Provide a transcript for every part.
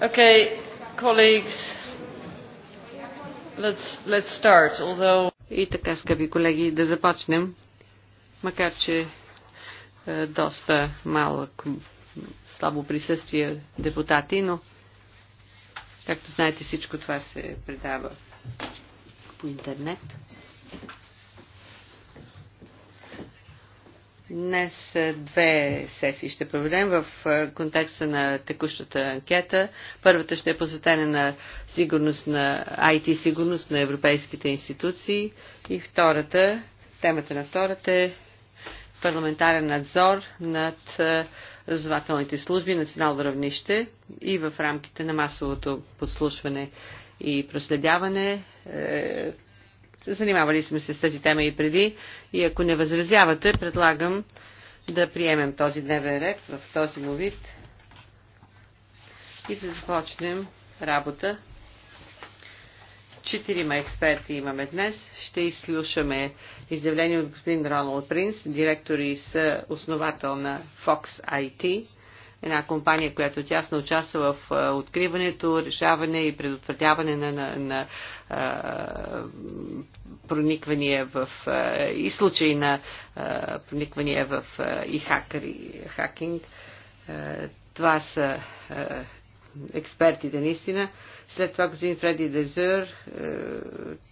Okay, colleagues, let's, let's start, although... И така, скъпи колеги, да започнем, макар че е, доста малък, слабо присъствие депутати, но както знаете всичко това се предава по интернет. Днес е, две сесии ще проведем в е, контекста на текущата анкета. Първата ще е посветена на сигурност на IT сигурност на европейските институции и втората, темата на втората е парламентарен надзор над е, разузнавателните служби национално равнище и в рамките на масовото подслушване и проследяване Занимавали сме се с тази тема и преди и ако не възразявате, предлагам да приемем този дневен ред в този му вид и да започнем работа. Четирима експерти имаме днес. Ще изслушаме изявление от господин Роналд Принц, директор и съосновател на Fox IT една компания, която тясно участва в откриването, решаване и предотвратяване на, на, на а, прониквания в а, и случаи на а, прониквания в а, и хакър, и хакинг. А, това са а, експертите наистина. След това господин Фреди Дезер,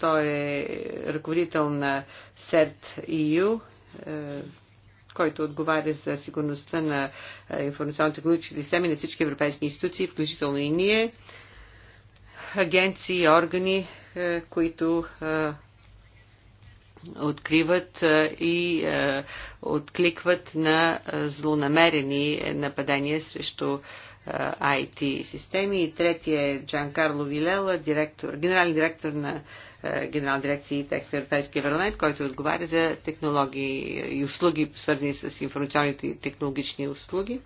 той е ръководител на CERT EU, който отговаря за сигурността на е, информационните технологични системи на всички европейски институции, включително и ние, агенции, органи, е, които е, откриват и откликват на злонамерени нападения срещу IT системи. И третия е Джан Карло Вилела, директор, генерален директор на е, Генерал дирекция и тех в Европейския парламент, който отговаря за технологии и услуги, свързани с информационните и технологични услуги.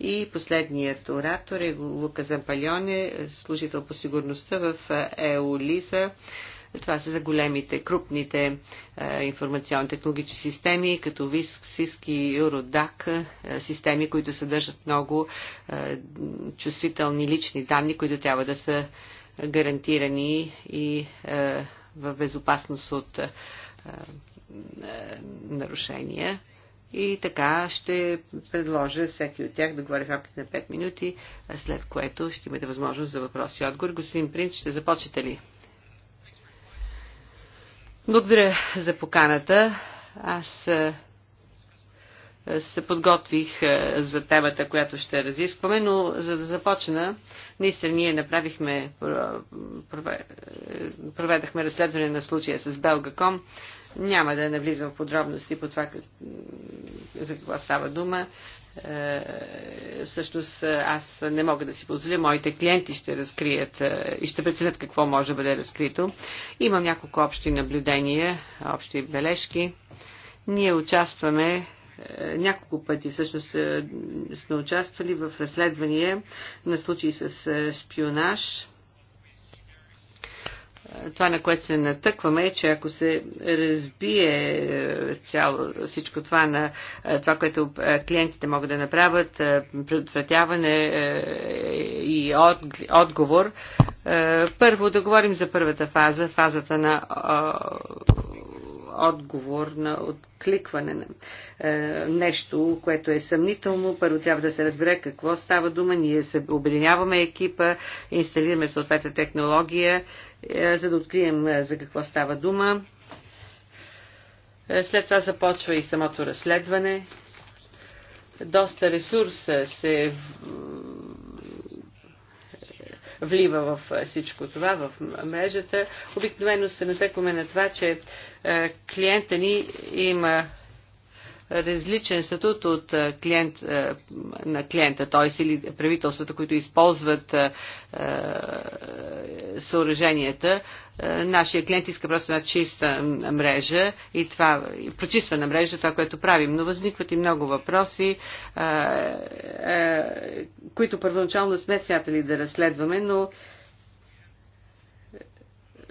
И последният оратор е Лука Зампальоне, служител по сигурността в ЕОЛИСА. Е Това са за големите, крупните е, информационни технологични системи, като ВИСК, СИСК и Юродак, е, системи, които съдържат много е, чувствителни лични данни, които трябва да са гарантирани и е, в безопасност от нарушения. И така ще предложа всеки от тях да говори в рамките на 5 минути, след което ще имате възможност за въпроси и отговор. Господин Принц, ще започнете ли? Благодаря за поканата. Аз се подготвих е, за темата, която ще разискваме, но за да започна, наистина ние направихме, е, проведахме разследване на случая с Белгаком. Няма да навлизам в подробности по това как, за какво става дума. Е, всъщност аз не мога да си позволя, моите клиенти ще разкрият и ще преценят какво може да бъде разкрито. Имам няколко общи наблюдения, общи бележки. Ние участваме е, няколко пъти всъщност е, сме участвали в разследвания на случаи с е, шпионаж. Това, на което се натъкваме е, че ако се разбие цяло, всичко това на това, което клиентите могат да направят, предотвратяване и отговор, първо да говорим за първата фаза, фазата на отговор на откликване на е, нещо, което е съмнително. Първо трябва да се разбере какво става дума. Ние се обединяваме екипа, инсталираме съответна технология, е, за да открием е, за какво става дума. Е, след това започва и самото разследване. Доста ресурс се влива в е, всичко това, в мрежата. Обикновено се натъкваме на това, че е, клиента ни има различен статут от клиент, на клиента, т.е. или правителствата, които използват съоръженията. Нашия клиент иска просто една чиста мрежа и това, прочиствана мрежа, това, което правим. Но възникват и много въпроси, които първоначално сме смятали да разследваме, но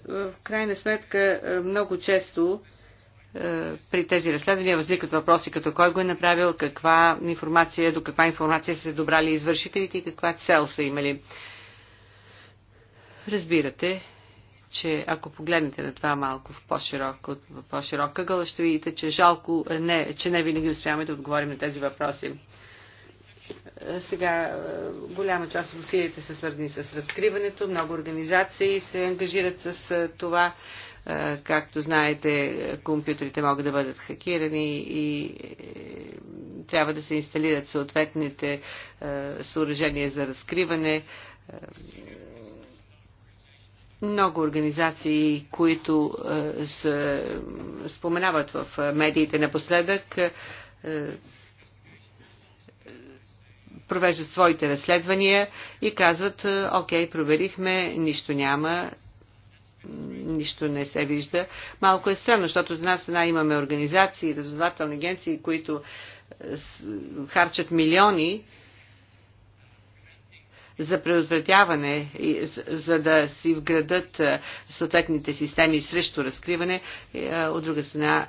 в крайна сметка много често е, при тези разследвания възникват въпроси като кой го е направил, каква информация, до каква информация са се добрали извършителите и каква цел са имали. Разбирате, че ако погледнете на това малко в по-широк, от по-широка гъла, ще видите, че жалко, е не, че не винаги успяваме да отговорим на тези въпроси. Е, сега голяма част от усилията са свързани с разкриването, много организации се ангажират с това Както знаете, компютрите могат да бъдат хакирани и е, трябва да се инсталират съответните е, съоръжения за разкриване. Е, много организации, които се споменават в медиите напоследък, провеждат своите разследвания и казват, окей, проверихме, нищо няма, нищо не се вижда. Малко е странно, защото от една страна имаме организации, разузнавателни агенции, които е, харчат милиони за предотвратяване, за да си вградат е, съответните системи срещу разкриване. Е, от друга страна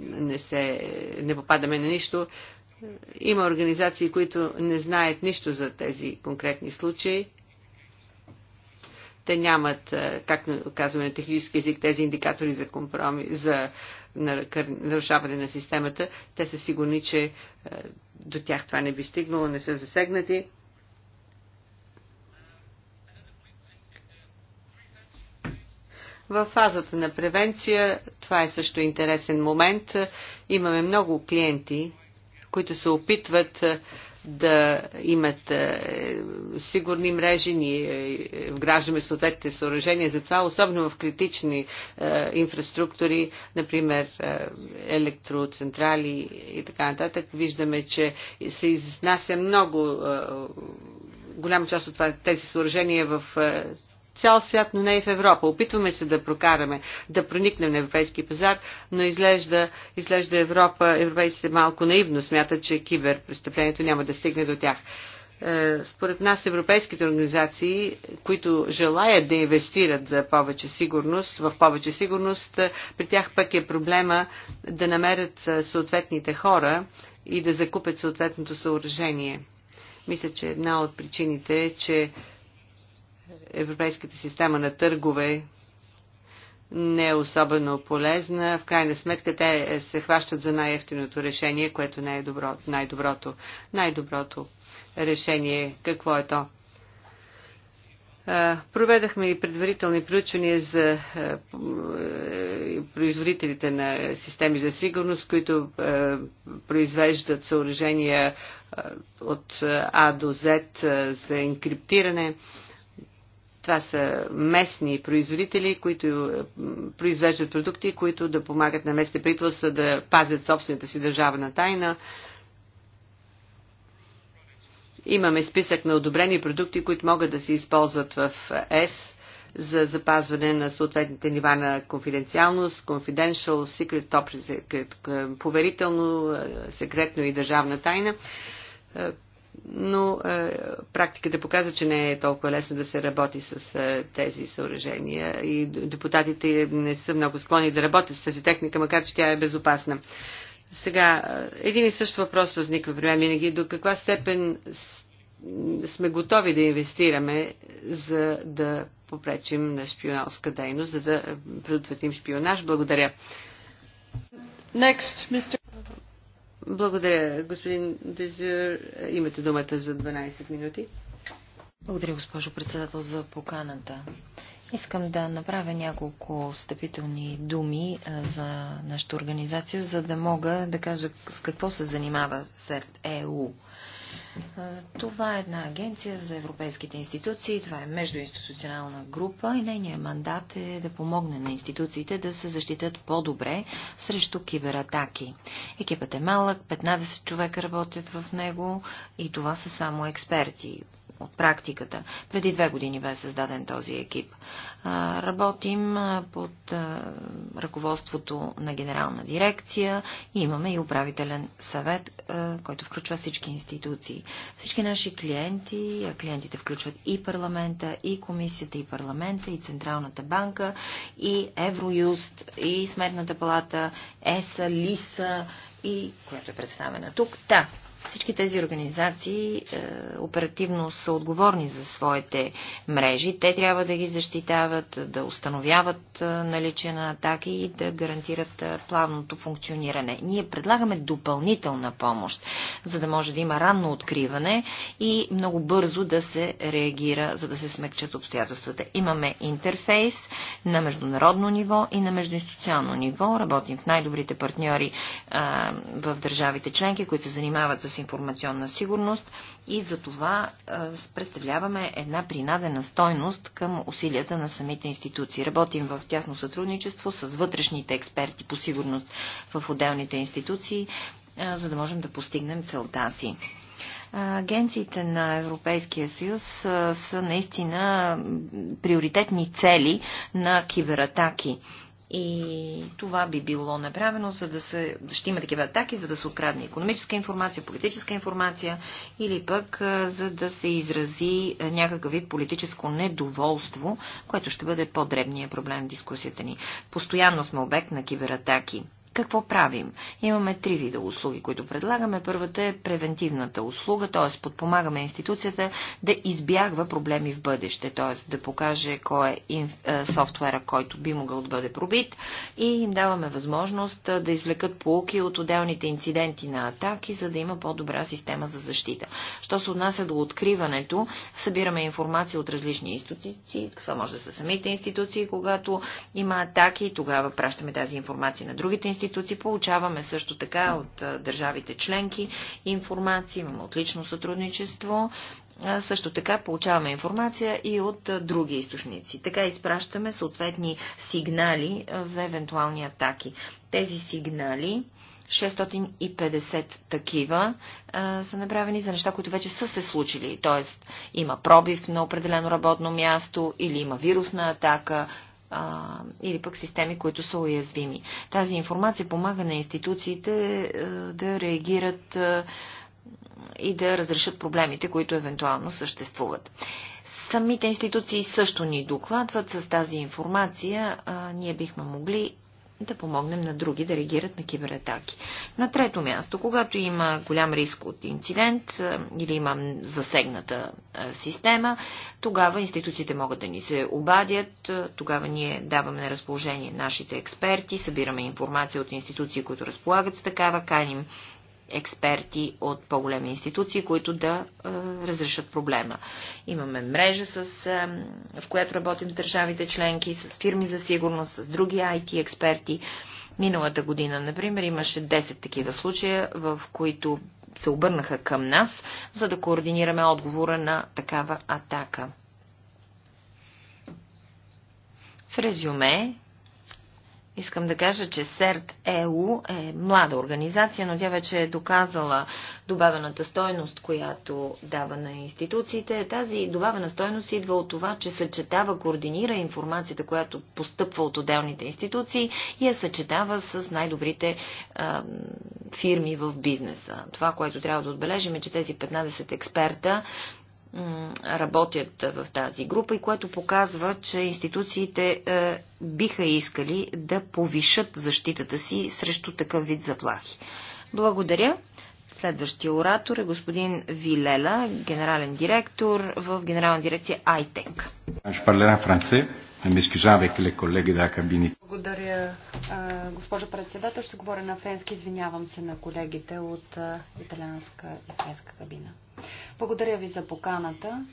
не, се, не попадаме на нищо. Има организации, които не знаят нищо за тези конкретни случаи те нямат, е, как казваме на технически език, тези индикатори за, компроми, за нарушаване на системата. Те са сигурни, че е, до тях това не би стигнало, не са засегнати. В фазата на превенция, това е също интересен момент, имаме много клиенти, които се опитват е, да имат е, сигурни мрежи, ние е, вграждаме съответните съоръжения за това, особено в критични е, инфраструктури, например електроцентрали и така нататък. Виждаме, че се изнася много голяма част от тези съоръжения в цял свят, но не и в Европа. Опитваме се да прокараме, да проникнем на европейски пазар, но изглежда, изглежда Европа, европейците малко наивно смятат, че киберпрестъплението няма да стигне до тях е, според нас европейските организации, които желаят да инвестират за повече сигурност, в повече сигурност, е, при тях пък е проблема да намерят е, съответните хора и да закупят съответното съоръжение. Мисля, че една от причините е, че европейската система на търгове не е особено полезна. В крайна сметка те се хващат за най-ефтиното решение, което не е добро, най-доброто. Най-доброто решение какво е то? Проведахме и предварителни проучвания за производителите на системи за сигурност, които произвеждат съоръжения от А до Z за енкриптиране. Това са местни производители, които е, произвеждат продукти, които да помагат на местните правителства да пазят собствената си държавна тайна. Имаме списък на одобрени продукти, които могат да се използват в ЕС за запазване на съответните нива на конфиденциалност, confidential, secret, top secret, поверително, е, секретно и държавна тайна. Е, но е, практиката показва, че не е толкова лесно да се работи с е, тези съоръжения и депутатите не са много склонни да работят с тази техника, макар че тя е безопасна. Сега, е, един и същ въпрос възниква при мен винаги. До каква степен сме готови да инвестираме, за да попречим на шпионалска дейност, за да предотвратим шпионаж? Благодаря. Next, Mr. Благодаря, господин Дезюр. Имате думата за 12 минути. Благодаря, госпожо председател, за поканата. Искам да направя няколко встъпителни думи за нашата организация, за да мога да кажа с какво се занимава СЕРТ ЕУ. Това е една агенция за европейските институции, това е междуинституционална група и нейният мандат е да помогне на институциите да се защитат по-добре срещу кибератаки. Екипът е малък, 15 човека работят в него и това са само експерти от практиката. Преди две години бе създаден този екип. Работим под ръководството на генерална дирекция и имаме и управителен съвет, който включва всички институции институции. Всички наши клиенти, а клиентите включват и парламента, и комисията, и парламента, и Централната банка, и Евроюст, и Сметната палата, ЕСА, ЛИСА, и която е представена тук. Та, да всички тези организации е, оперативно са отговорни за своите мрежи. Те трябва да ги защитават, да установяват е, наличие на атаки и да гарантират е, плавното функциониране. Ние предлагаме допълнителна помощ, за да може да има ранно откриване и много бързо да се реагира, за да се смекчат обстоятелствата. Имаме интерфейс на международно ниво и на междуинституционално ниво. Работим в най-добрите партньори е, в държавите членки, които се занимават с с информационна сигурност и за това представляваме една принадена стойност към усилията на самите институции. Работим в тясно сътрудничество с вътрешните експерти по сигурност в отделните институции, за да можем да постигнем целта си. Агенциите на Европейския съюз са наистина приоритетни цели на кибератаки. И това би било направено, за да се, ще има такива атаки, за да се открадне економическа информация, политическа информация или пък за да се изрази някакъв вид политическо недоволство, което ще бъде по-дребният проблем в дискусията ни. Постоянно сме обект на кибератаки. Какво правим? Имаме три вида услуги, които предлагаме. Първата е превентивната услуга, т.е. подпомагаме институцията да избягва проблеми в бъдеще, т.е. да покаже кой е, е софтуера, който би могъл да бъде пробит и им даваме възможност е, да извлекат полуки от отделните инциденти на атаки, за да има по-добра система за защита. Що се отнася до откриването, събираме информация от различни институции, това може да са самите институции, когато има атаки, тогава пращаме тази информация на другите институции, институции. Получаваме също така от държавите членки информация, имаме отлично сътрудничество. Също така получаваме информация и от други източници. Така изпращаме съответни сигнали за евентуални атаки. Тези сигнали 650 такива а, са направени за неща, които вече са се случили. Тоест има пробив на определено работно място или има вирусна атака а, или пък системи, които са уязвими. Тази информация помага на институциите а, е, да реагират а, е, и да разрешат проблемите, които евентуално съществуват. Самите институции също ни докладват с тази информация. А, ние бихме могли да помогнем на други да реагират на кибератаки. На трето място, когато има голям риск от инцидент или има засегната система, тогава институциите могат да ни се обадят, тогава ние даваме на разположение нашите експерти, събираме информация от институции, които разполагат с такава, каним експерти от по-големи институции, които да е, разрешат проблема. Имаме мрежа, с, е, в която работим с държавите членки, с фирми за сигурност, с други IT експерти. Миналата година, например, имаше 10 такива случая, в които се обърнаха към нас, за да координираме отговора на такава атака. В резюме, Искам да кажа, че СЕРТ ЕУ е млада организация, но тя вече е доказала добавената стойност, която дава на институциите. Тази добавена стойност идва от това, че съчетава, координира информацията, която постъпва от отделните институции и я съчетава с най-добрите фирми в бизнеса. Това, което трябва да отбележим е, че тези 15 експерта работят в тази група и което показва, че институциите е, биха искали да повишат защитата си срещу такъв вид заплахи. Благодаря. Следващия оратор е господин Вилела, генерален директор в генерална дирекция ITEC. Ами, Благодаря, госпожо председател. Ще говоря на френски. Извинявам се на колегите от италианска и френска кабина. Благодаря ви за поканата.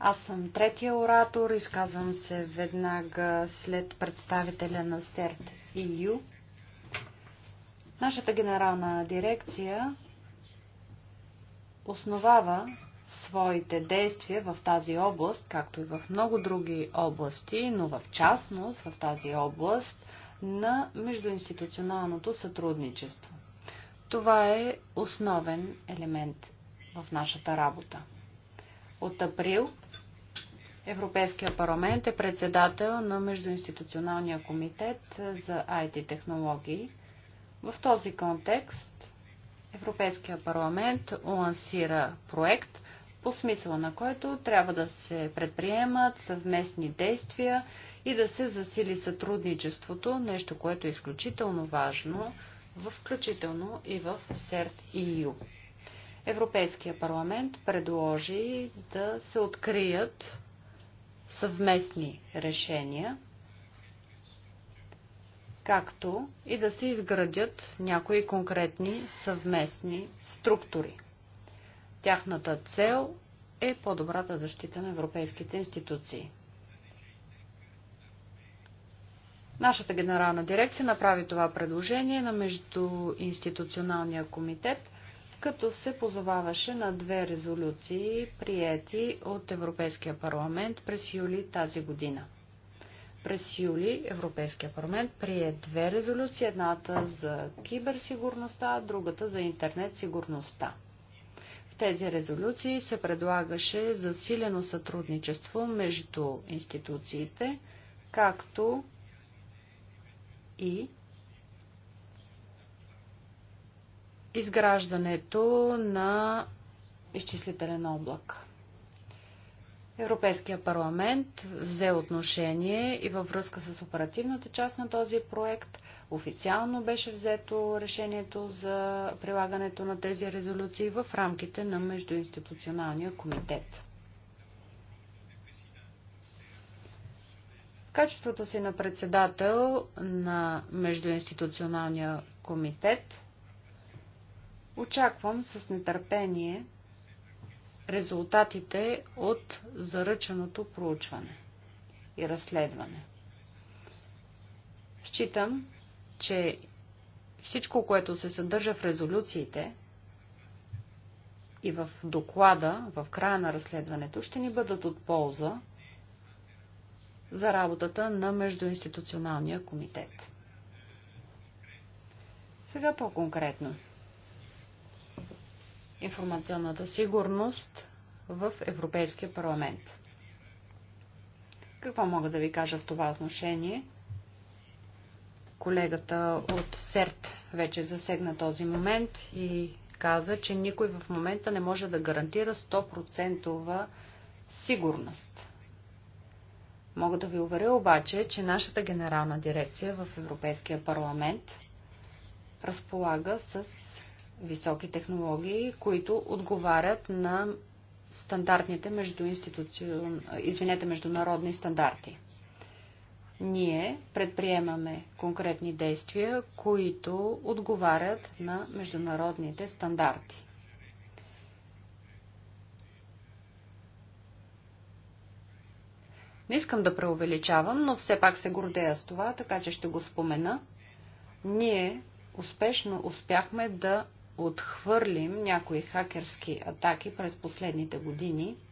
Аз съм третия оратор. Изказвам се веднага след представителя на СЕРТ ИЮ. Нашата генерална дирекция основава своите действия в тази област, както и в много други области, но в частност в тази област на междуинституционалното сътрудничество. Това е основен елемент в нашата работа. От април Европейския парламент е председател на Междуинституционалния комитет за IT технологии. В този контекст Европейския парламент лансира проект, по смисъла на който трябва да се предприемат съвместни действия и да се засили сътрудничеството, нещо, което е изключително важно, включително и в СЕРТ ИЮ. Европейския парламент предложи да се открият съвместни решения, както и да се изградят някои конкретни съвместни структури – Тяхната цел е по-добрата защита на европейските институции. Нашата генерална дирекция направи това предложение на Междуинституционалния комитет, като се позоваваше на две резолюции, приети от Европейския парламент през юли тази година. През юли Европейския парламент прие две резолюции, едната за киберсигурността, другата за интернет сигурността тези резолюции се предлагаше засилено сътрудничество между институциите, както и изграждането на изчислителен облак. Европейския парламент взе отношение и във връзка с оперативната част на този проект – Официално беше взето решението за прилагането на тези резолюции в рамките на Междуинституционалния комитет. В качеството си на председател на Междуинституционалния комитет очаквам с нетърпение резултатите от заръченото проучване и разследване. Считам, че всичко, което се съдържа в резолюциите и в доклада, в края на разследването, ще ни бъдат от полза за работата на Междуинституционалния комитет. Сега по-конкретно. Информационната сигурност в Европейския парламент. Какво мога да ви кажа в това отношение – Колегата от СЕРТ вече засегна този момент и каза, че никой в момента не може да гарантира 100% сигурност. Мога да ви уверя обаче, че нашата генерална дирекция в Европейския парламент разполага с високи технологии, които отговарят на стандартните между извинете, международни стандарти ние предприемаме конкретни действия, които отговарят на международните стандарти. Не искам да преувеличавам, но все пак се гордея с това, така че ще го спомена. Ние успешно успяхме да отхвърлим някои хакерски атаки през последните години –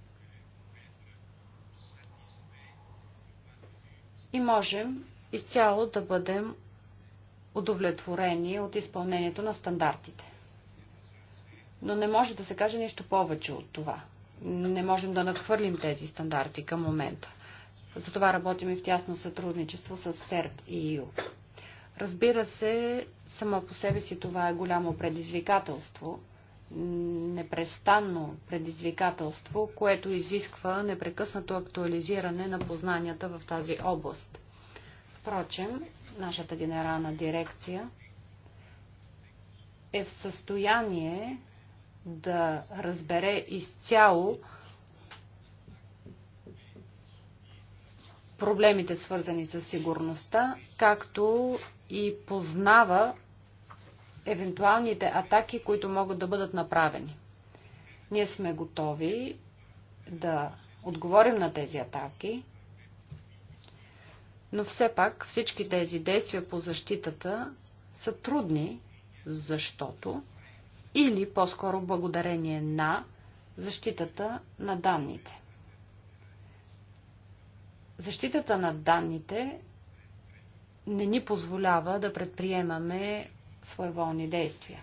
и можем изцяло да бъдем удовлетворени от изпълнението на стандартите. Но не може да се каже нищо повече от това. Не можем да надхвърлим тези стандарти към момента. Затова работим и в тясно сътрудничество с СЕРД и ИУ. Разбира се, само по себе си това е голямо предизвикателство – непрестанно предизвикателство, което изисква непрекъснато актуализиране на познанията в тази област. Впрочем, нашата генерална дирекция е в състояние да разбере изцяло проблемите свързани с сигурността, както и познава евентуалните атаки, които могат да бъдат направени. Ние сме готови да отговорим на тези атаки, но все пак всички тези действия по защитата са трудни, защото или по-скоро благодарение на защитата на данните. Защитата на данните не ни позволява да предприемаме своеволни действия.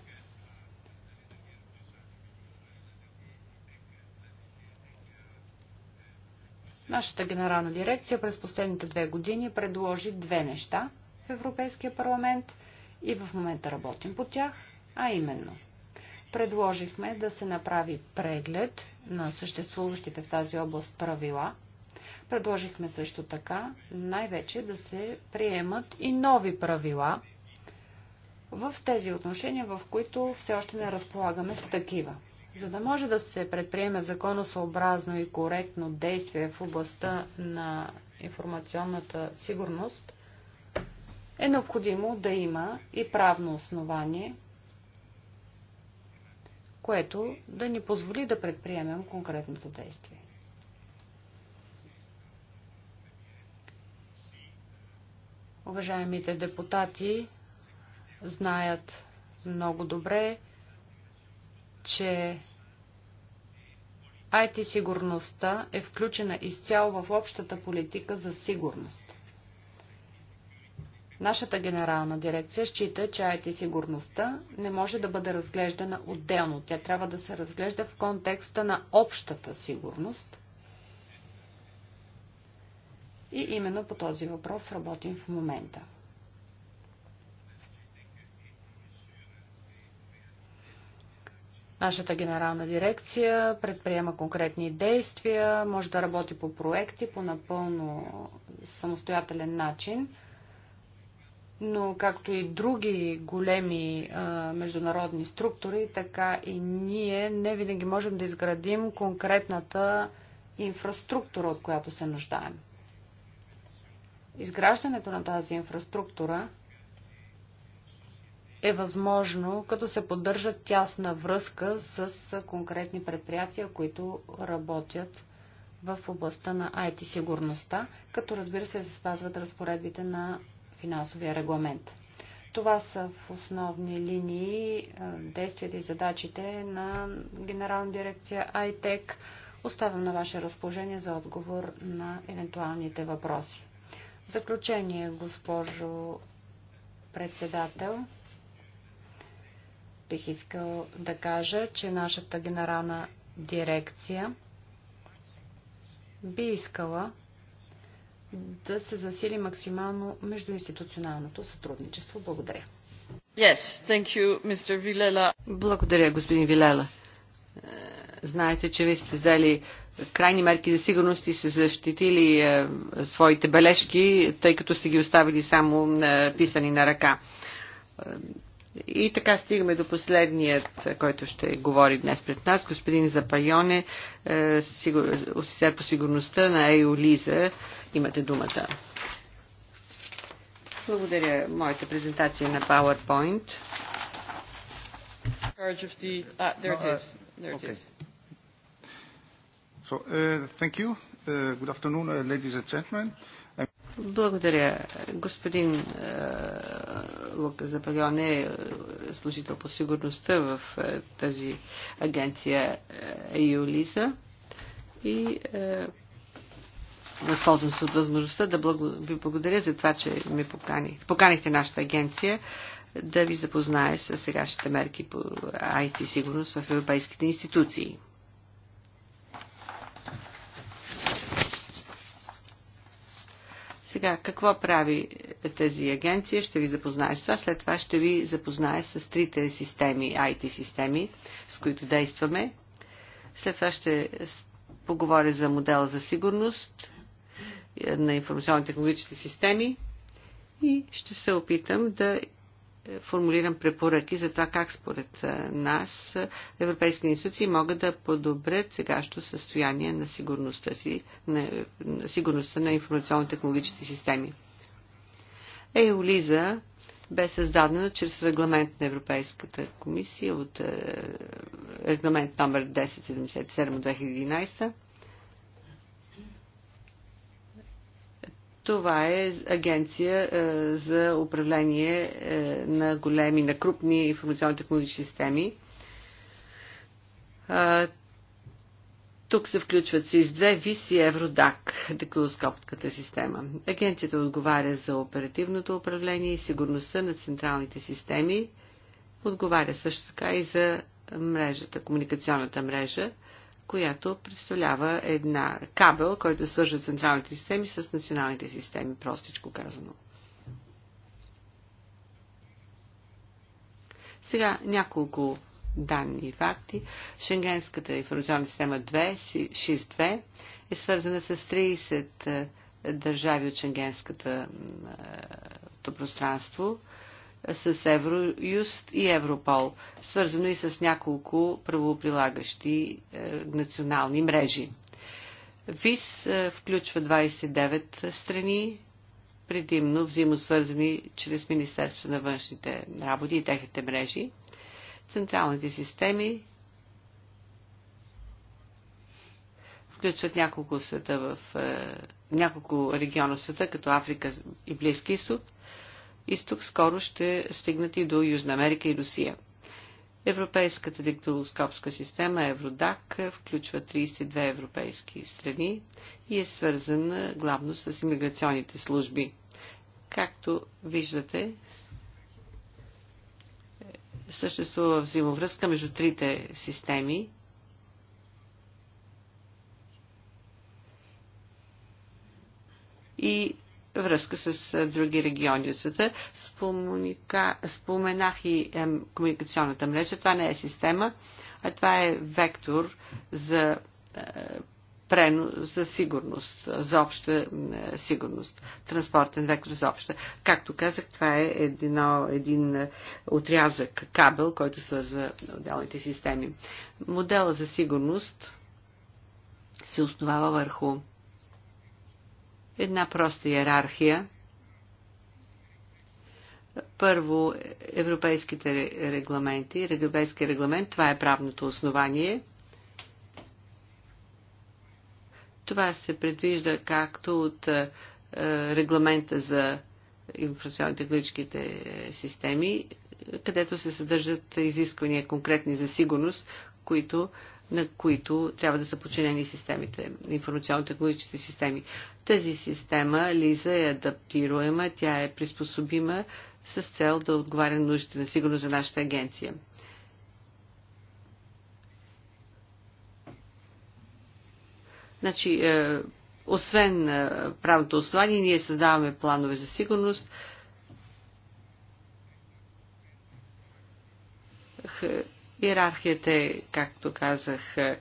Нашата генерална дирекция през последните две години предложи две неща в Европейския парламент и в момента работим по тях, а именно предложихме да се направи преглед на съществуващите в тази област правила. Предложихме също така най-вече да се приемат и нови правила – в тези отношения, в които все още не разполагаме с такива. За да може да се предприеме законосъобразно и коректно действие в областта на информационната сигурност, е необходимо да има и правно основание, което да ни позволи да предприемем конкретното действие. Уважаемите депутати, знаят много добре, че IT сигурността е включена изцяло в общата политика за сигурност. Нашата генерална дирекция счита, че IT сигурността не може да бъде разглеждана отделно. Тя трябва да се разглежда в контекста на общата сигурност. И именно по този въпрос работим в момента. Нашата генерална дирекция предприема конкретни действия, може да работи по проекти по напълно самостоятелен начин, но както и други големи а, международни структури, така и ние не винаги можем да изградим конкретната инфраструктура, от която се нуждаем. Изграждането на тази инфраструктура е възможно, като се поддържа тясна връзка с конкретни предприятия, които работят в областта на IT сигурността, като разбира се се спазват разпоредбите на финансовия регламент. Това са в основни линии действията и задачите на Генерална дирекция ITEC. Оставям на ваше разположение за отговор на евентуалните въпроси. В заключение, госпожо председател, бих искал да кажа, че нашата генерална дирекция би искала да се засили максимално междуинституционалното сътрудничество. Благодаря. Yes, thank you, Mr. Vilela. Благодаря, господин Вилела. Е, знаете, че вие сте взели крайни мерки за сигурност и се защитили е, своите бележки, тъй като сте ги оставили само е, писани на ръка. Е, и така стигаме до последният, който ще говори днес пред нас, господин Запайоне, е, офицер по сигурността на Лиза. Имате думата. Благодаря моята презентация е на PowerPoint. Ah, uh, uh, uh, Благодаря, господин Лука Запалион е, е служител по сигурността в е, тази агенция е, Юлиса. и възползвам се от възможността да ви благодаря за това, че ми покани. поканихте нашата агенция да ви запознае с сегашните мерки по IT сигурност в европейските институции. Сега, какво прави тази агенция? Ще ви запознае с това. След това ще ви запозная с трите системи, IT системи, с които действаме. След това ще поговоря за модела за сигурност е, на информационно-технологичните системи и ще се опитам да формулирам препоръки за това как според нас европейски институции могат да подобрят сегащо състояние на сигурността си, на, на сигурността на информационно-технологичните системи. Еолиза бе създадена чрез регламент на Европейската комисия от е, регламент номер 1077 от 2011 Това е агенция е, за управление е, на големи, на крупни информационни технологични системи. Е, тук се включват СИС-2, ВИС и Евродак, декулоскопската система. Агенцията отговаря за оперативното управление и сигурността на централните системи. Отговаря също така и за мрежата, комуникационната мрежа, която представлява една кабел, който свържа централните системи с националните системи, простичко казано. Сега няколко данни и факти. Шенгенската информационна система 2, 6.2 е свързана с 30 държави от шенгенското пространство с Евроюст и Европол, свързано и с няколко правоприлагащи е, национални мрежи. ВИС е, включва 29 страни, предимно взаимосвързани чрез Министерство на външните работи и техните мрежи. Централните системи включват няколко, света в, е, няколко региона в света, като Африка и Близки изток изток, скоро ще стигнат и до Южна Америка и Русия. Европейската диктолоскопска система Евродак включва 32 европейски страни и е свързана главно с иммиграционните служби. Както виждате, съществува взаимовръзка между трите системи. И връзка с други региони от света. Споменах и комуникационната мрежа. Това не е система, а това е вектор за е, за сигурност, за обща е, сигурност, транспортен вектор за обща. Както казах, това е едно, един е, отрязък, кабел, който свързва отделните системи. Модела за сигурност се основава върху една проста иерархия. Първо, европейските регламенти, европейски регламент, това е правното основание. Това се предвижда както от е, регламента за информационно-техническите е, системи, където се съдържат изисквания конкретни за сигурност, които, на които трябва да са подчинени системите, информационно-технологичните системи. Тази система, Лиза, е адаптируема, тя е приспособима с цел да отговаря на нуждите на сигурност за нашата агенция. Значи, е, освен е, правното основание, ние създаваме планове за сигурност, Е, иерархията е, както казах, е,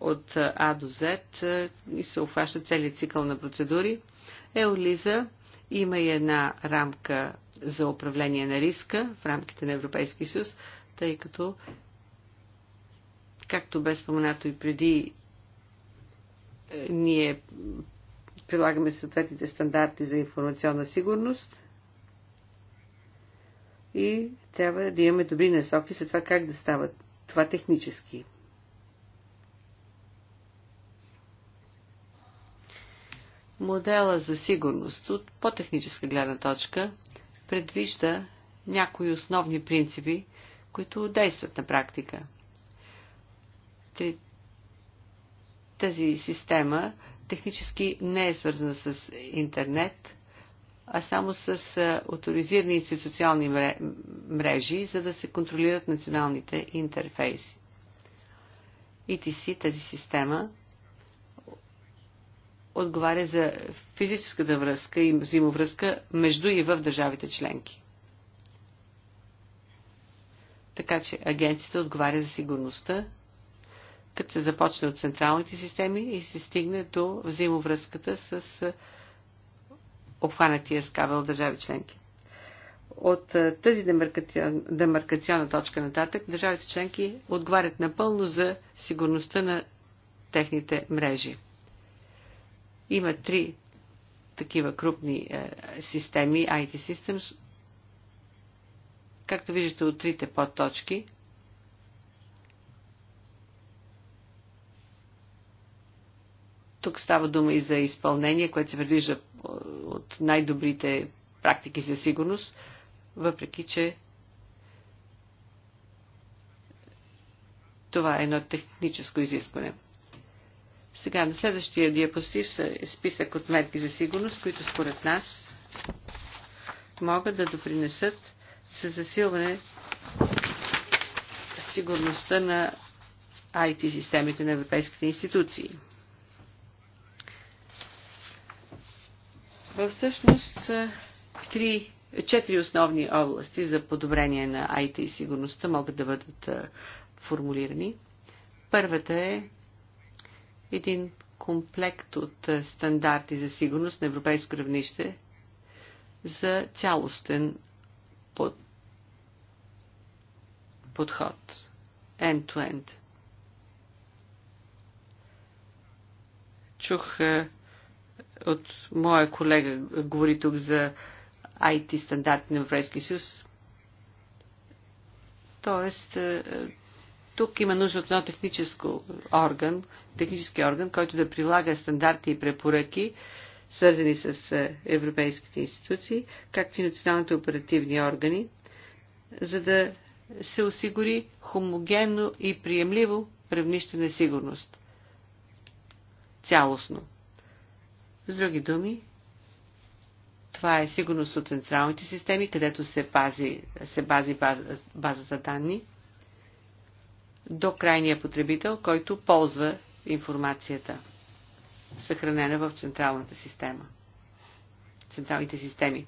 от А до Z е, и се обхваща целият цикъл на процедури. Еолиза има и една рамка за управление на риска в рамките на Европейския съюз, тъй като, както бе споменато и преди, ние прилагаме съответните стандарти за информационна сигурност и трябва да имаме добри насоки за това как да стават това технически. Модела за сигурност от по-техническа гледна точка предвижда някои основни принципи, които действат на практика. Тази система технически не е свързана с интернет, а само с авторизирани институционални мрежи, за да се контролират националните интерфейси. ETC, тази система, отговаря за физическата връзка и взаимовръзка между и в държавите членки. Така че агенцията отговаря за сигурността, като се започне от централните системи и се стигне до взаимовръзката с обхванатия с кабел държави членки. От е, тази демаркационна точка нататък държавите членки отговарят напълно за сигурността на техните мрежи. Има три такива крупни е, системи, IT Systems, както виждате от трите подточки – Тук става дума и за изпълнение, което се предвижда от най-добрите практики за сигурност, въпреки че това е едно техническо изискване. Сега на следващия диапозитив е списък от мерки за сигурност, които според нас могат да допринесат за засилване сигурността на IT системите на европейските институции. Всъщност, е, три, четири основни области за подобрение на IT и сигурността могат да бъдат е, формулирани. Първата е един комплект от е, стандарти за сигурност на европейско равнище за цялостен под... подход. End-to-end. -end. Чух от моя колега говори тук за IT стандарти на Европейския съюз. Тоест, е, е, тук има нужда от едно техническо орган, технически орган, който да прилага стандарти и препоръки, свързани с е, европейските институции, както и националните оперативни органи, за да се осигури хомогенно и приемливо равнище на сигурност. Цялостно. С други думи, това е сигурност от централните системи, където се, пази, се бази база, базата данни до крайния потребител, който ползва информацията, съхранена в централната система. Централните системи.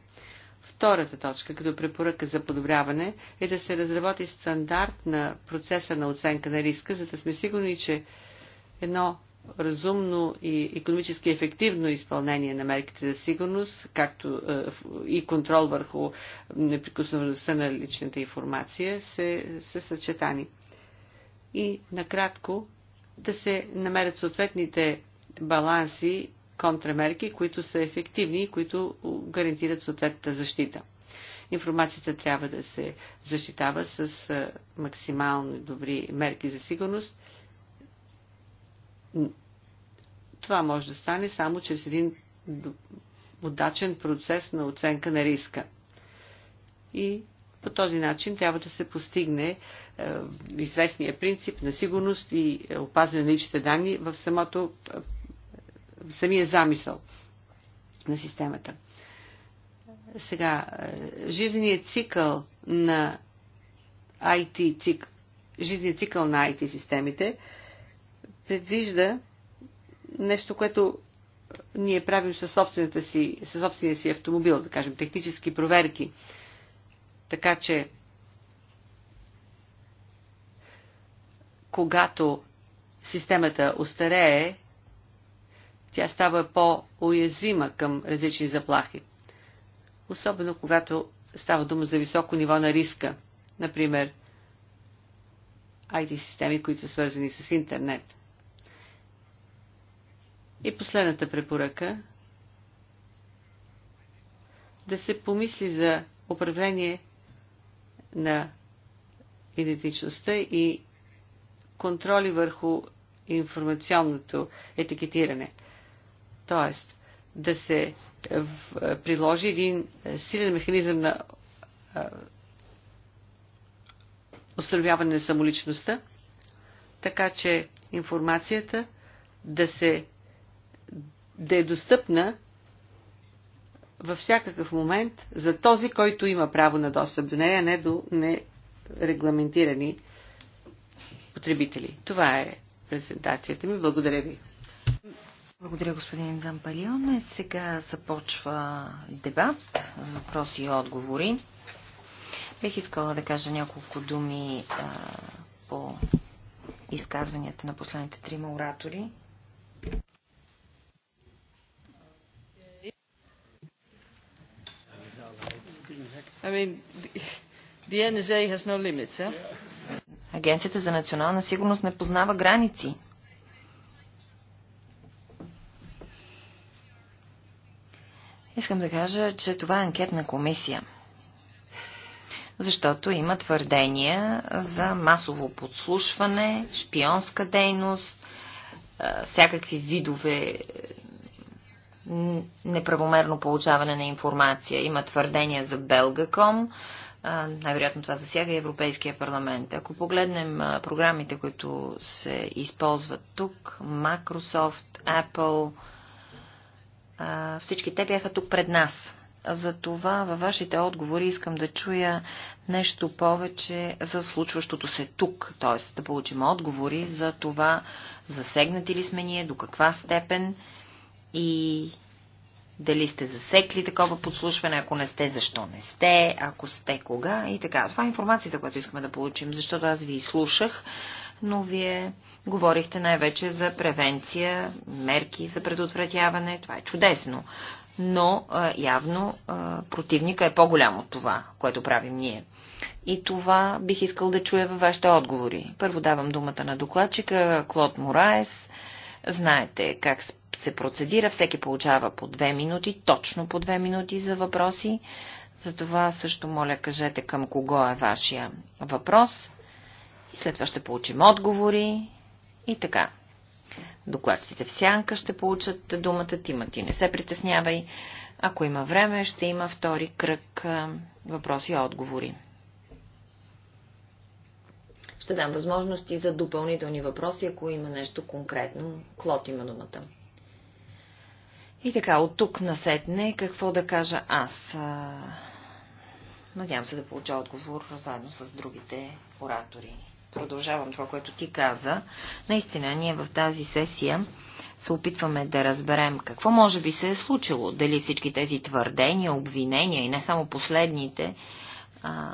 Втората точка, като препоръка за подобряване, е да се разработи стандарт на процеса на оценка на риска, за да сме сигурни, че едно разумно и економически ефективно изпълнение на мерките за сигурност, както е, и контрол върху неприкосновеността на личната информация се, са съчетани. И накратко да се намерят съответните баланси, контрамерки, които са ефективни и които гарантират съответната защита. Информацията трябва да се защитава с е, максимално добри мерки за сигурност – това може да стане само чрез един удачен процес на оценка на риска. И по този начин трябва да се постигне известният известния принцип на сигурност и е, опазване на личните данни в, самото, е, в самия замисъл на системата. Сега, е, жизненият цикъл на IT цикъл, жизненият цикъл на IT системите предвижда нещо, което ние правим със, собствената си, със собствения си автомобил, да кажем, технически проверки. Така че, когато системата остарее, тя става по-уязвима към различни заплахи. Особено когато става дума за високо ниво на риска. Например, IT-системи, които са свързани с интернет – и последната препоръка да се помисли за управление на идентичността и контроли върху информационното етикетиране. Тоест, да се приложи един силен механизъм на установяване на самоличността, така че информацията да се да е достъпна във всякакъв момент за този, който има право на достъп до нея, а не до нерегламентирани потребители. Това е презентацията ми. Благодаря ви. Благодаря, господин Зампалионе. Сега започва дебат, въпроси и отговори. Бих искала да кажа няколко думи а, по изказванията на последните трима оратори. I mean, the NSA has no limits, Агенцията за национална сигурност не познава граници. Искам да кажа, че това е анкетна комисия. Защото има твърдения за масово подслушване, шпионска дейност, всякакви видове неправомерно получаване на информация. Има твърдения за Белгаком. Най-вероятно това засяга и Европейския парламент. Ако погледнем програмите, които се използват тук, Microsoft, Apple, всички те бяха тук пред нас. За това, във вашите отговори искам да чуя нещо повече за случващото се тук, т.е. да получим отговори за това, засегнати ли сме ние, до каква степен и дали сте засекли такова подслушване, ако не сте, защо не сте, ако сте, кога и така. Това е информацията, която искаме да получим, защото аз ви слушах, но вие говорихте най-вече за превенция, мерки за предотвратяване. Това е чудесно. Но явно противника е по-голям от това, което правим ние. И това бих искал да чуя във вашите отговори. Първо давам думата на докладчика Клод Мораес. Знаете как се процедира. Всеки получава по две минути, точно по две минути за въпроси. Затова също моля кажете към кого е вашия въпрос. И след това ще получим отговори и така. Докладците в сянка ще получат думата Ти, Ти не се притеснявай. Ако има време, ще има втори кръг въпроси и отговори. Ще дам възможности за допълнителни въпроси, ако има нещо конкретно. Клод има думата. И така, от тук насетне, какво да кажа аз? Надявам се да получа отговор заедно с другите оратори. Продължавам това, което ти каза. Наистина, ние в тази сесия се опитваме да разберем какво може би се е случило, дали всички тези твърдения, обвинения и не само последните, а,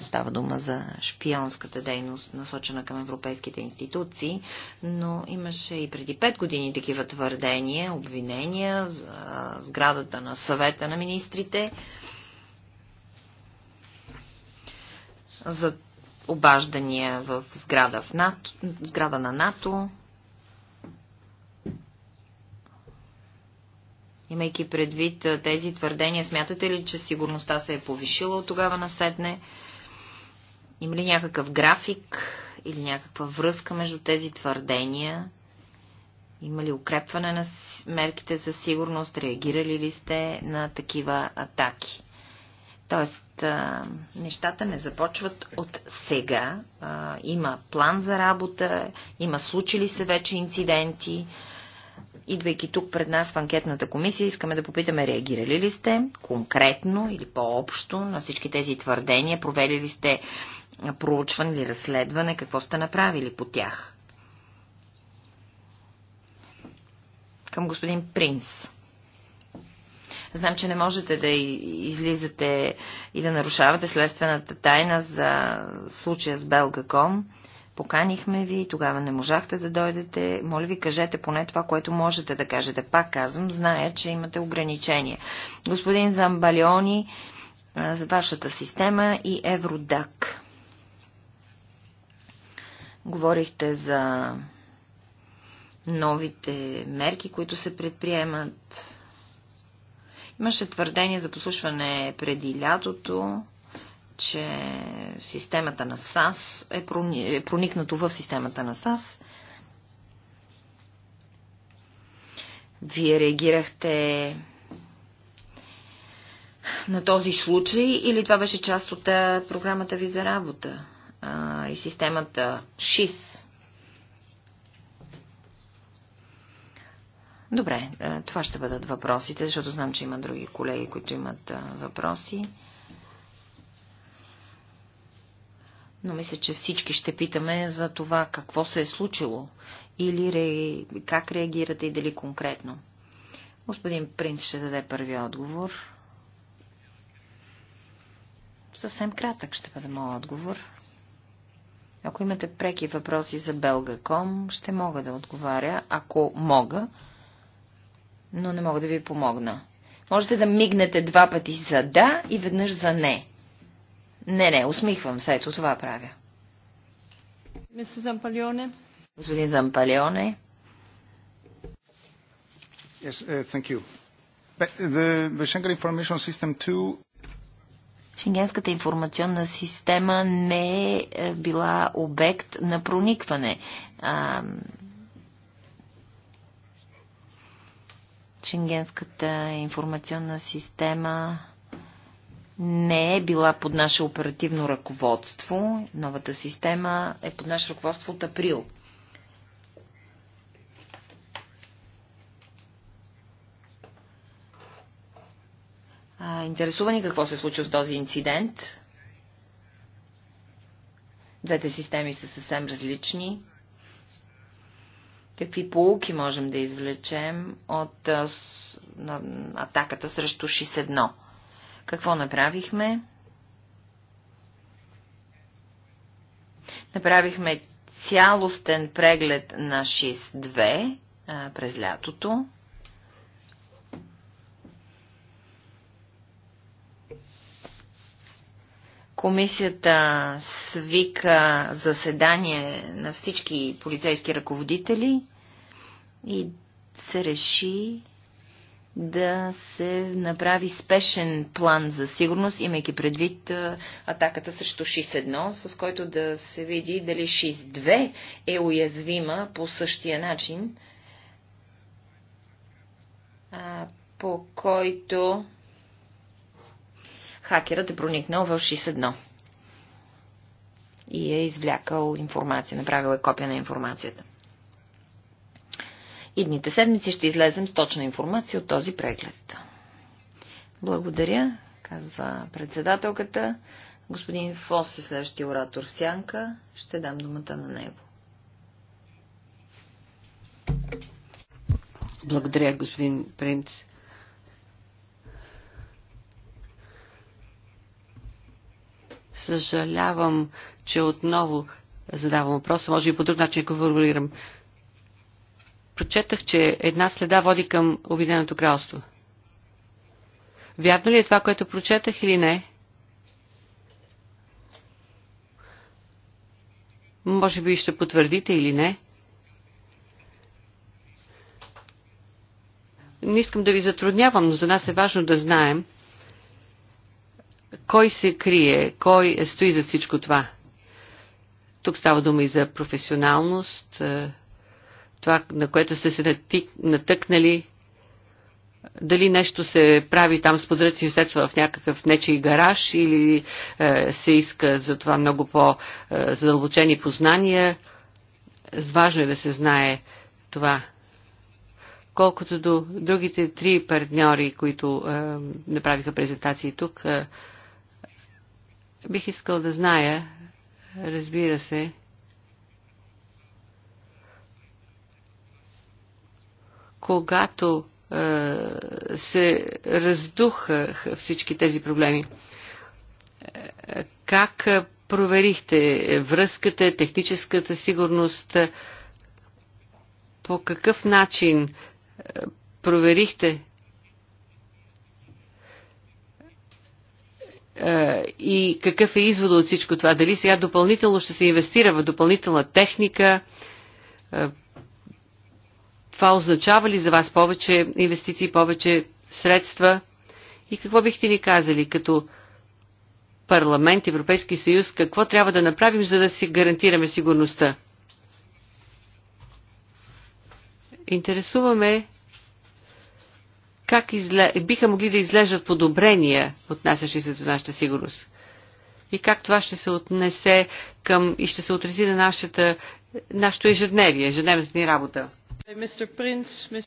става дума за шпионската дейност, насочена към европейските институции, но имаше и преди пет години такива твърдения, обвинения за сградата на съвета на министрите, за обаждания в сграда, в НАТО, сграда на НАТО, Имайки предвид тези твърдения, смятате ли, че сигурността се е повишила от тогава насетне? Има ли някакъв график или някаква връзка между тези твърдения? Има ли укрепване на мерките за сигурност? Реагирали ли сте на такива атаки? Тоест, нещата не започват от сега. Има план за работа, има случили се вече инциденти идвайки тук пред нас в анкетната комисия, искаме да попитаме, реагирали ли сте конкретно или по-общо на всички тези твърдения, провели ли сте проучване или разследване, какво сте направили по тях. Към господин Принц. Знам, че не можете да излизате и да нарушавате следствената тайна за случая с Белгаком. Поканихме ви, тогава не можахте да дойдете. Моля ви, кажете поне това, което можете да кажете. Пак казвам, зная, че имате ограничения. Господин Замбалиони, за вашата система и Евродак. Говорихте за новите мерки, които се предприемат. Имаше твърдение за послушване преди лятото че системата на САС е, е проникнато в системата на САС. Вие реагирахте на този случай или това беше част от програмата ви за работа а, и системата ШИС? Добре, това ще бъдат въпросите, защото знам, че има други колеги, които имат въпроси. но мисля, че всички ще питаме за това какво се е случило или ре... как реагирате и дали конкретно. Господин Принц ще даде първия отговор. Съвсем кратък ще бъде моят отговор. Ако имате преки въпроси за Belga.com, ще мога да отговаря, ако мога, но не мога да ви помогна. Можете да мигнете два пъти за да и веднъж за не. Не, не, усмихвам се. Ето това правя. Господин Зампалионе. Yes, uh, thank you. the, the Schengen Information System 2 Шенгенската информационна система не е, е била обект на проникване. А, Шенгенската информационна система не е била под наше оперативно ръководство. Новата система е под наше ръководство от април. А, интересувани какво се случи с този инцидент? Двете системи са съвсем различни. Какви полуки можем да извлечем от а, атаката срещу 61? Какво направихме? Направихме цялостен преглед на 6.2 през лятото. Комисията свика заседание на всички полицейски ръководители и се реши да се направи спешен план за сигурност, имайки предвид атаката срещу 6-1, с който да се види дали 6-2 е уязвима по същия начин, по който хакерът е проникнал в 6-1 и е извлякал информация, направил е копия на информацията. Идните седмици ще излезем с точна информация от този преглед. Благодаря, казва председателката. Господин Фос е следващия оратор в сянка. Ще дам думата на него. Благодаря, господин принц. Съжалявам, че отново задавам въпроса. Може и по друг начин го формулирам прочетах, че една следа води към Обединеното кралство. Вярно ли е това, което прочетах или не? Може би ще потвърдите или не. Не искам да ви затруднявам, но за нас е важно да знаем кой се крие, кой стои за всичко това. Тук става дума и за професионалност, това, на което сте се натъкнали, дали нещо се прави там с подръци и средства в някакъв нечий гараж или е, се иска за това много по-задълбочени е, познания. Важно е да се знае това. Колкото до другите три партньори, които е, направиха презентации тук, е, бих искал да зная, разбира се, когато е, се раздуха всички тези проблеми. Е, как проверихте връзката, техническата сигурност? По какъв начин е, проверихте е, и какъв е извода от всичко това? Дали сега допълнително ще се инвестира в допълнителна техника, това означава ли за вас повече инвестиции, повече средства? И какво бихте ни казали като парламент, Европейски съюз, какво трябва да направим, за да си гарантираме сигурността? Интересуваме как изле... биха могли да излежат подобрения, отнасящи се до нашата сигурност. И как това ще се отнесе към и ще се отрази на нашата, нашето ежедневие, ежедневната ни работа.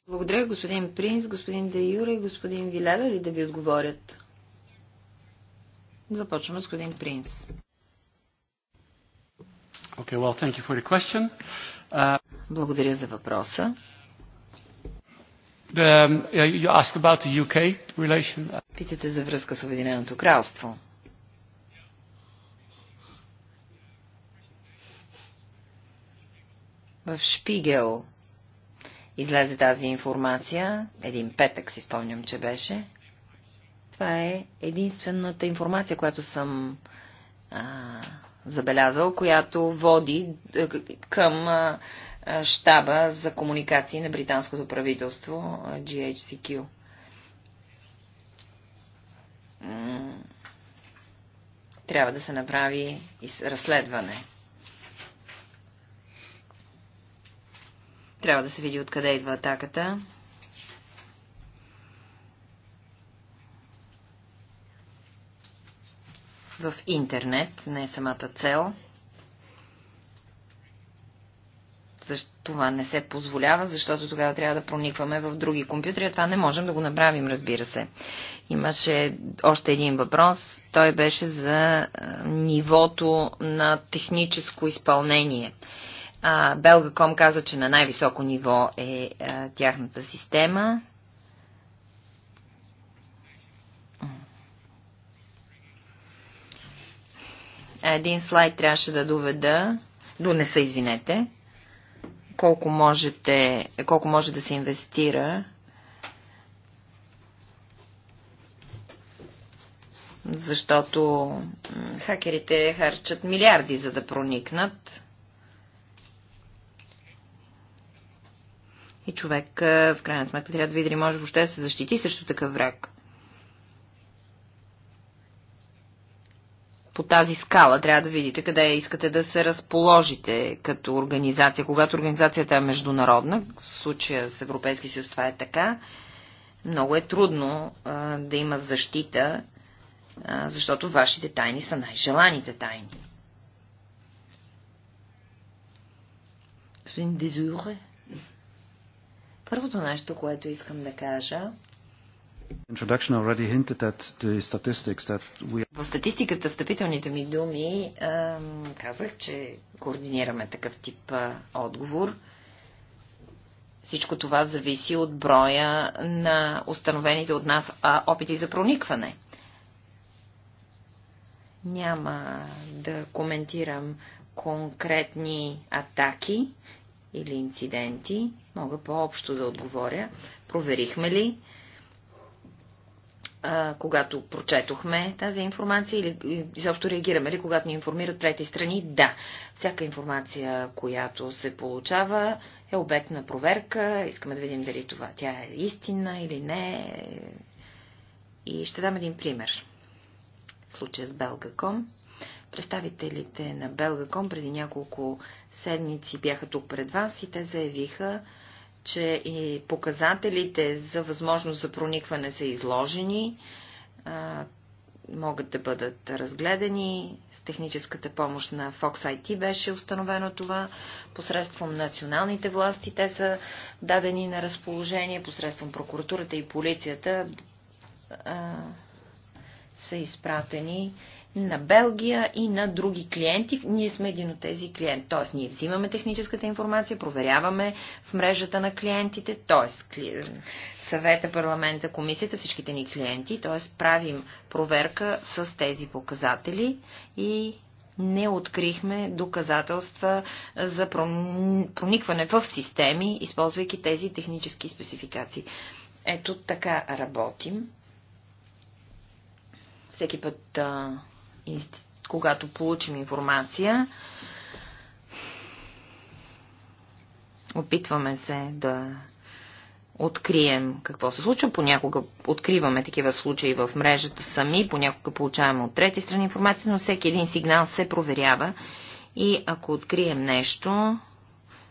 Благодаря, господин Принц, господин Де Юра и господин Виляда ли да ви отговорят? Започваме с господин Принц. Okay, well, thank you for the question. Uh... Благодаря за въпроса. The, the you ask about UK Питате за връзка с Обединеното кралство. В Шпигел излезе тази информация, един петък си спомням, че беше. Това е единствената информация, която съм а, забелязал, която води е, към а, щаба за комуникации на британското правителство GHCQ. Трябва да се направи разследване. Трябва да се види откъде идва атаката. В интернет не е самата цел. Защо това не се позволява, защото тогава трябва да проникваме в други компютри, а това не можем да го направим, разбира се. Имаше още един въпрос. Той беше за нивото на техническо изпълнение. Белгаком каза, че на най-високо ниво е а, тяхната система. Един слайд трябваше да доведа, донеса, извинете, колко, можете, колко може да се инвестира защото хакерите харчат милиарди, за да проникнат И човек в крайна сметка трябва да види дали може въобще да се защити срещу такъв враг. По тази скала трябва да видите къде искате да се разположите като организация. Когато организацията е международна, в случая с Европейски съюз това е така, много е трудно а, да има защита, а, защото вашите тайни са най-желаните тайни. Господин Дезуре. Първото нещо, което искам да кажа, в статистиката, встъпителните ми думи, казах, че координираме такъв тип отговор. Всичко това зависи от броя на установените от нас опити за проникване. Няма да коментирам конкретни атаки или инциденти. Мога по-общо да отговоря. Проверихме ли, а, когато прочетохме тази информация или изобщо реагираме ли, когато ни информират трети страни? Да. Всяка информация, която се получава, е обект на проверка. Искаме да видим дали това тя е истина или не. И ще дам един пример. Случая с Белгаком Представителите на Белгаком преди няколко седмици бяха тук пред вас и те заявиха, че и показателите за възможност за проникване са изложени, могат да бъдат разгледани. С техническата помощ на Fox IT беше установено това. Посредством националните власти те са дадени на разположение, посредством прокуратурата и полицията а, са изпратени на Белгия и на други клиенти. Ние сме един от тези клиенти. Тоест, ние взимаме техническата информация, проверяваме в мрежата на клиентите, т.е. съвета, парламента, комисията, всичките ни клиенти, т.е. правим проверка с тези показатели и не открихме доказателства за проникване в системи, използвайки тези технически спецификации. Ето така работим. Всеки път а, когато получим информация. Опитваме се да открием какво се случва. Понякога откриваме такива случаи в мрежата сами, понякога получаваме от трети страни информация, но всеки един сигнал се проверява и ако открием нещо,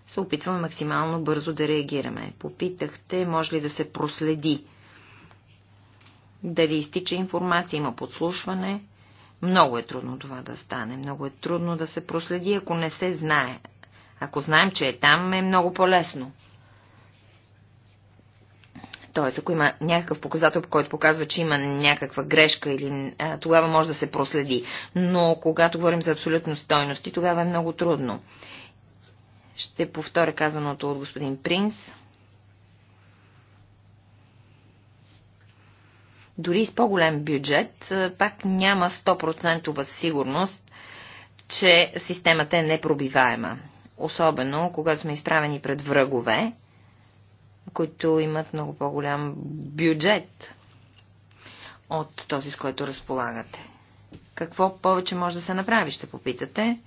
се опитваме максимално бързо да реагираме. Попитахте, може ли да се проследи дали изтича информация, има подслушване. Много е трудно това да стане. Много е трудно да се проследи, ако не се знае. Ако знаем, че е там, е много по-лесно. Тоест, ако има някакъв показател, който показва, че има някаква грешка, или, а, тогава може да се проследи. Но когато говорим за абсолютно стойности, тогава е много трудно. Ще повторя казаното от господин Принц. дори с по-голем бюджет, пак няма 100% сигурност, че системата е непробиваема. Особено, когато сме изправени пред врагове, които имат много по-голям бюджет от този, с който разполагате. Какво повече може да се направи, ще попитате.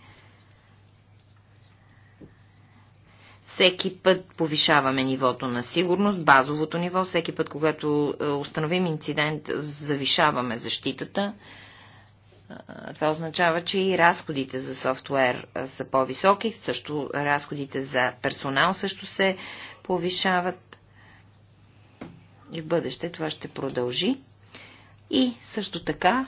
всеки път повишаваме нивото на сигурност, базовото ниво, всеки път, когато е, установим инцидент, завишаваме защитата. Е, това означава, че и разходите за софтуер е, са по-високи, също разходите за персонал също се повишават. И в бъдеще това ще продължи. И също така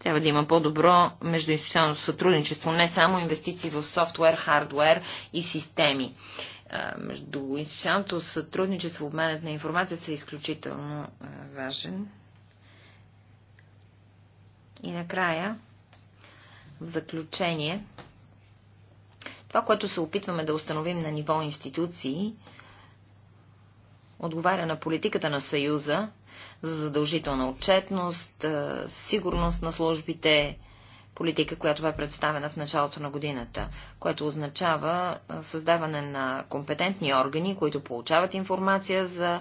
Трябва да има по-добро междуинституционално сътрудничество, не само инвестиции в софтуер, хардуер и системи. Е, Между институционното сътрудничество, обменът на информацията е изключително важен. И накрая, в заключение, това, което се опитваме да установим на ниво институции, отговаря на политиката на Съюза за задължителна отчетност, сигурност на службите, политика, която бе представена в началото на годината, което означава създаване на компетентни органи, които получават информация за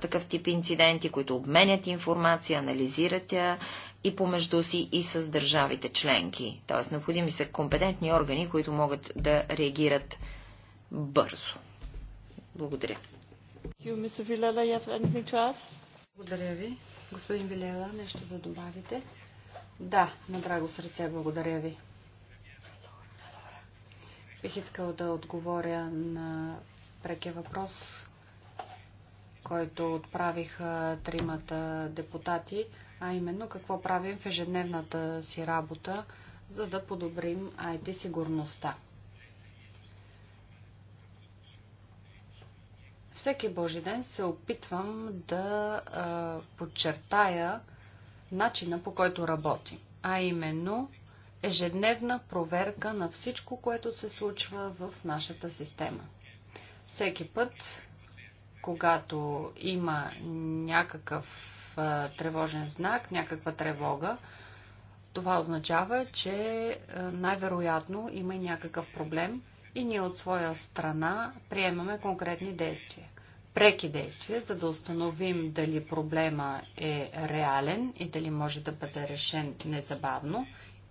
такъв тип инциденти, които обменят информация, анализират я и помежду си и с държавите членки. Тоест, необходими са компетентни органи, които могат да реагират бързо. Благодаря. You, Mr. you have anything to add? Благодаря ви. Господин Вилела, нещо да добавите? Да, на драго сърце, благодаря ви. Бих искала да отговоря на прекия въпрос, който отправиха тримата депутати, а именно какво правим в ежедневната си работа, за да подобрим IT сигурността. Всеки Божи ден се опитвам да а, подчертая начина по който работим, а именно ежедневна проверка на всичко, което се случва в нашата система. Всеки път, когато има някакъв а, тревожен знак, някаква тревога, това означава, че най-вероятно има и някакъв проблем и ние от своя страна приемаме конкретни действия преки действия, за да установим дали проблема е реален и дали може да бъде решен незабавно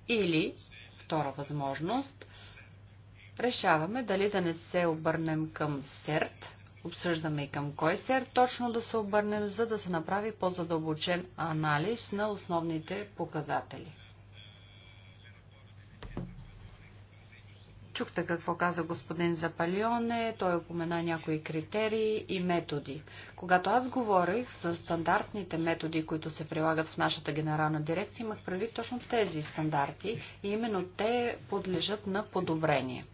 или втора възможност, решаваме дали да не се обърнем към СЕРТ, обсъждаме и към кой СЕРТ точно да се обърнем, за да се направи по-задълбочен анализ на основните показатели. Чухте какво каза господин Запалионе, той упомена някои критерии и методи. Когато аз говорих за стандартните методи, които се прилагат в нашата генерална дирекция, имах предвид точно тези стандарти и именно те подлежат на подобрение.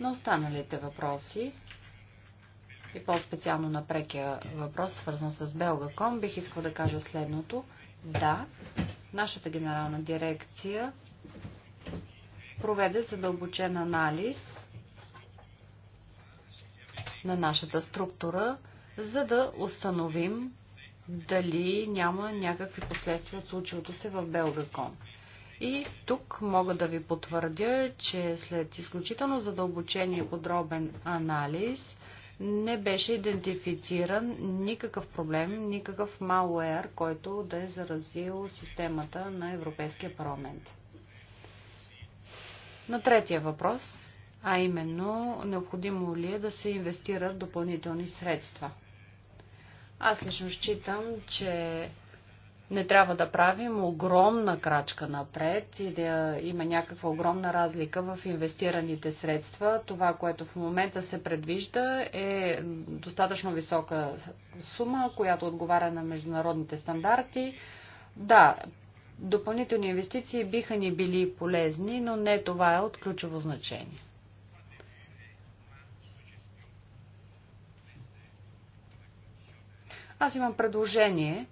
На останалите въпроси и по-специално на прекия въпрос, свързан с Белгаком, бих искал да кажа следното. Да, нашата генерална дирекция проведе задълбочен анализ на нашата структура, за да установим дали няма някакви последствия от случилото се в Белгакон. И тук мога да ви потвърдя, че след изключително задълбочен и подробен анализ не беше идентифициран никакъв проблем, никакъв малуер, който да е заразил системата на Европейския парламент. На третия въпрос, а именно необходимо ли е да се инвестират допълнителни средства. Аз лично считам, че не трябва да правим огромна крачка напред и да има някаква огромна разлика в инвестираните средства. Това, което в момента се предвижда е достатъчно висока сума, която отговаря на международните стандарти. Да, допълнителни инвестиции биха ни били полезни, но не това е от ключово значение. Аз имам предложение.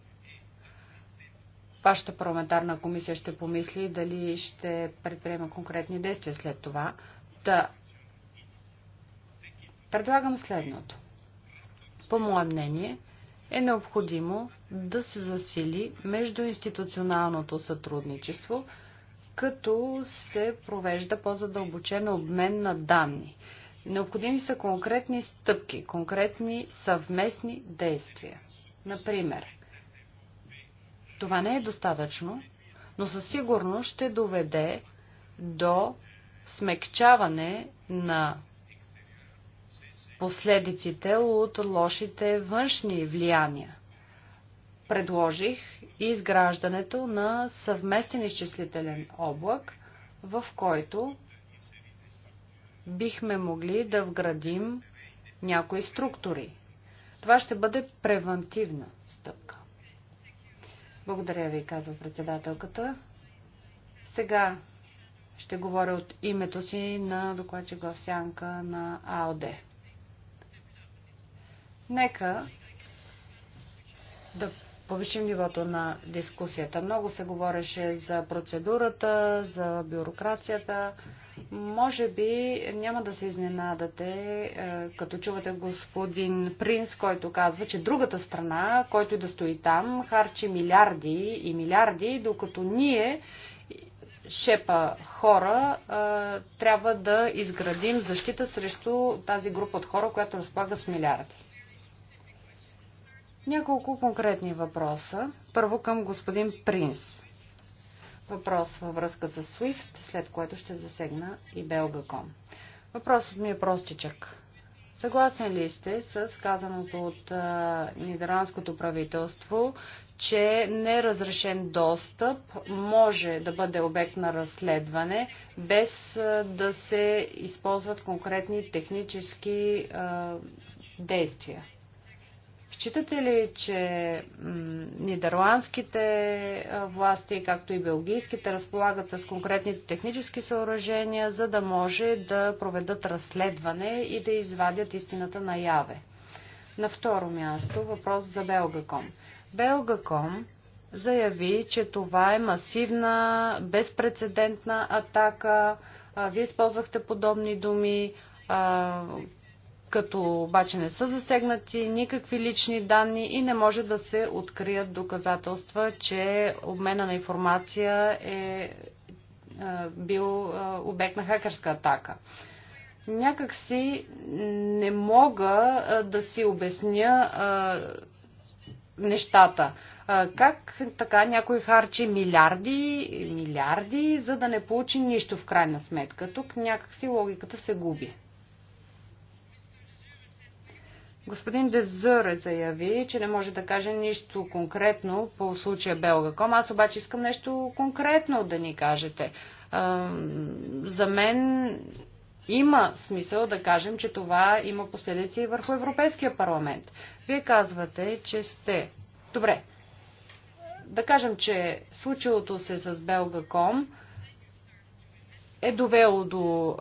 Вашата парламентарна комисия ще помисли дали ще предприема конкретни действия след това. Да. Предлагам следното. По мое мнение, е необходимо да се засили междуинституционалното сътрудничество, като се провежда по-задълбочен обмен на данни. Необходими са конкретни стъпки, конкретни съвместни действия. Например, това не е достатъчно, но със сигурност ще доведе до смекчаване на последиците от лошите външни влияния. Предложих и изграждането на съвместен изчислителен облак, в който бихме могли да вградим някои структури. Това ще бъде превентивна стъпка. Благодаря ви, казва председателката. Сега ще говоря от името си на докладчик в сянка на АОД. Нека да повишим нивото на дискусията. Много се говореше за процедурата, за бюрокрацията. Може би няма да се изненадате, е, като чувате господин Принц, който казва, че другата страна, който да стои там, харчи милиарди и милиарди, докато ние, шепа хора, е, трябва да изградим защита срещу тази група от хора, която разполага с милиарди. Няколко конкретни въпроса. Първо към господин Принс. Въпрос във връзка с SWIFT, след което ще засегна и Belga.com. Въпросът ми е простичък. Съгласен ли сте с казаното от нидерландското правителство, че неразрешен достъп може да бъде обект на разследване, без да се използват конкретни технически а, действия? Считате ли, че нидерландските власти, както и белгийските, разполагат с конкретните технически съоръжения, за да може да проведат разследване и да извадят истината наяве? На второ място въпрос за Белгаком. Белгаком заяви, че това е масивна, безпредседентна атака. Вие използвахте подобни думи като обаче не са засегнати никакви лични данни и не може да се открият доказателства, че обмена на информация е, е бил е, обект на хакерска атака. Някак си не мога е, да си обясня нещата. Как така някой харчи милиарди, милиарди, за да не получи нищо в крайна сметка? Тук някакси логиката се губи. Господин Дезър заяви, че не може да каже нищо конкретно по случая Белгаком. Аз обаче искам нещо конкретно да ни кажете. За мен има смисъл да кажем, че това има последици върху Европейския парламент. Вие казвате, че сте. Добре. Да кажем, че случилото се с Белгаком е довело до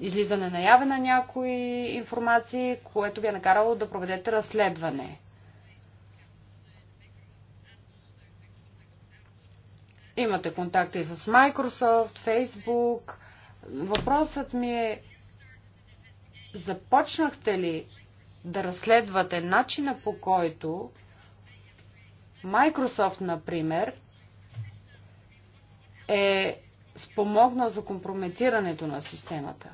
излизане наяве на някои информации, което ви е накарало да проведете разследване. Имате контакти с Microsoft, Facebook. Въпросът ми е, започнахте ли да разследвате начина по който Microsoft, например, е спомогнал за компрометирането на системата?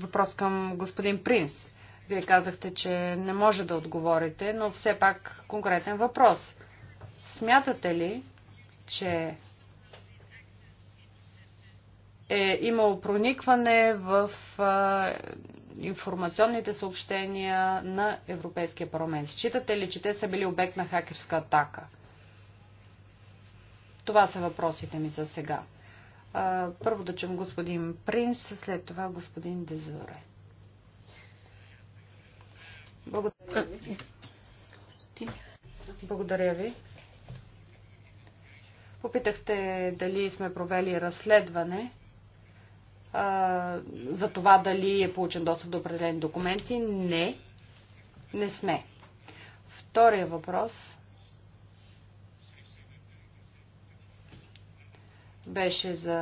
Въпрос към господин Принц. Вие казахте, че не може да отговорите, но все пак конкретен въпрос. Смятате ли, че е имало проникване в а, информационните съобщения на Европейския парламент. Считате ли, че те са били обект на хакерска атака? Това са въпросите ми за сега. Първо да чем господин Принс, след това господин Дезоре. Благодаря ви. Благодаря ви. Попитахте дали сме провели разследване а, за това дали е получен достъп до определени документи. Не, не сме. Втория въпрос беше за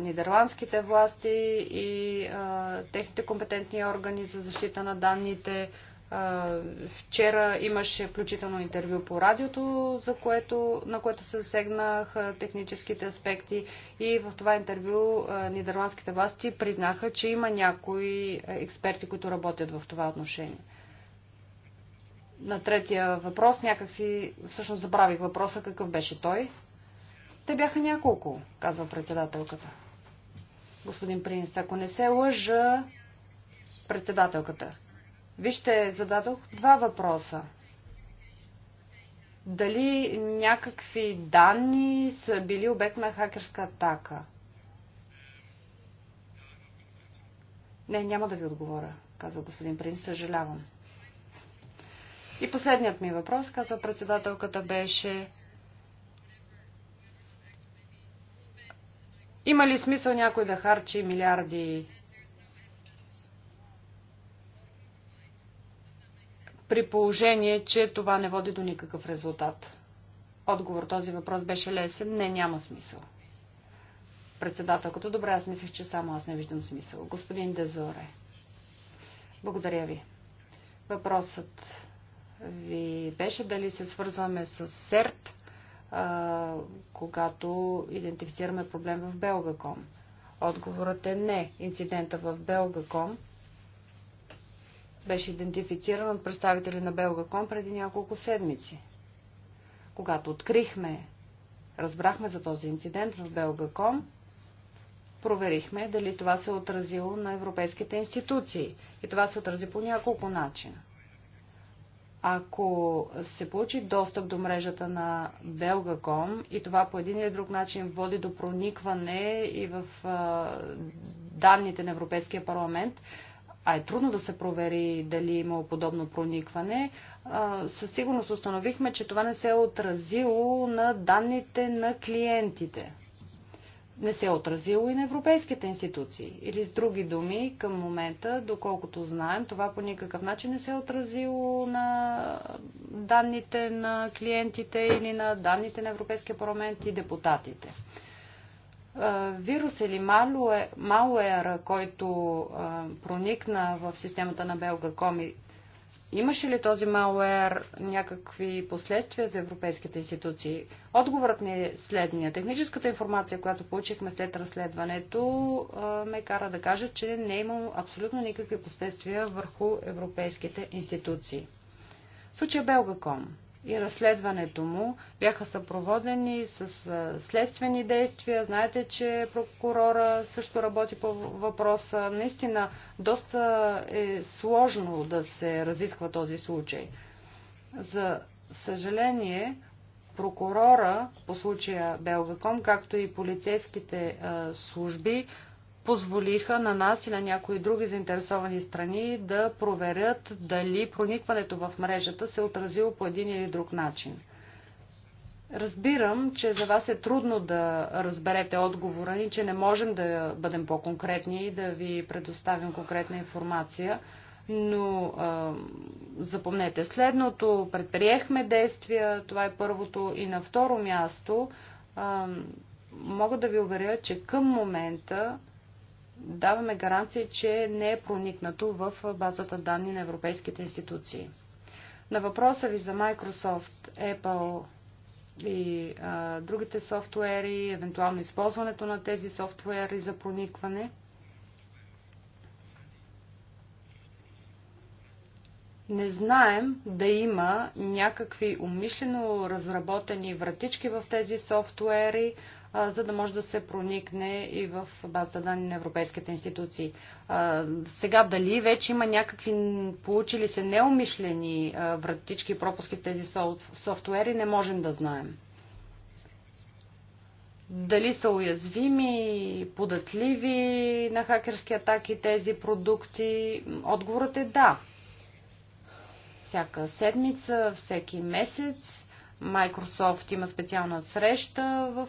нидерландските власти и а, техните компетентни органи за защита на данните. А, вчера имаше включително интервю по радиото, за което, на което се засегнах техническите аспекти и в това интервю а, нидерландските власти признаха, че има някои експерти, които работят в това отношение на третия въпрос, някакси всъщност забравих въпроса, какъв беше той. Те бяха няколко, казва председателката. Господин Принц, ако не се лъжа, председателката. Вижте, зададох два въпроса. Дали някакви данни са били обект на хакерска атака? Не, няма да ви отговоря, казва господин Принц. Съжалявам. И последният ми въпрос, казва председателката, беше Има ли смисъл някой да харчи милиарди при положение, че това не води до никакъв резултат? Отговор този въпрос беше лесен. Не, няма смисъл. Председателката, добре, аз мислих, че само аз не виждам смисъл. Господин Дезоре, благодаря ви. Въпросът ви беше дали се свързваме с СЕРТ – а, когато идентифицираме проблем в Белгаком? Отговорът е не. Инцидента в Белгаком беше идентифициран от представители на Белгаком преди няколко седмици. Когато открихме, разбрахме за този инцидент в Белгаком, проверихме дали това се отразило на европейските институции. И това се отрази по няколко начина ако се получи достъп до мрежата на Belgacom и това по един или друг начин води до проникване и в данните на Европейския парламент, а е трудно да се провери дали е имало подобно проникване, със сигурност установихме, че това не се е отразило на данните на клиентите не се е отразило и на европейските институции. Или с други думи, към момента, доколкото знаем, това по никакъв начин не се е отразило на данните на клиентите или на данните на Европейския парламент и депутатите. Вирус или малуер, който проникна в системата на Белгаком и Имаше ли този малуер някакви последствия за европейските институции? Отговорът ми е следния. Техническата информация, която получихме след разследването, ме кара да кажа, че не е имало абсолютно никакви последствия върху европейските институции. В случая Белгаком и разследването му бяха съпроводени с следствени действия. Знаете, че прокурора също работи по въпроса. Наистина, доста е сложно да се разисква този случай. За съжаление, прокурора по случая Белгаком, както и полицейските служби, позволиха на нас и на някои други заинтересовани страни да проверят дали проникването в мрежата се е отразило по един или друг начин. Разбирам, че за вас е трудно да разберете отговора ни, че не можем да бъдем по-конкретни и да ви предоставим конкретна информация, но а, запомнете следното. Предприехме действия, това е първото. И на второ място, а, мога да ви уверя, че към момента даваме гаранция, че не е проникнато в базата данни на европейските институции. На въпроса ви за Microsoft, Apple и а, другите софтуери, евентуално използването на тези софтуери за проникване, не знаем да има някакви умишлено разработени вратички в тези софтуери, за да може да се проникне и в базата данни на европейските институции. Сега дали вече има някакви получили се неумишлени вратички и пропуски в тези софтуери, не можем да знаем. Дали са уязвими, податливи на хакерски атаки тези продукти? Отговорът е да. Всяка седмица, всеки месец Microsoft има специална среща в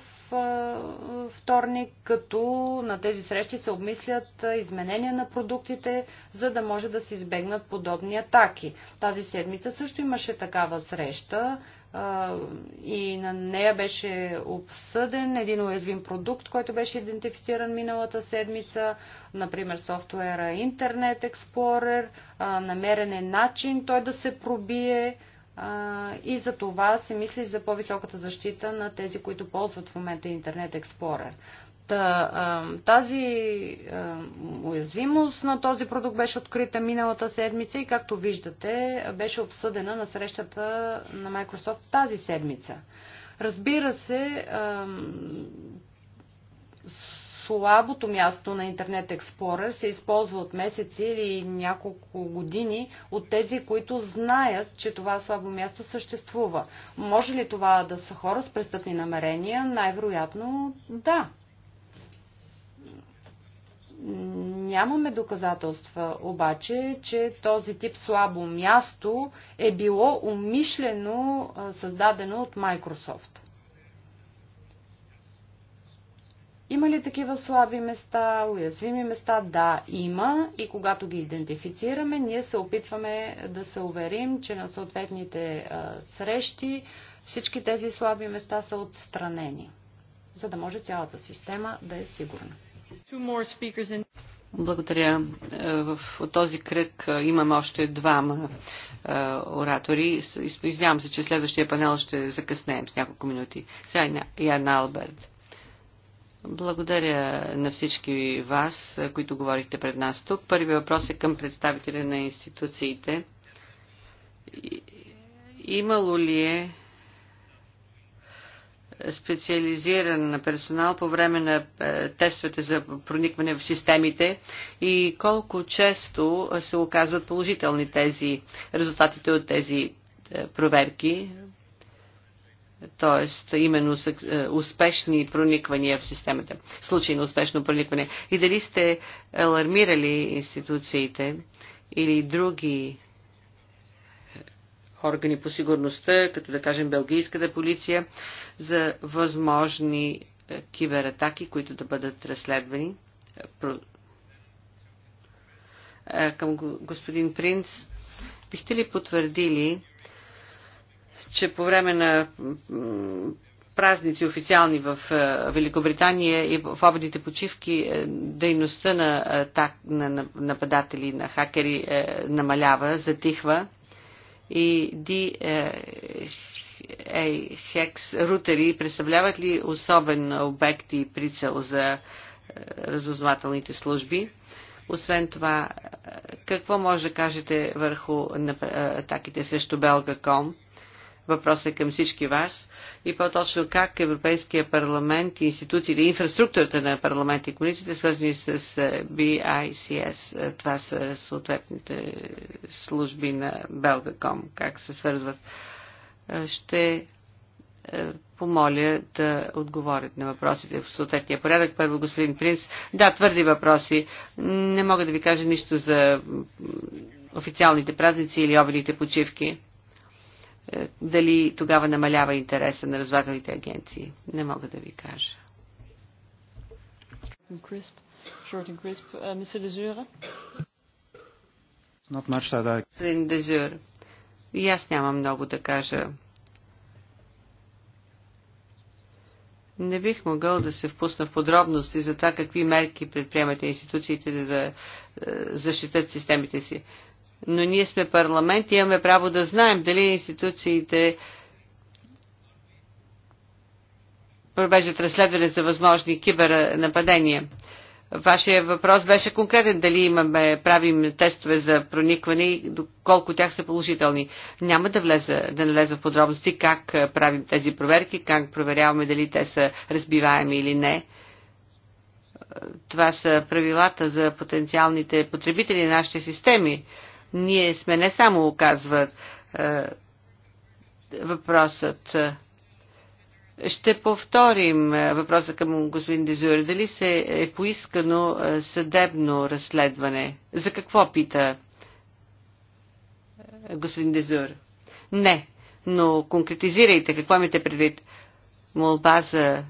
вторник, като на тези срещи се обмислят изменения на продуктите, за да може да се избегнат подобни атаки. Тази седмица също имаше такава среща и на нея беше обсъден един уязвим продукт, който беше идентифициран миналата седмица, например софтуера Internet Explorer, намерен е начин той да се пробие и за това се мисли за по-високата защита на тези, които ползват в момента Интернет Explorer. Тази уязвимост на този продукт беше открита миналата седмица и, както виждате, беше обсъдена на срещата на Microsoft тази седмица. Разбира се, слабото място на Интернет Explorer се използва от месеци или няколко години от тези, които знаят, че това слабо място съществува. Може ли това да са хора с престъпни намерения? Най-вероятно да. Нямаме доказателства обаче, че този тип слабо място е било умишлено създадено от Microsoft. Има ли такива слаби места, уязвими места? Да, има. И когато ги идентифицираме, ние се опитваме да се уверим, че на съответните а, срещи всички тези слаби места са отстранени, за да може цялата система да е сигурна. Благодаря. Е, в този кръг е, имаме още двама е, оратори. Извинявам се, че следващия панел ще закъснеем с няколко минути. Сега и една Алберт. Благодаря на всички вас, които говорихте пред нас тук. Първи въпрос е към представителя на институциите. Имало ли е специализиран персонал по време на е, тестовете за проникване в системите и колко често се оказват положителни тези резултатите от тези е, проверки т.е. именно е, успешни прониквания в системата, случай на успешно проникване. И дали сте алармирали институциите или други е, органи по сигурността, като да кажем Белгийската полиция, за възможни е, кибератаки, които да бъдат разследвани. Към господин Принц, бихте ли потвърдили, че по време на празници официални в е, Великобритания и в обедните почивки е, дейността на, е, так, на нападатели, на хакери намалява, затихва и Ди Хекс рутери представляват ли особен обект и прицел за разузнавателните служби? Освен това, какво може да кажете върху атаките срещу Belga.com? Въпросът е към всички вас и по-точно как Европейския парламент, институциите, инфраструктурата на парламент и комисиите, свързани с е, BICS, е, това са съответните служби на Belgacom, как се свързват, е, ще помоля да отговорят на въпросите в съответния порядък. Първо, господин Принц. Да, твърди въпроси. Не мога да ви кажа нищо за официалните празници или обедните почивки. Е, дали тогава намалява интереса на развагателните агенции? Не мога да ви кажа. Е, Господин Дезюр, и аз нямам много да кажа. Не бих могъл да се впусна в подробности за това какви мерки предприемат институциите да е, защитат системите си но ние сме парламент и имаме право да знаем дали институциите провеждат разследване за възможни кибернападения. Вашия въпрос беше конкретен, дали имаме, правим тестове за проникване и доколко тях са положителни. Няма да, влеза, да навлеза в подробности как правим тези проверки, как проверяваме дали те са разбиваеми или не. Това са правилата за потенциалните потребители на нашите системи. Ние сме не само оказват е, въпросът. Ще повторим е, въпроса към господин Дезуер. Дали се е поискано е, съдебно разследване? За какво пита е, господин Дезур? Не, но конкретизирайте какво имате предвид. Молба за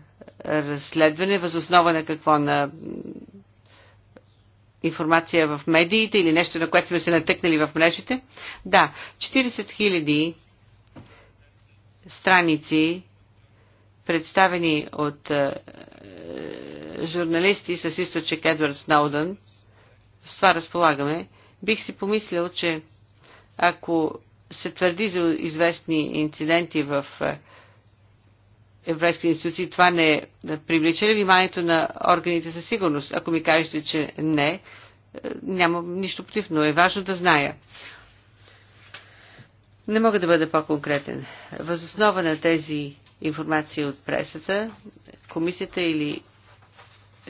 разследване, възоснова на какво на информация в медиите или нещо, на което сме се натъкнали в мрежите. Да, 40 000 страници, представени от е, е, журналисти с източек Едвард Сноудън, с това разполагаме, бих си помислил, че ако се твърди за известни инциденти в е, европейски институции, това не привлича ли вниманието на органите за сигурност? Ако ми кажете, че не, е, нямам нищо против, но е важно да зная. Не мога да бъда по-конкретен. Възоснова на тези информации от пресата, комисията или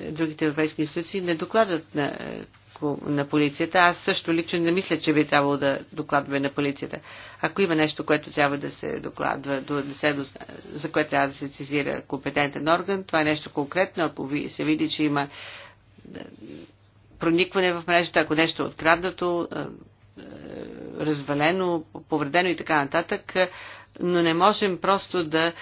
другите европейски институции не докладват на е, по, на полицията. Аз също лично не мисля, че би трябвало да докладваме на полицията. Ако има нещо, което трябва да се докладва, да се, за което трябва да се цизира компетентен орган, това е нещо конкретно. Ако ви се види, че има е, проникване в мрежата, ако нещо е откраднато, е, е, развалено, повредено и така нататък, но не можем просто да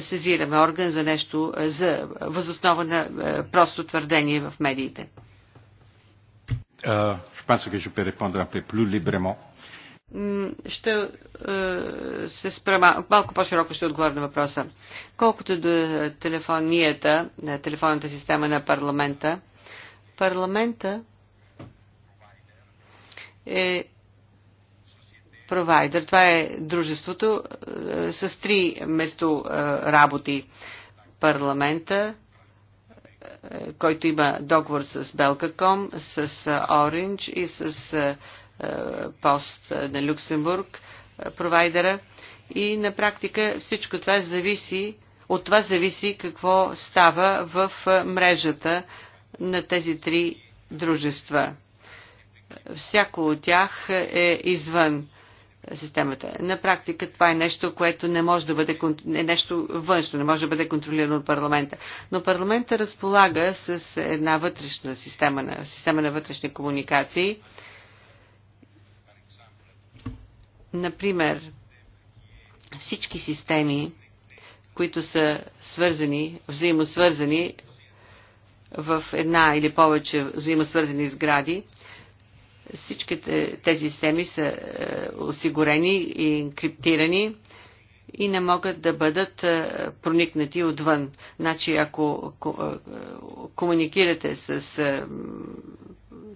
сезираме орган за нещо, за възоснова на просто твърдение в медиите. Euh, je pense que je peux répondre un peu plus librement. Ще е, се спра малко по-широко ще отговоря на въпроса. Колкото до телефонията, телефонната система на парламента, парламента е провайдер. Това е дружеството е, с три место е, работи. Парламента, който има договор с Белкаком, с Orange и с пост на Люксембург, провайдера. И на практика всичко това зависи, от това зависи какво става в мрежата на тези три дружества. Всяко от тях е извън системата. На практика това е нещо, което не може да бъде е нещо външно, не може да бъде контролирано от парламента. Но парламента разполага с една вътрешна система на, система на вътрешни комуникации. Например, всички системи, които са свързани, взаимосвързани в една или повече взаимосвързани сгради, Всичките тези системи са е, осигурени и криптирани и не могат да бъдат е, проникнати отвън. Значи, ако е, комуникирате с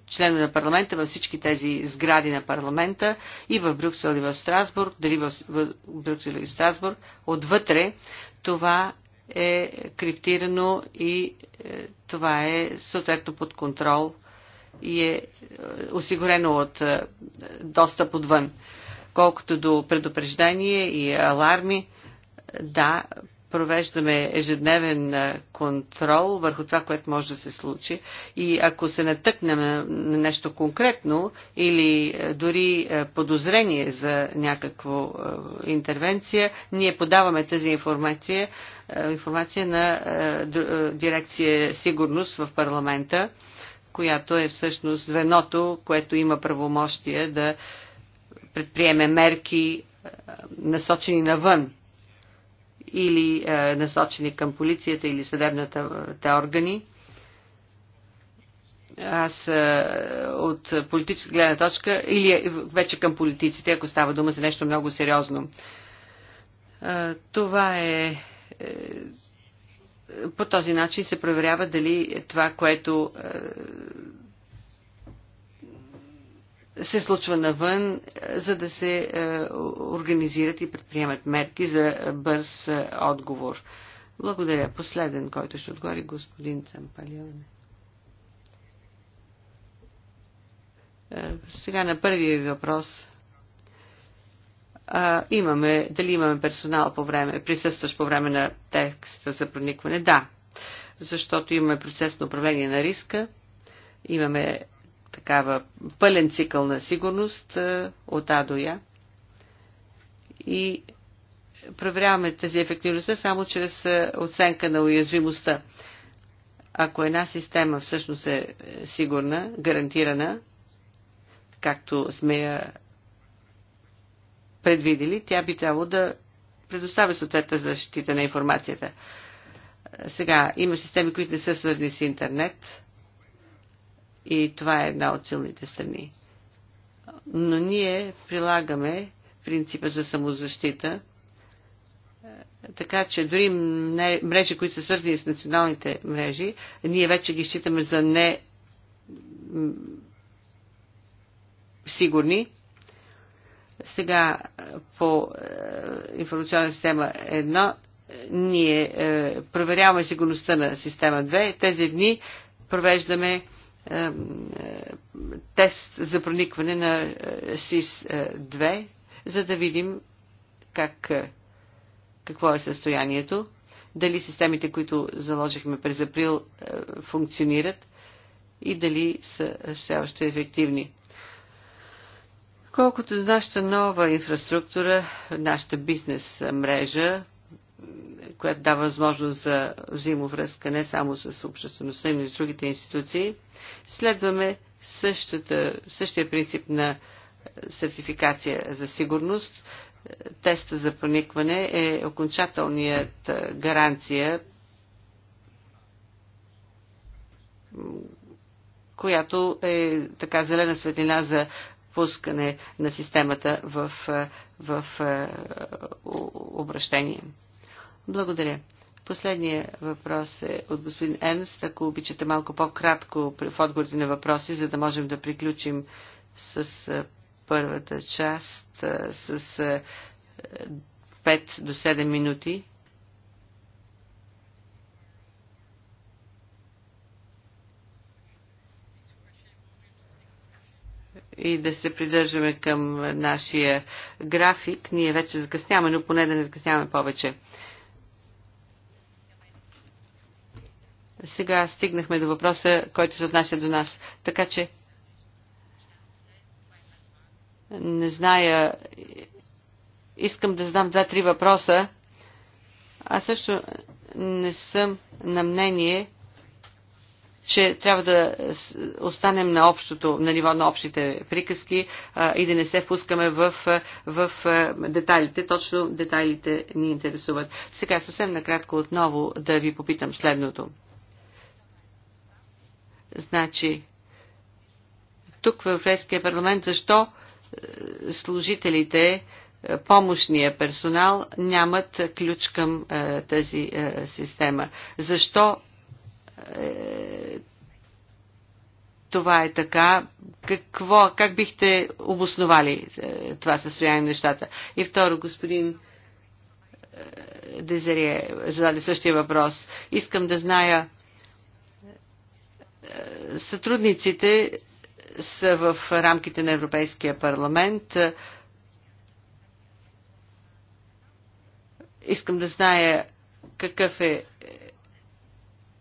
членове на парламента във всички тези сгради на парламента и в Брюксел и в Страсбург, дали в Брюксел и в Страсбург, отвътре това е криптирано и това е съответно под контрол и е, е осигурено от е, достъп отвън. Колкото до предупреждение и аларми, да, провеждаме ежедневен е, контрол върху това, което може да се случи. И ако се натъкнем на нещо конкретно или дори подозрение за някаква интервенция, ние подаваме тази информация, информация на дирекция сигурност в парламента която е всъщност звеното, което има правомощие да предприеме мерки е, насочени навън или е, насочени към полицията или съдебната е, те органи. Аз е, от политическа гледна точка или е, вече към политиците, ако става дума за нещо много сериозно. Е, това е, е по този начин се проверява дали това, което е, се случва навън, за да се е, организират и предприемат мерки за бърз е, отговор. Благодаря. Последен, който ще отговори господин Цампалионе. Сега на първия въпрос а, имаме, дали имаме персонал по време, присъстващ по време на текста за проникване? Да, защото имаме процес на управление на риска, имаме такава пълен цикъл на сигурност а, от А до Я и проверяваме тази ефективността само чрез оценка на уязвимостта. Ако една система всъщност е, е сигурна, гарантирана, както сме я предвидили, тя би трябвало да предоставя съответна защита на информацията. Сега, има системи, които не са свързани с интернет и това е една от силните страни. Но ние прилагаме принципа за самозащита, така че дори мрежи, които са свързани с националните мрежи, ние вече ги считаме за не сигурни сега е, по е, информационна система 1 ние е, проверяваме сигурността на система 2. Тези дни провеждаме тест за проникване на СИС-2, за да видим как, какво е състоянието, дали системите, които заложихме през април, функционират и дали са все още ефективни. Колкото за нашата нова инфраструктура, нашата бизнес мрежа, която дава възможност за взаимовръзка не само с обществеността, но и с другите институции, следваме същата, същия принцип на сертификация за сигурност. Теста за проникване е окончателният гаранция, която е така зелена светлина за пускане на системата в, е, в е, обращение. Благодаря. Последният въпрос е от господин Енст. Ако обичате малко по-кратко в отговорите на въпроси, за да можем да приключим с е, първата част с 5 до 7 минути. и да се придържаме към нашия график. Ние вече сгъсняваме, но поне да не сгъсняваме повече. Сега стигнахме до въпроса, който се отнася до нас. Така че не зная. Искам да задам два-три въпроса. Аз също не съм на мнение, че трябва да останем на, общото, на ниво на общите приказки а, и да не се впускаме в, в детайлите. Точно детайлите ни интересуват. Сега съвсем накратко отново да ви попитам следното. Значи, тук в Европейския парламент, защо служителите, помощния персонал нямат ключ към тази система. Защо е, това е така, какво, как бихте обосновали е, това състояние на нещата? И второ, господин е, Дезерие зададе същия въпрос. Искам да зная, сътрудниците са в рамките на Европейския парламент. Искам да зная какъв е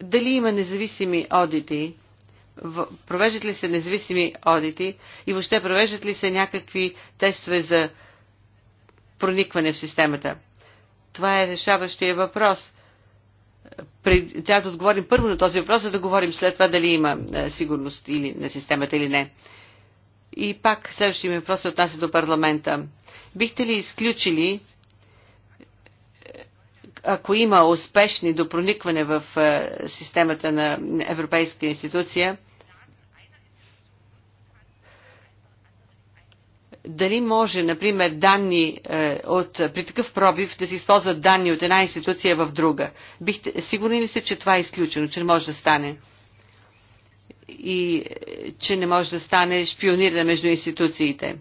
дали има независими одити, провеждат ли се независими одити и въобще провеждат ли се някакви тестове за проникване в системата. Това е решаващия въпрос. Трябва да отговорим първо на този въпрос, за да говорим след това дали има е, сигурност или на системата или не. И пак следващия ми въпрос се отнася до парламента. Бихте ли изключили ако има успешни допроникване в е, системата на Европейска институция, дали може, например, данни е, от, при такъв пробив да се използват данни от една институция в друга? Бихте, сигурни ли сте, че това е изключено, че не може да стане? И е, че не може да стане шпиониране между институциите?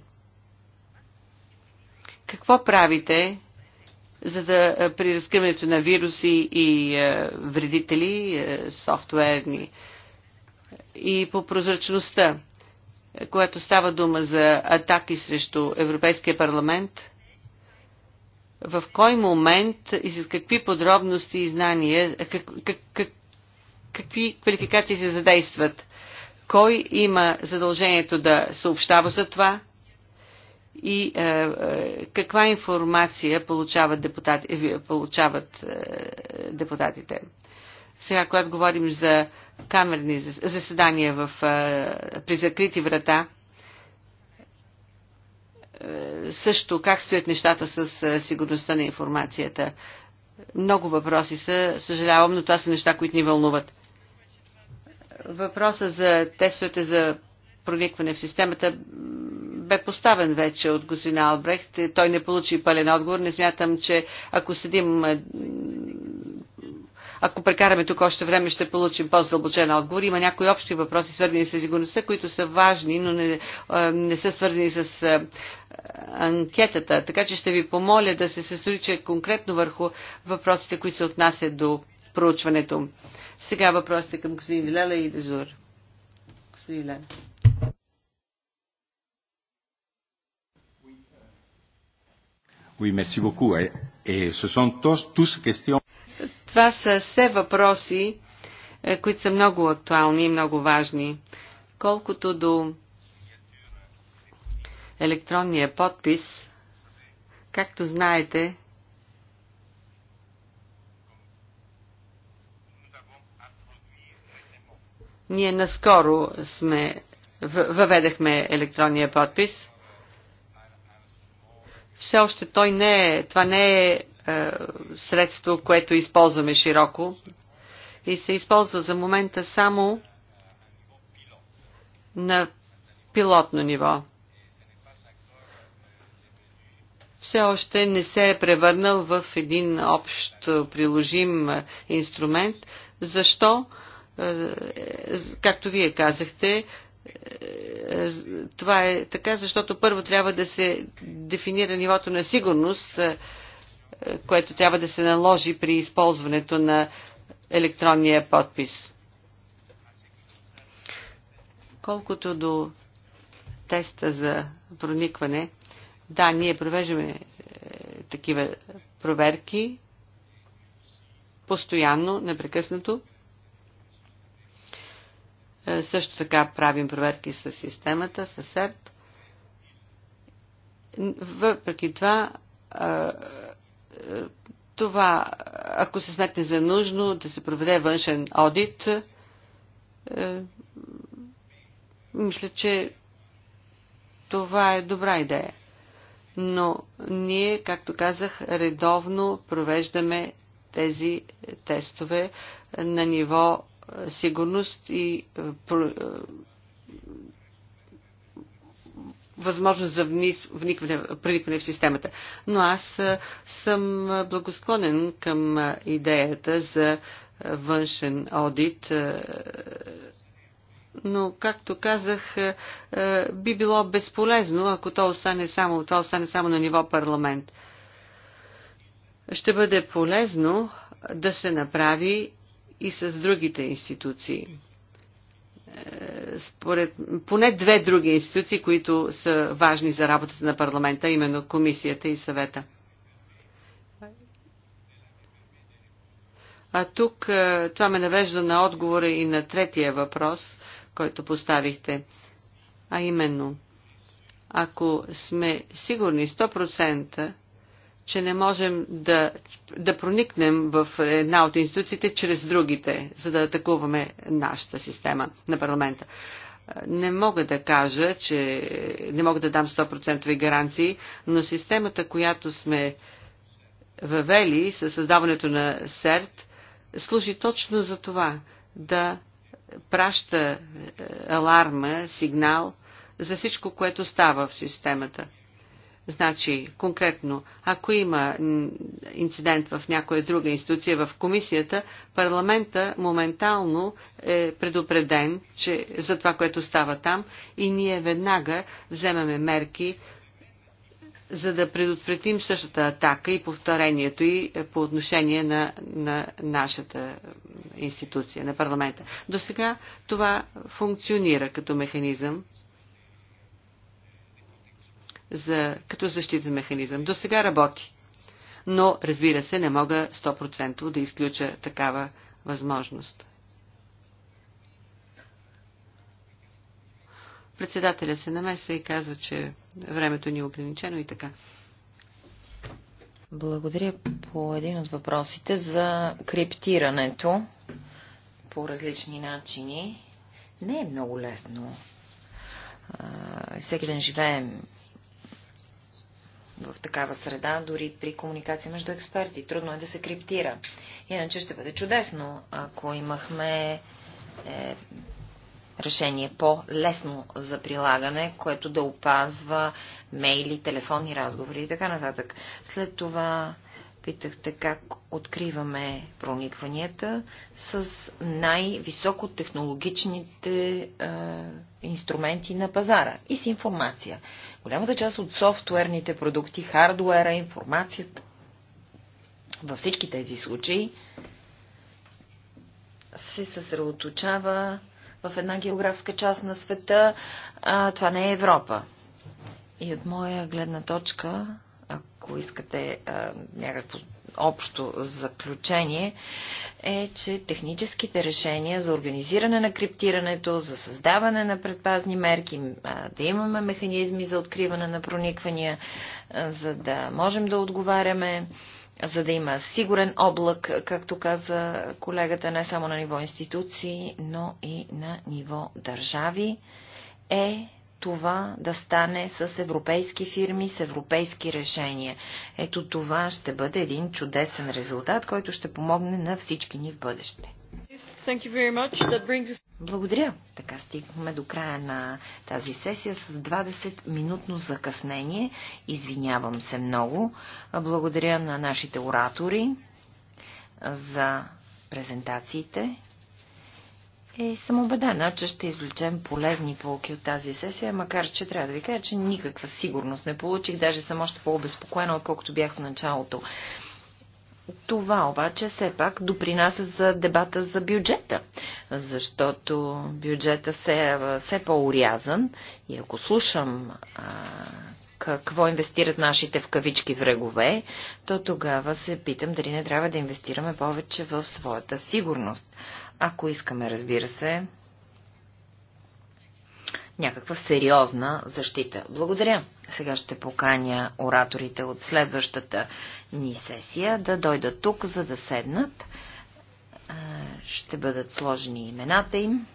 Какво правите за да при разкриването на вируси и вредители, софтуерни и по прозрачността, която става дума за атаки срещу Европейския парламент, в кой момент и с какви подробности и знания, как, как, как, какви квалификации се задействат, кой има задължението да съобщава за това – и е, е, каква информация получават, депутати, е, получават е, депутатите. Сега, когато говорим за камерни заседания в, е, при закрити врата, е, също как стоят нещата с е, сигурността на информацията. Много въпроси са, съжалявам, но това са неща, които ни вълнуват. Въпроса за тестовете за проникване в системата бе поставен вече от господин Албрехт. Той не получи пълен отговор. Не смятам, че ако седим е, ако прекараме тук още време, ще получим по-задълбочен отговор. Има някои общи въпроси, свързани с сигурността, които са важни, но не, е, не са свързани с е, анкетата. Така че ще ви помоля да се съсредоточите конкретно върху въпросите, които се отнасят до проучването. Сега въпросите към господин Вилела и Дезур. Господин Вилела. Oui, merci beaucoup. Et, et ce sont tous, tous questions... Това са все въпроси, е, които са много актуални и много важни. Колкото до електронния подпис, както знаете, ние наскоро сме въведахме електронния подпис – все още той не е, това не е, е средство, което използваме широко и се използва за момента само на пилотно ниво. все още не се е превърнал в един общ е, приложим е, инструмент. Защо? Е, както вие казахте, това е така, защото първо трябва да се дефинира нивото на сигурност, е, което трябва да се наложи при използването на електронния подпис. Колкото до теста за проникване, да, ние провеждаме е, такива проверки постоянно, непрекъснато. Също така правим проверки с системата, с СЕРТ. Въпреки това, това, ако се сметне за нужно да се проведе външен одит, мисля, че това е добра идея. Но ние, както казах, редовно провеждаме тези тестове на ниво сигурност и е, е, възможност за вникване, проникване в системата. Но аз е, съм благосклонен към идеята за външен одит, но, както казах, би било безполезно, ако то остане само, това остане само на ниво парламент. Ще бъде полезно да се направи и с другите институции. Е, според поне две други институции, които са важни за работата на парламента, именно комисията и съвета. А тук е, това ме навежда на отговора и на третия въпрос, който поставихте. А именно, ако сме сигурни 100%, че не можем да, да проникнем в една от институциите чрез другите, за да атакуваме нашата система на парламента. Не мога да кажа, че не мога да дам 100% гаранции, но системата, която сме въвели със създаването на СЕРТ, служи точно за това да праща е, аларма, сигнал за всичко, което става в системата. Значи, конкретно, ако има инцидент в някоя друга институция в комисията, парламента моментално е предупреден че, за това, което става там и ние веднага вземаме мерки, за да предотвратим същата атака и повторението и е, по отношение на, на нашата институция, на парламента. До сега това функционира като механизъм за, като защитен механизъм. До сега работи. Но, разбира се, не мога 100% да изключа такава възможност. Председателя се намесва и казва, че времето ни е ограничено и така. Благодаря по един от въпросите за криптирането по различни начини. Не е много лесно. Всеки ден живеем в такава среда, дори при комуникация между експерти. Трудно е да се криптира. Иначе ще бъде чудесно, ако имахме е, решение по-лесно за прилагане, което да опазва мейли, телефонни разговори и така нататък. След това питахте как откриваме проникванията с най-високотехнологичните е, инструменти на пазара и с информация. Голямата част от софтуерните продукти, хардуера, информацията, във всички тези случаи се съсредоточава в една географска част на света. А, това не е Европа. И от моя гледна точка, ако искате а, някакво общо заключение е, че техническите решения за организиране на криптирането, за създаване на предпазни мерки, да имаме механизми за откриване на прониквания, за да можем да отговаряме, за да има сигурен облак, както каза колегата, не само на ниво институции, но и на ниво държави, е това да стане с европейски фирми, с европейски решения. Ето това ще бъде един чудесен резултат, който ще помогне на всички ни в бъдеще. Us... Благодаря. Така стигаме до края на тази сесия с 20-минутно закъснение. Извинявам се много. Благодаря на нашите оратори за презентациите. И е съм убедена, че ще извлечем полезни полки от тази сесия, макар че трябва да ви кажа, че никаква сигурност не получих, даже съм още по-обезпокоена, отколкото бях в началото. Това обаче все пак допринася за дебата за бюджета, защото бюджета все, все по-урязан и ако слушам а, какво инвестират нашите в кавички врагове, то тогава се питам дали не трябва да инвестираме повече в своята сигурност. Ако искаме, разбира се, някаква сериозна защита. Благодаря. Сега ще поканя ораторите от следващата ни сесия да дойдат тук, за да седнат. Ще бъдат сложени имената им.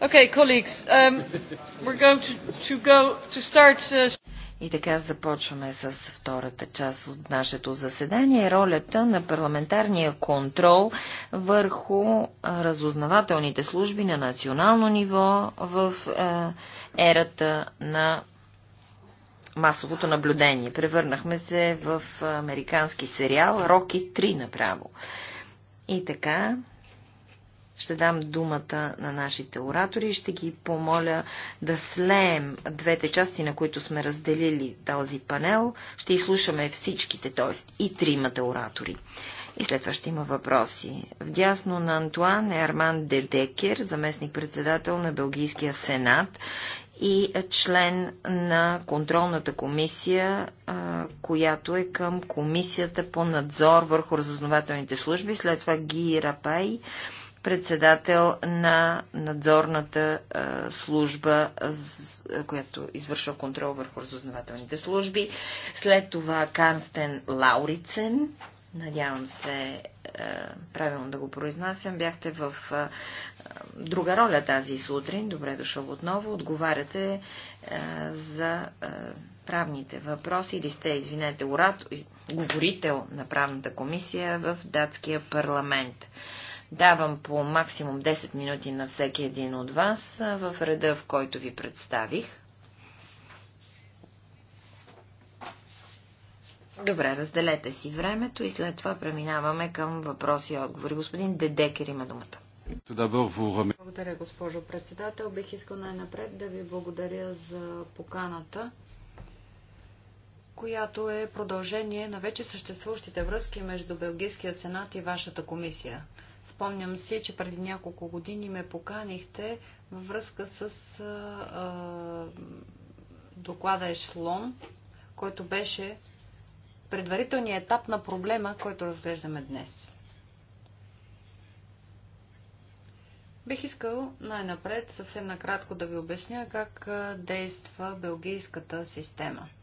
Um, uh, И така започваме с втората част от нашето заседание. Ролята на парламентарния контрол върху разузнавателните служби на национално ниво в ерата на масовото наблюдение. Превърнахме се в американски сериал Роки 3 направо. И така, ще дам думата на нашите оратори и ще ги помоля да слеем двете части, на които сме разделили този панел. Ще изслушаме всичките, т.е. и тримата оратори. И след това ще има въпроси. Вдясно на Антуан е Арман Дедекер, заместник-председател на Белгийския сенат и член на контролната комисия, която е към комисията по надзор върху разузнавателните служби. След това Ги Рапай, председател на надзорната служба, която извършва контрол върху разузнавателните служби. След това Карстен Лаурицен, надявам се правилно да го произнасям, бяхте в друга роля тази сутрин, добре дошъл отново, отговаряте за правните въпроси или сте, извинете, урат, говорител на правната комисия в датския парламент. Давам по максимум 10 минути на всеки един от вас в реда, в който ви представих. Добре, разделете си времето и след това преминаваме към въпроси и отговори. Господин Дедекер има думата. Благодаря, госпожо председател. Бих искал най-напред да ви благодаря за поканата, която е продължение на вече съществуващите връзки между Белгийския сенат и вашата комисия. Спомням си, че преди няколко години ме поканихте във връзка с а, а, доклада Ешлон, който беше предварителният етап на проблема, който разглеждаме днес. Бих искал най-напред съвсем накратко да ви обясня как действа белгийската система –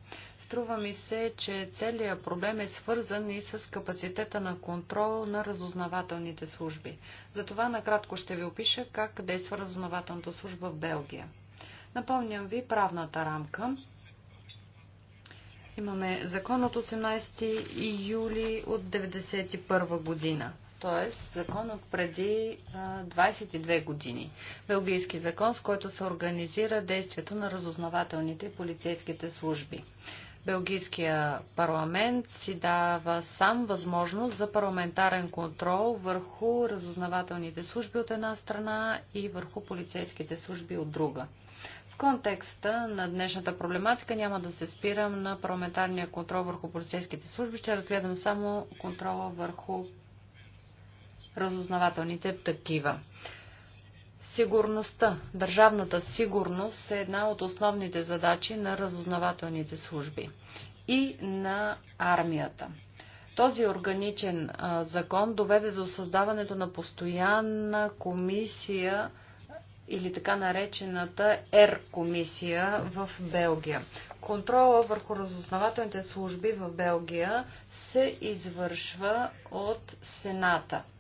Струва ми се, че целият проблем е свързан и с капацитета на контрол на разузнавателните служби. Затова накратко ще ви опиша как действа разузнавателната служба в Белгия. Напомням ви правната рамка. Имаме закон от 18 юли от 1991 година т.е. закон от преди 22 години. Белгийски закон, с който се организира действието на разузнавателните и полицейските служби. Белгийския парламент си дава сам възможност за парламентарен контрол върху разузнавателните служби от една страна и върху полицейските служби от друга. В контекста на днешната проблематика няма да се спирам на парламентарния контрол върху полицейските служби, ще разгледам само контрола върху разузнавателните такива. Сигурността, държавната сигурност е една от основните задачи на разузнавателните служби и на армията. Този органичен а, закон доведе до създаването на постоянна комисия или така наречената Р-комисия в Белгия. Контрола върху разузнавателните служби в Белгия се извършва от Сената –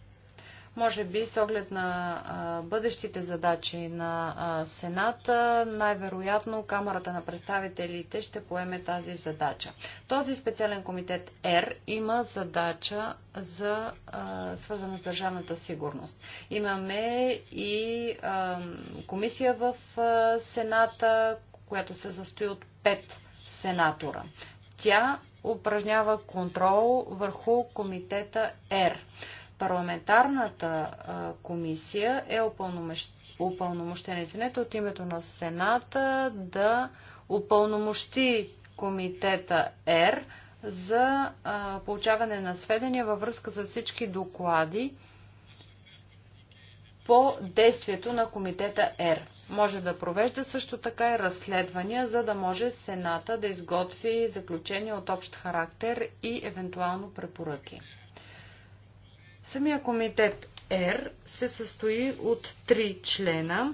може би с оглед на а, бъдещите задачи на а, Сената, най-вероятно Камерата на представителите ще поеме тази задача. Този специален комитет Р има задача за а, свързана с държавната сигурност. Имаме и а, комисия в а, Сената, която се застои от пет сенатора. Тя упражнява контрол върху комитета Р. Парламентарната комисия е упълномощена извинете, от името на Сената да упълномощи комитета Р за получаване на сведения във връзка с всички доклади по действието на комитета Р. Може да провежда също така и разследвания, за да може Сената да изготви заключения от общ характер и евентуално препоръки. Самия комитет Р се състои от три члена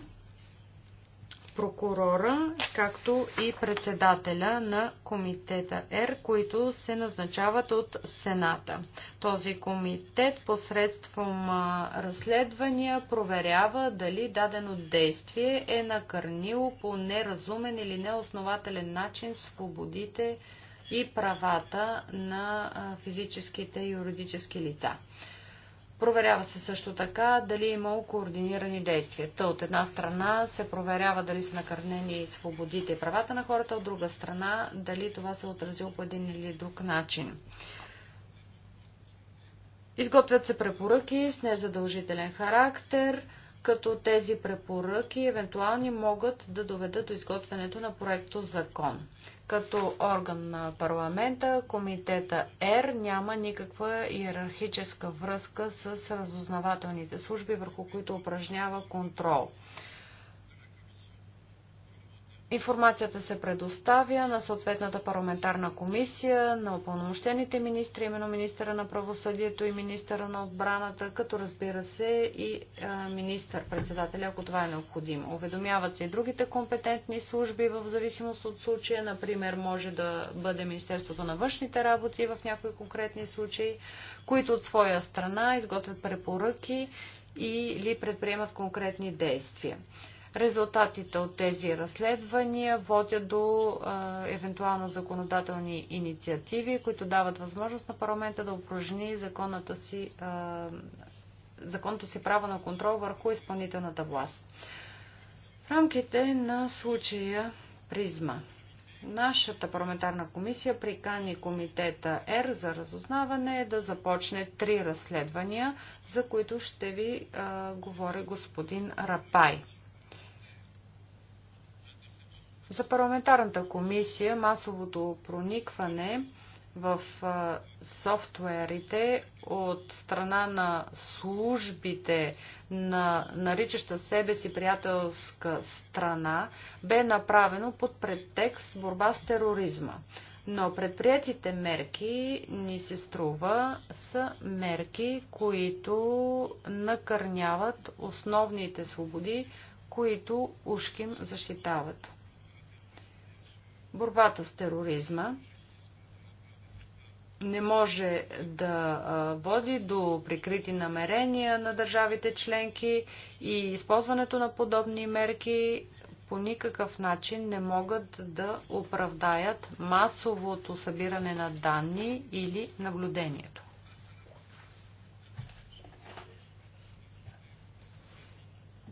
прокурора, както и председателя на комитета Р, които се назначават от Сената. Този комитет посредством разследвания проверява дали дадено действие е накърнило по неразумен или неоснователен начин свободите и правата на физическите и юридически лица. Проверява се също така дали е имало координирани действия. Та от една страна се проверява дали са накърнени свободите и правата на хората, от друга страна дали това се е отразило по един или друг начин. Изготвят се препоръки с незадължителен характер, като тези препоръки евентуални могат да доведат до изготвянето на проекто закон. Като орган на парламента, комитета Р няма никаква иерархическа връзка с разузнавателните служби, върху които упражнява контрол. Информацията се предоставя на съответната парламентарна комисия, на опълномощените министри, именно министра на правосъдието и министра на отбраната, като разбира се и министър-председателя, ако това е необходимо. Уведомяват се и другите компетентни служби в зависимост от случая. Например, може да бъде Министерството на външните работи в някои конкретни случаи, които от своя страна изготвят препоръки или предприемат конкретни действия. Резултатите от тези разследвания водят до а, евентуално законодателни инициативи, които дават възможност на парламента да упражни законната си, а, законното си право на контрол върху изпълнителната власт. В рамките на случая призма. Нашата парламентарна комисия прикани комитета Р за разузнаване да започне три разследвания, за които ще ви а, говори господин Рапай. За парламентарната комисия масовото проникване в софтуерите от страна на службите на наричаща себе си приятелска страна бе направено под предтекст борба с тероризма. Но предприятите мерки ни се струва са мерки, които накърняват основните свободи, които ушким защитават. Борбата с тероризма не може да води до прикрити намерения на държавите членки и използването на подобни мерки по никакъв начин не могат да оправдаят масовото събиране на данни или наблюдението.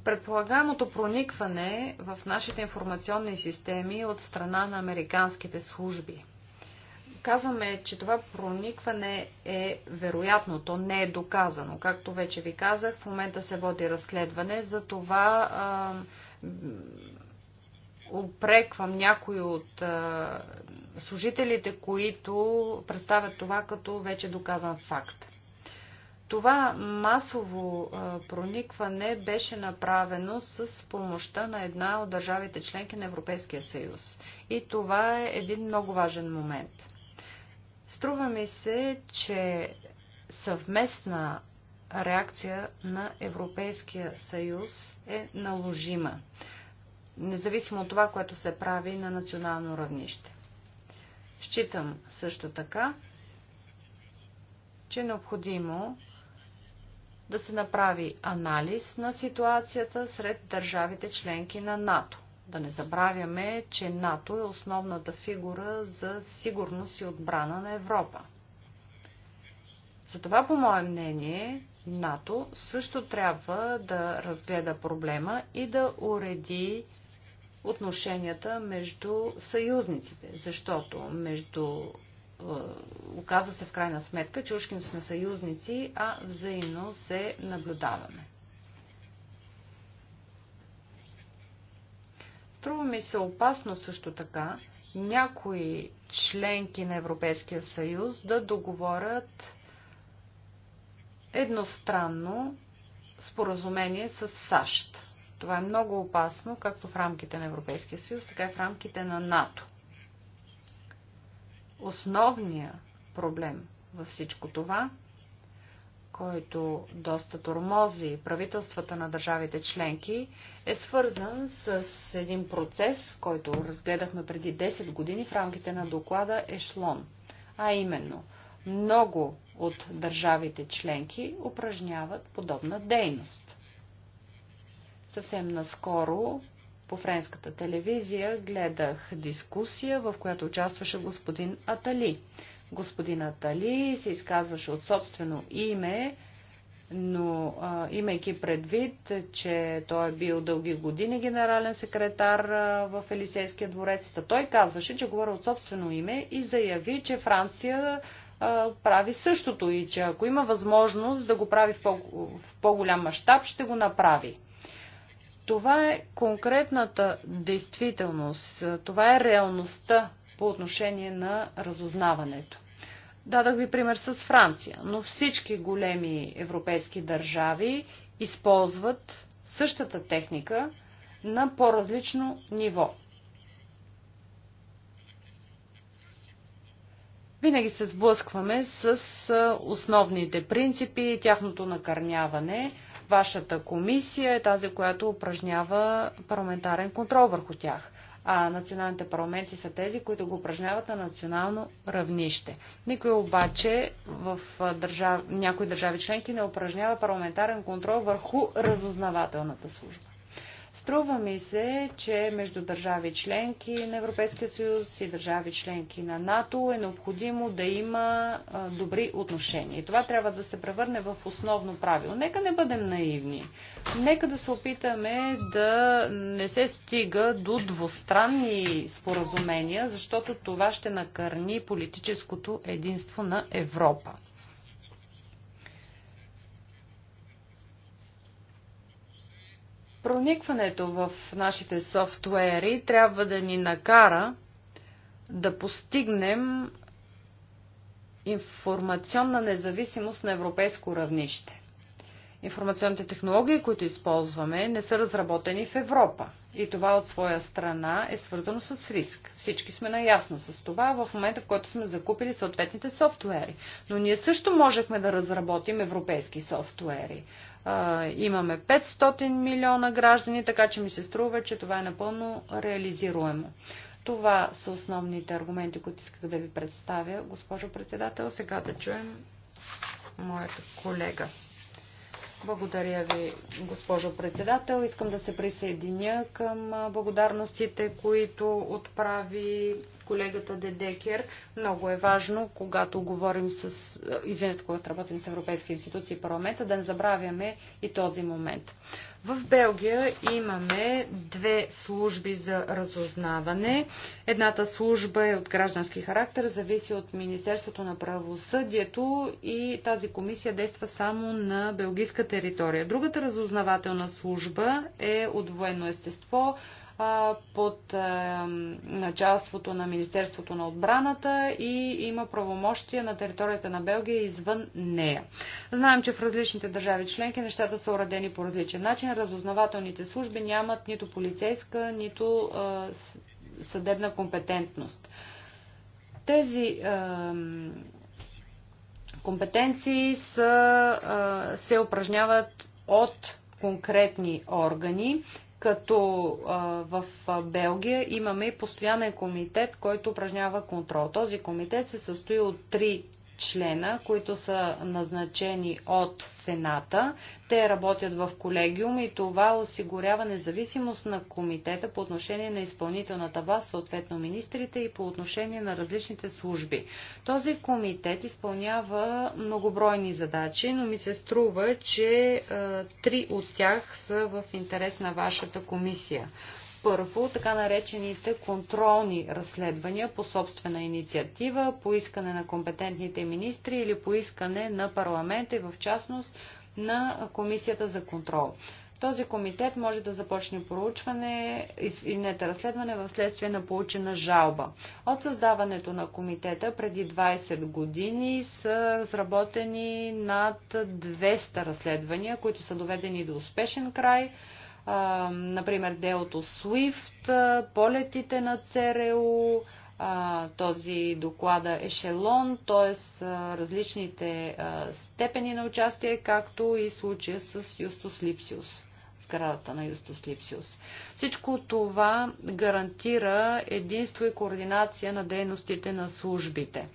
Предполагамото проникване в нашите информационни системи от страна на американските служби. Казваме, че това проникване е вероятно, то не е доказано. Както вече ви казах, в момента се води разследване, за това а, опреквам някои от а, служителите, които представят това като вече доказан факт. Това масово проникване беше направено с помощта на една от държавите членки на Европейския съюз. И това е един много важен момент. Струва ми се, че съвместна реакция на Европейския съюз е наложима, независимо от това, което се прави на национално равнище. Считам също така, че е необходимо да се направи анализ на ситуацията сред държавите членки на НАТО. Да не забравяме, че НАТО е основната фигура за сигурност и отбрана на Европа. Затова, по мое мнение, НАТО също трябва да разгледа проблема и да уреди отношенията между съюзниците, защото между е, оказа се в крайна сметка, че ушкин сме съюзници, а взаимно се наблюдаваме. Струва ми се опасно също така някои членки на Европейския съюз да договорят едностранно споразумение с САЩ. Това е много опасно, както в рамките на Европейския съюз, така и в рамките на НАТО. Основният проблем във всичко това, който доста тормози правителствата на държавите членки, е свързан с един процес, който разгледахме преди 10 години в рамките на доклада Ешлон. А именно, много от държавите членки упражняват подобна дейност. Съвсем наскоро по френската телевизия гледах дискусия, в която участваше господин Атали. Господин Атали се изказваше от собствено име, но а, имайки предвид, че той е бил дълги години генерален секретар а, в Елисейския дворец, той казваше, че говори от собствено име и заяви, че Франция а, прави същото и че ако има възможност да го прави в, по- в по-голям мащаб, ще го направи. Това е конкретната действителност, това е реалността по отношение на разузнаването. Дадах ви пример с Франция, но всички големи европейски държави използват същата техника на по-различно ниво. Винаги се сблъскваме с основните принципи и тяхното накърняване – Вашата комисия е тази, която упражнява парламентарен контрол върху тях а националните парламенти са тези, които го упражняват на национално равнище. Никой обаче в държав... някои държави членки не упражнява парламентарен контрол върху разузнавателната служба. Струва ми се, че между държави членки на Европейския съюз и държави членки на НАТО е необходимо да има добри отношения. И това трябва да се превърне в основно правило. Нека не бъдем наивни. Нека да се опитаме да не се стига до двустранни споразумения, защото това ще накърни политическото единство на Европа. Проникването в нашите софтуери трябва да ни накара да постигнем информационна независимост на европейско равнище. Информационните технологии, които използваме, не са разработени в Европа. И това от своя страна е свързано с риск. Всички сме наясно с това в момента, в който сме закупили съответните софтуери. Но ние също можехме да разработим европейски софтуери а, имаме 500 милиона граждани, така че ми се струва, че това е напълно реализируемо. Това са основните аргументи, които исках да ви представя. Госпожо председател, сега да чуем моята колега. Благодаря ви, госпожо председател. Искам да се присъединя към благодарностите, които отправи колегата Дедекер. Много е важно, когато говорим с, извинете, когато работим с европейски институции и парламента, да не забравяме и този момент. В Белгия имаме две служби за разузнаване. Едната служба е от граждански характер, зависи от Министерството на правосъдието и тази комисия действа само на белгийска територия. Другата разузнавателна служба е от военно естество, под началството на Министерството на отбраната и има правомощия на територията на Белгия извън нея. Знаем, че в различните държави членки нещата са уредени по различен начин. Разузнавателните служби нямат нито полицейска, нито съдебна компетентност. Тези компетенции са, се упражняват от конкретни органи като а, в Белгия имаме и постоянен комитет, който упражнява контрол. Този комитет се състои от три члена, които са назначени от Сената. Те работят в колегиум и това осигурява независимост на комитета по отношение на изпълнителната власт, съответно министрите и по отношение на различните служби. Този комитет изпълнява многобройни задачи, но ми се струва, че е, три от тях са в интерес на вашата комисия. Първо, така наречените контролни разследвания по собствена инициатива, по искане на компетентните министри или по искане на парламента и в частност на Комисията за контрол. Този комитет може да започне проучване, и нета разследване в следствие на получена жалба. От създаването на комитета преди 20 години са разработени над 200 разследвания, които са доведени до успешен край – например, делото SWIFT, полетите на ЦРУ, този доклада Ешелон, т.е. различните степени на участие, както и случая с Юстус Липсиус сградата на Юстус Липсиус. Всичко това гарантира единство и координация на дейностите на службите.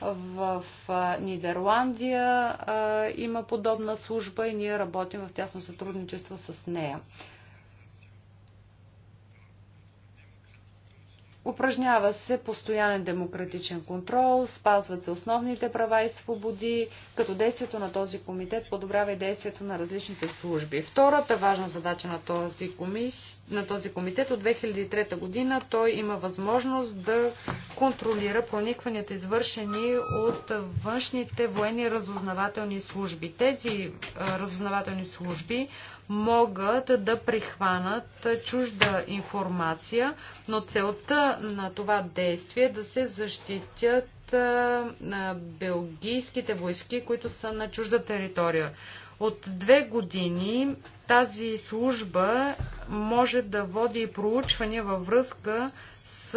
В Нидерландия има подобна служба и ние работим в тясно сътрудничество с нея. Упражнява се постоянен демократичен контрол, спазват се основните права и свободи, като действието на този комитет подобрява и действието на различните служби. Втората важна задача на този, комис... на този комитет от 2003 година той има възможност да контролира проникванията извършени от външните военни разузнавателни служби. Тези разузнавателни служби могат да прихванат чужда информация, но целта на това действие е да се защитят белгийските войски, които са на чужда територия. От две години тази служба може да води и проучвания във връзка с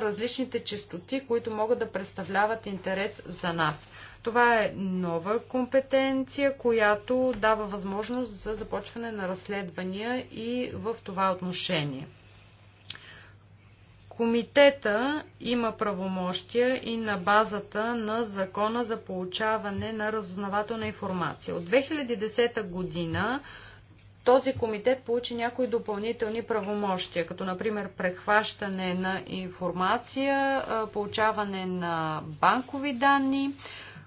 различните частоти, които могат да представляват интерес за нас. Това е нова компетенция, която дава възможност за започване на разследвания и в това отношение. Комитета има правомощия и на базата на Закона за получаване на разузнавателна информация. От 2010 година този комитет получи някои допълнителни правомощия, като например прехващане на информация, получаване на банкови данни,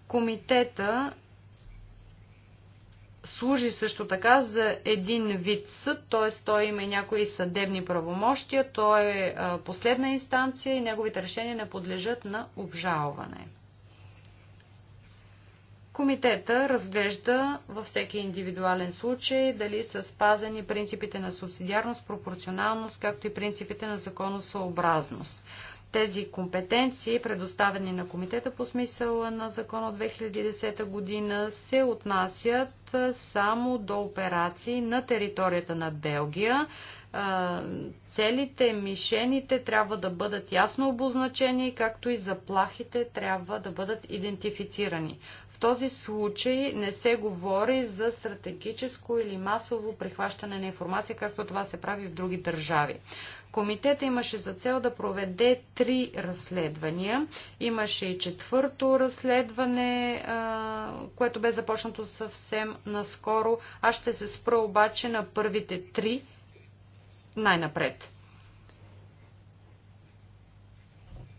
Комитета служи също така за един вид съд, т.е. той има и някои съдебни правомощия, той е последна инстанция и неговите решения не подлежат на обжалване. Комитета разглежда във всеки индивидуален случай дали са спазени принципите на субсидиарност, пропорционалност, както и принципите на законосъобразност тези компетенции, предоставени на комитета по смисъла на закона от 2010 година, се отнасят само до операции на територията на Белгия. Целите, мишените трябва да бъдат ясно обозначени, както и заплахите трябва да бъдат идентифицирани. В този случай не се говори за стратегическо или масово прихващане на информация, както това се прави в други държави. Комитета имаше за цел да проведе три разследвания. Имаше и четвърто разследване, което бе започнато съвсем наскоро. Аз ще се спра обаче на първите три най-напред.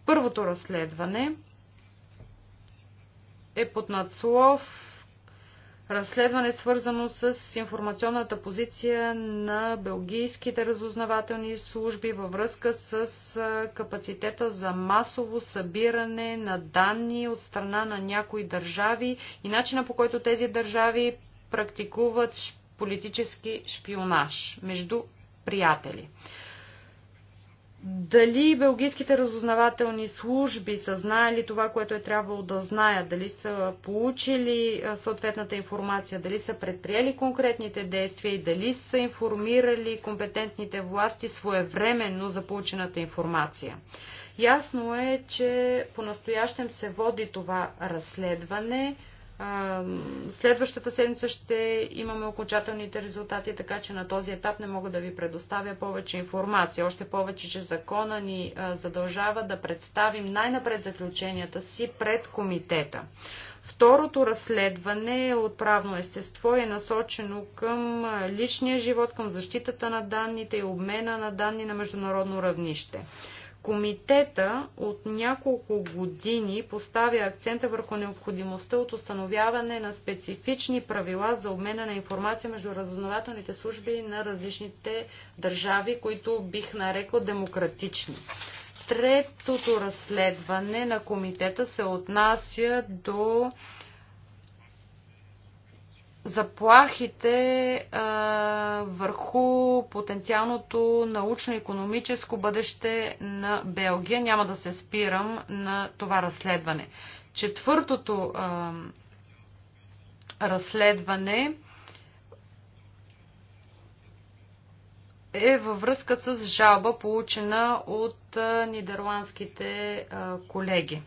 Първото разследване е под надслов разследване свързано с информационната позиция на белгийските разузнавателни служби във връзка с капацитета за масово събиране на данни от страна на някои държави и начина по който тези държави практикуват политически шпионаж между приятели дали белгийските разузнавателни служби са знаели това, което е трябвало да знаят, дали са получили съответната информация, дали са предприели конкретните действия и дали са информирали компетентните власти своевременно за получената информация. Ясно е, че по-настоящем се води това разследване, Следващата седмица ще имаме окончателните резултати, така че на този етап не мога да ви предоставя повече информация. Още повече, че закона ни задължава да представим най-напред заключенията си пред комитета. Второто разследване е от правно естество е насочено към личния живот, към защитата на данните и обмена на данни на международно равнище. Комитета от няколко години поставя акцента върху необходимостта от установяване на специфични правила за обмена на информация между разузнавателните служби на различните държави, които бих нарекла демократични. Третото разследване на комитета се отнася до заплахите а, върху потенциалното научно-економическо бъдеще на Белгия. Няма да се спирам на това разследване. Четвъртото а, разследване е във връзка с жалба, получена от а, нидерландските а, колеги.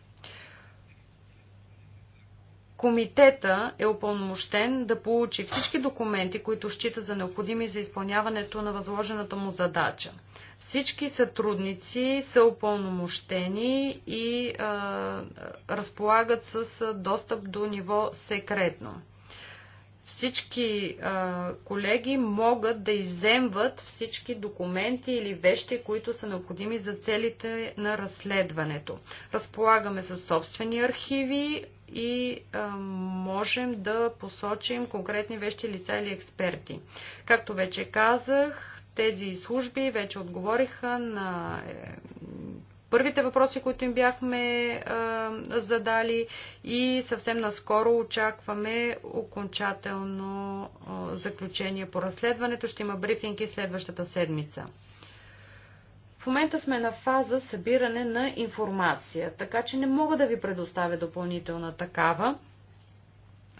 Комитета е упълномощен да получи всички документи, които счита за необходими за изпълняването на възложената му задача. Всички сътрудници са упълномощени и а, разполагат с достъп до ниво секретно всички а, колеги могат да иземват всички документи или вещи, които са необходими за целите на разследването. Разполагаме със собствени архиви и а, можем да посочим конкретни вещи, лица или експерти. Както вече казах, тези служби вече отговориха на е, първите въпроси, които им бяхме а, задали и съвсем наскоро очакваме окончателно а, заключение по разследването. Ще има брифинги следващата седмица. В момента сме на фаза събиране на информация, така че не мога да ви предоставя допълнителна такава.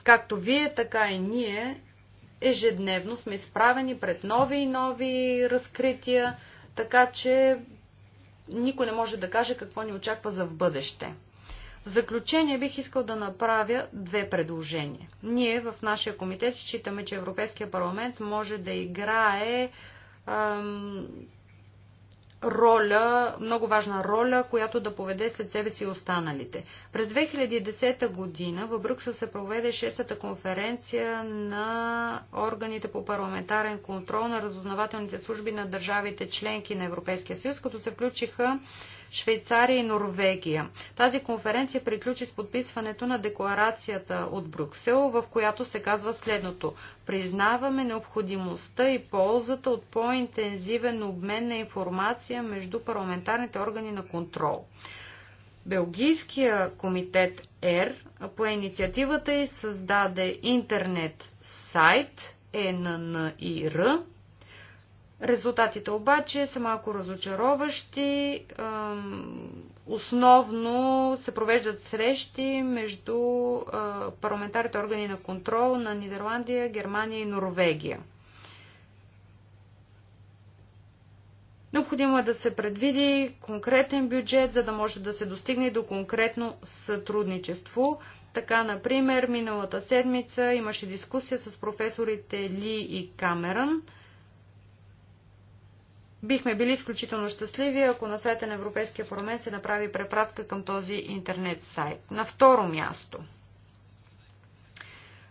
Както вие, така и ние ежедневно сме изправени пред нови и нови разкрития, така че никой не може да каже какво ни очаква за в бъдеще. В заключение бих искал да направя две предложения. Ние в нашия комитет считаме, че Европейския парламент може да играе роля, много важна роля, която да поведе след себе си останалите. През 2010 година в Брюксел се проведе 6-та конференция на органите по парламентарен контрол на разузнавателните служби на държавите членки на Европейския съюз, като се включиха Швейцария и Норвегия. Тази конференция приключи с подписването на декларацията от Брюксел, в която се казва следното. Признаваме необходимостта и ползата от по-интензивен обмен на информация между парламентарните органи на контрол. Белгийския комитет R по инициативата и създаде интернет сайт ENNIR, Резултатите обаче са малко разочароващи. Основно се провеждат срещи между парламентарните органи на контрол на Нидерландия, Германия и Норвегия. Необходимо е да се предвиди конкретен бюджет, за да може да се достигне до конкретно сътрудничество. Така, например, миналата седмица имаше дискусия с професорите Ли и Камерън – Бихме били изключително щастливи, ако на сайта на Европейския парламент се направи препратка към този интернет сайт. На второ място.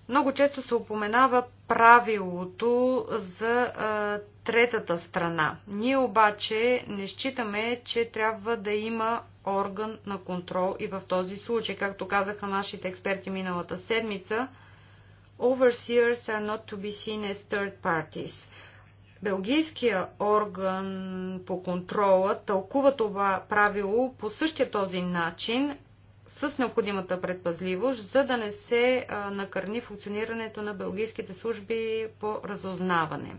Много често се упоменава правилото за а, третата страна. Ние обаче не считаме, че трябва да има орган на контрол и в този случай, както казаха нашите експерти миналата седмица, overseers are not to be seen as third parties. Белгийския орган по контрола тълкува това правило по същия този начин с необходимата предпазливост, за да не се накърни функционирането на белгийските служби по разузнаване.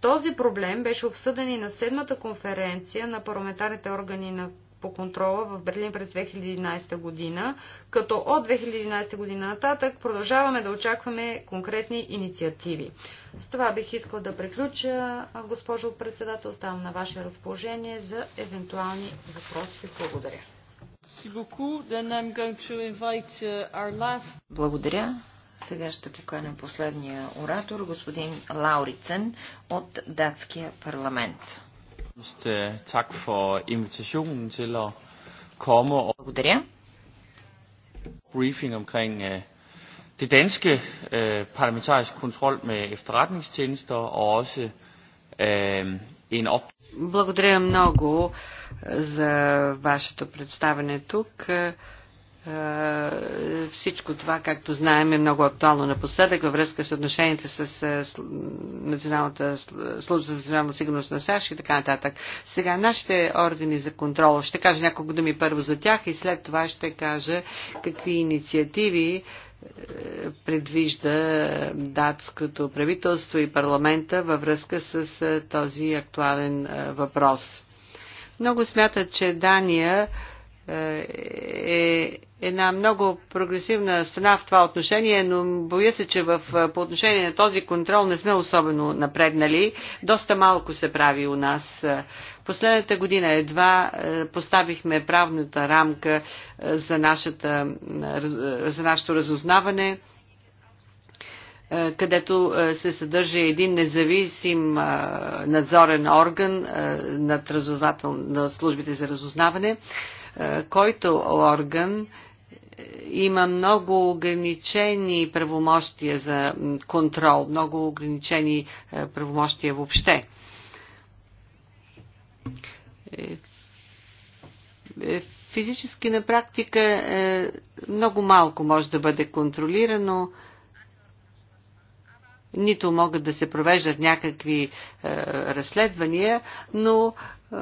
Този проблем беше обсъден и на седмата конференция на парламентарните органи на по контрола в Берлин през 2011 година, като от 2011 година нататък продължаваме да очакваме конкретни инициативи. С това бих искал да приключа, госпожо председател, оставам на ваше разположение за евентуални въпроси. Благодаря. Uh, Благодаря. Сега ще поканим последния оратор, господин Лаурицен от датския парламент. Благодаря. Briefing omkring det danske øh, parlamentariske kontrol med efterretningstjenester og også øh, en op. Благодаря много за вашето представене тук. Е, всичко това, както знаем, е много актуално напоследък във връзка с отношенията е, с Националната служба за национална сигурност на САЩ и така нататък. Сега, нашите органи за контрол, ще кажа няколко думи първо за тях и след това ще кажа какви инициативи е, предвижда датското правителство и парламента във връзка с този актуален въпрос. Много смятат, че Дания е, е една много прогресивна страна в това отношение, но боя се, че в, е, по отношение на този контрол не сме особено напреднали. Доста малко се прави у нас. Е, последната година едва поставихме правната рамка за, нашата, за нашето разузнаване където се съдържа един независим надзорен орган над, на службите за разузнаване. Е, който орган е, има много ограничени правомощия за контрол, много ограничени е, правомощия въобще физически на практика много малко може да бъде контролирано нито могат да се провеждат някакви е, разследвания, но е,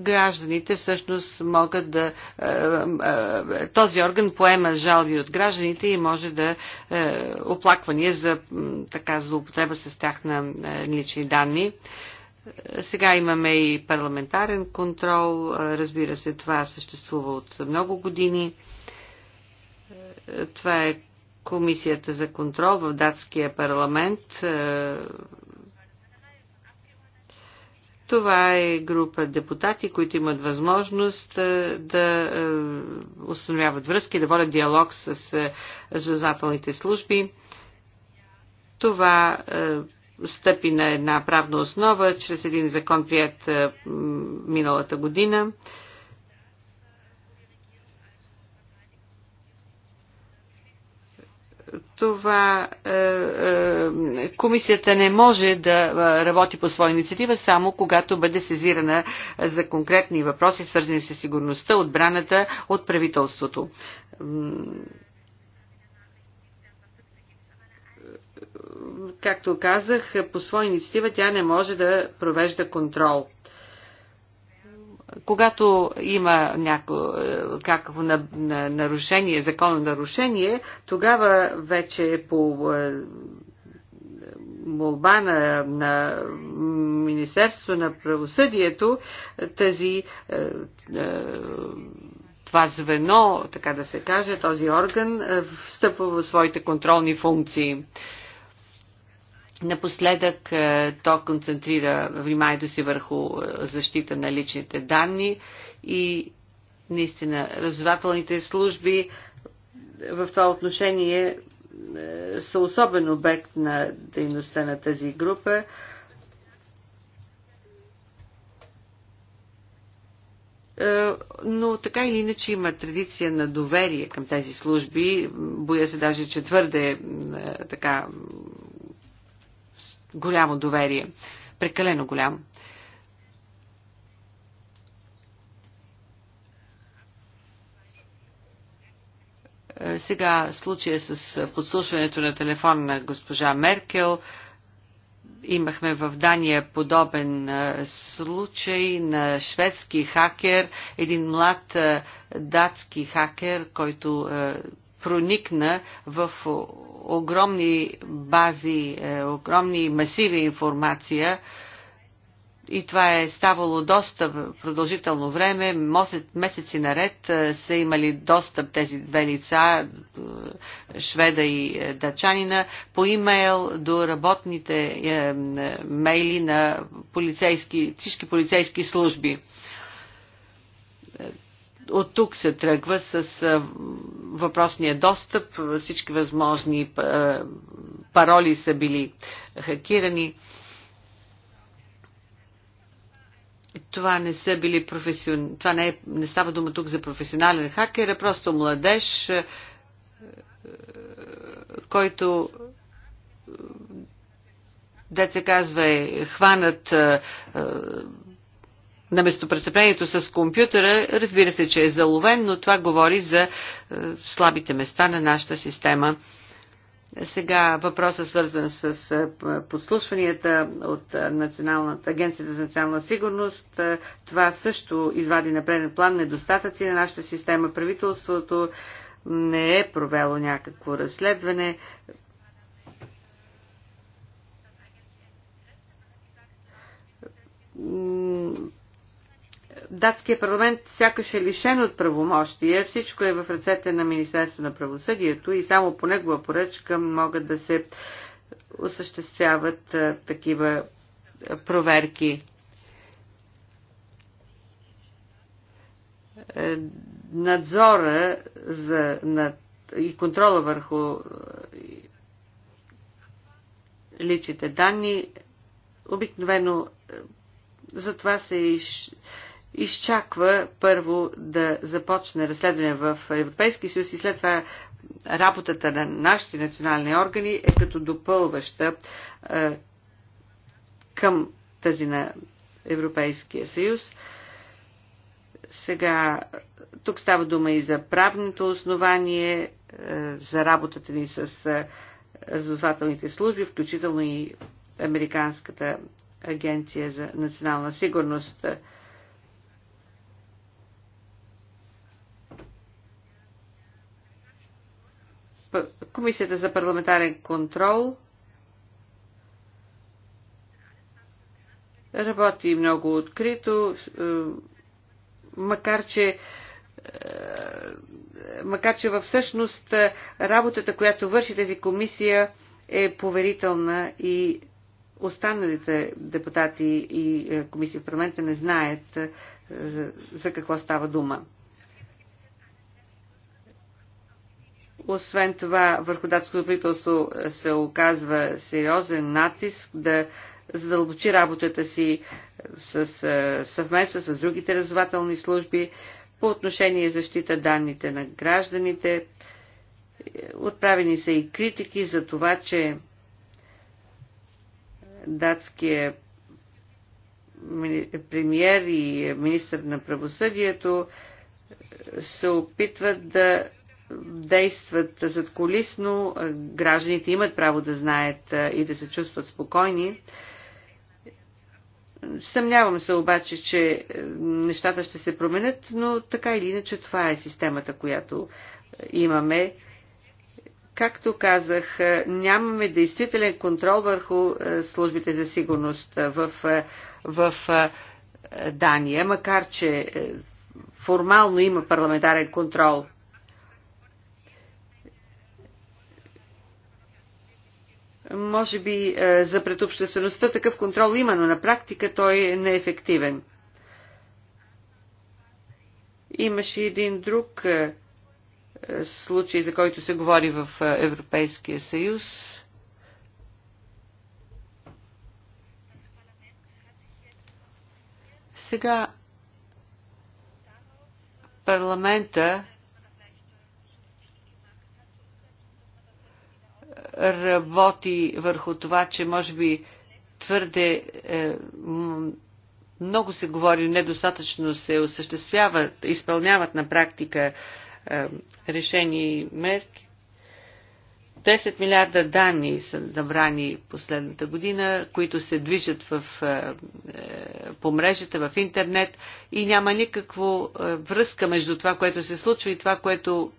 гражданите всъщност могат да. Е, е, е, този орган поема жалби от гражданите и може да е, оплаквания за така злоупотреба с тях на е, лични данни. Сега имаме и парламентарен контрол. Е, разбира се, това съществува от много години. Е, това е Комисията за контрол в датския парламент. Е, това е група депутати, които имат възможност е, да е, установяват връзки, да водят диалог с разузнавателните служби. Това стъпи на една правна основа чрез един закон, прият миналата година. това е, е, комисията не може да е, работи по своя инициатива, само когато бъде сезирана за конкретни въпроси, свързани с сигурността, отбраната от правителството. Както казах, по своя инициатива тя не може да провежда контрол когато има някакво е, нарушение, законно нарушение, тогава вече е по е, молба на, на Министерство на правосъдието тази това звено, така да се каже, този орган встъпва в своите контролни функции. Напоследък е, то концентрира вниманието си върху е, защита на личните данни и наистина разузнавателните служби в това отношение е, са особен обект на дейността на тази група. но така или иначе има традиция на доверие към тези служби. Боя се даже, че твърде така голямо доверие. Прекалено голямо. Е, сега случая с подслушването на телефон на госпожа Меркел. Имахме в Дания подобен е, случай на шведски хакер, един млад е, датски хакер, който проникна в огромни бази, е, огромни масиви информация, и това е ставало доста продължително време, месеци наред е, са имали достъп тези две лица, е, шведа и дачанина, по имейл до работните мейли на полицейски, всички полицейски служби от тук се тръгва с въпросния достъп. Всички възможни пароли са били хакирани. Това не са били професион... Това не, е... не става дума тук за професионален хакер, а просто младеж, който деца казва е хванат на местопрестъплението с компютъра, разбира се, че е заловен, но това говори за е, слабите места на нашата система. Сега въпроса е свързан с е, подслушванията от е, Националната, Агенцията за национална сигурност. Това също извади на преден план недостатъци на нашата система. Правителството не е провело някакво разследване датския парламент сякаш е лишен от правомощия. Всичко е в ръцете на Министерство на правосъдието и само по негова поръчка могат да се осъществяват такива проверки. Е, надзора за, над, и контрола върху е, личните данни обикновено е, за това се изчаква първо да започне разследване в Европейския съюз и след това работата на нашите национални органи е като допълваща е, към тази на Европейския съюз. Сега, тук става дума и за правното основание, е, за работата ни с е, разузнавателните служби, включително и Американската агенция за национална сигурност. Е, Комисията за парламентарен контрол работи много открито, е, макар че е, макар че всъщност е, работата, която върши тази комисия е поверителна и останалите депутати и комисия в парламента не знаят за какво става дума. Освен това, върху датското правителство е, се оказва сериозен натиск да задълбочи работата си е, с, е, съвместно с другите развателни служби по отношение защита данните на гражданите. Отправени са и критики за това, че датският премьер и министър на правосъдието се опитват да действат зад колисно, гражданите имат право да знаят и да се чувстват спокойни. Съмнявам се обаче, че е, нещата ще се променят, но така или иначе това е системата, която е, имаме. Както казах, е, нямаме действителен контрол върху службите за сигурност в, в Дания, макар че формално има парламентарен контрол Може би е, за пред обществеността такъв контрол има, но на практика той е неефективен. Имаше един друг е, е, случай, за който се говори в Европейския съюз. Сега парламента работи върху това, че може би твърде е, много се говори, недостатъчно се осъществяват, изпълняват на практика е, решения и мерки. 10 милиарда данни са набрани последната година, които се движат в, е, е, по мрежата, в интернет и няма никакво е, връзка между това, което се случва и това, което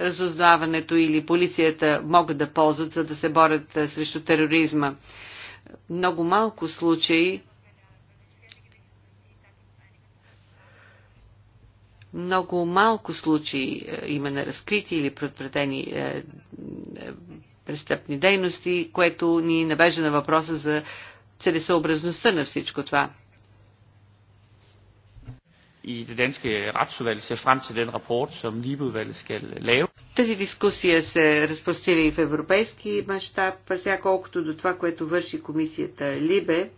разузнаването или полицията могат да ползват, за да се борят срещу тероризма. Много малко случаи много малко случаи има на разкрити или предпретени престъпни дейности, което ни навежда на въпроса за целесообразността на всичко това i det danske retsudvalg ser frem til den rapport, som Libeudvalget skal lave. Тази дискусия се разпростира и в европейски мащаб. Сега колкото до това, което върши комисията Либе, е,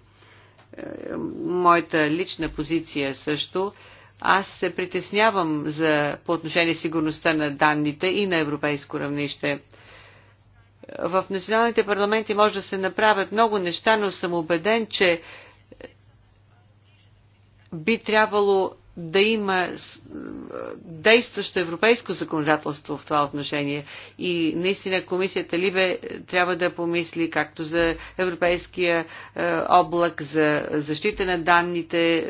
моята лична позиция също, аз се притеснявам за, по отношение сигурността на данните и на европейско равнище. В националните парламенти може да се направят много неща, но съм убеден, че би трябвало да има е, действащо европейско законодателство в това отношение. И наистина комисията Либе е, трябва да помисли както за европейския е, облак, за защита на данните.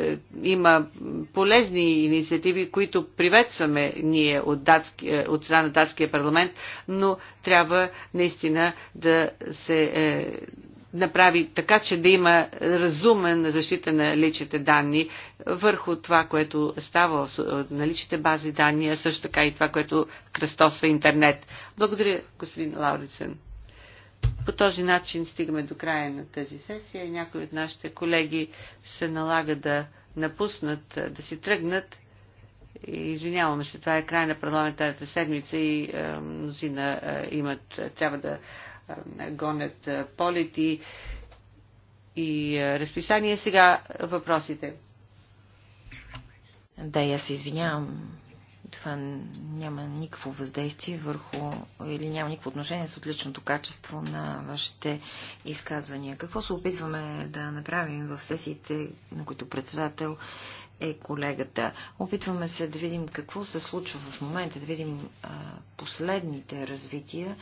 Има полезни инициативи, които приветстваме ние от, датски, от страна на датския парламент, но трябва наистина да се направи така, че да има разумен защита на личните данни върху това, което става на личните бази данни, а също така и това, което кръстосва интернет. Благодаря, господин Лаурицен. По този начин стигаме до края на тази сесия. Някои от нашите колеги се налага да напуснат, да си тръгнат. Извиняваме се, това е край на парламентарната седмица и е, мнозина е, имат, трябва да е, гонят е, полети и е, разписание. Сега въпросите. Да, я се извинявам. Това няма никакво въздействие върху или няма никакво отношение с отличното качество на вашите изказвания. Какво се опитваме да направим в сесиите, на които председател е колегата. Опитваме се да видим какво се случва в момента, да видим а, последните развития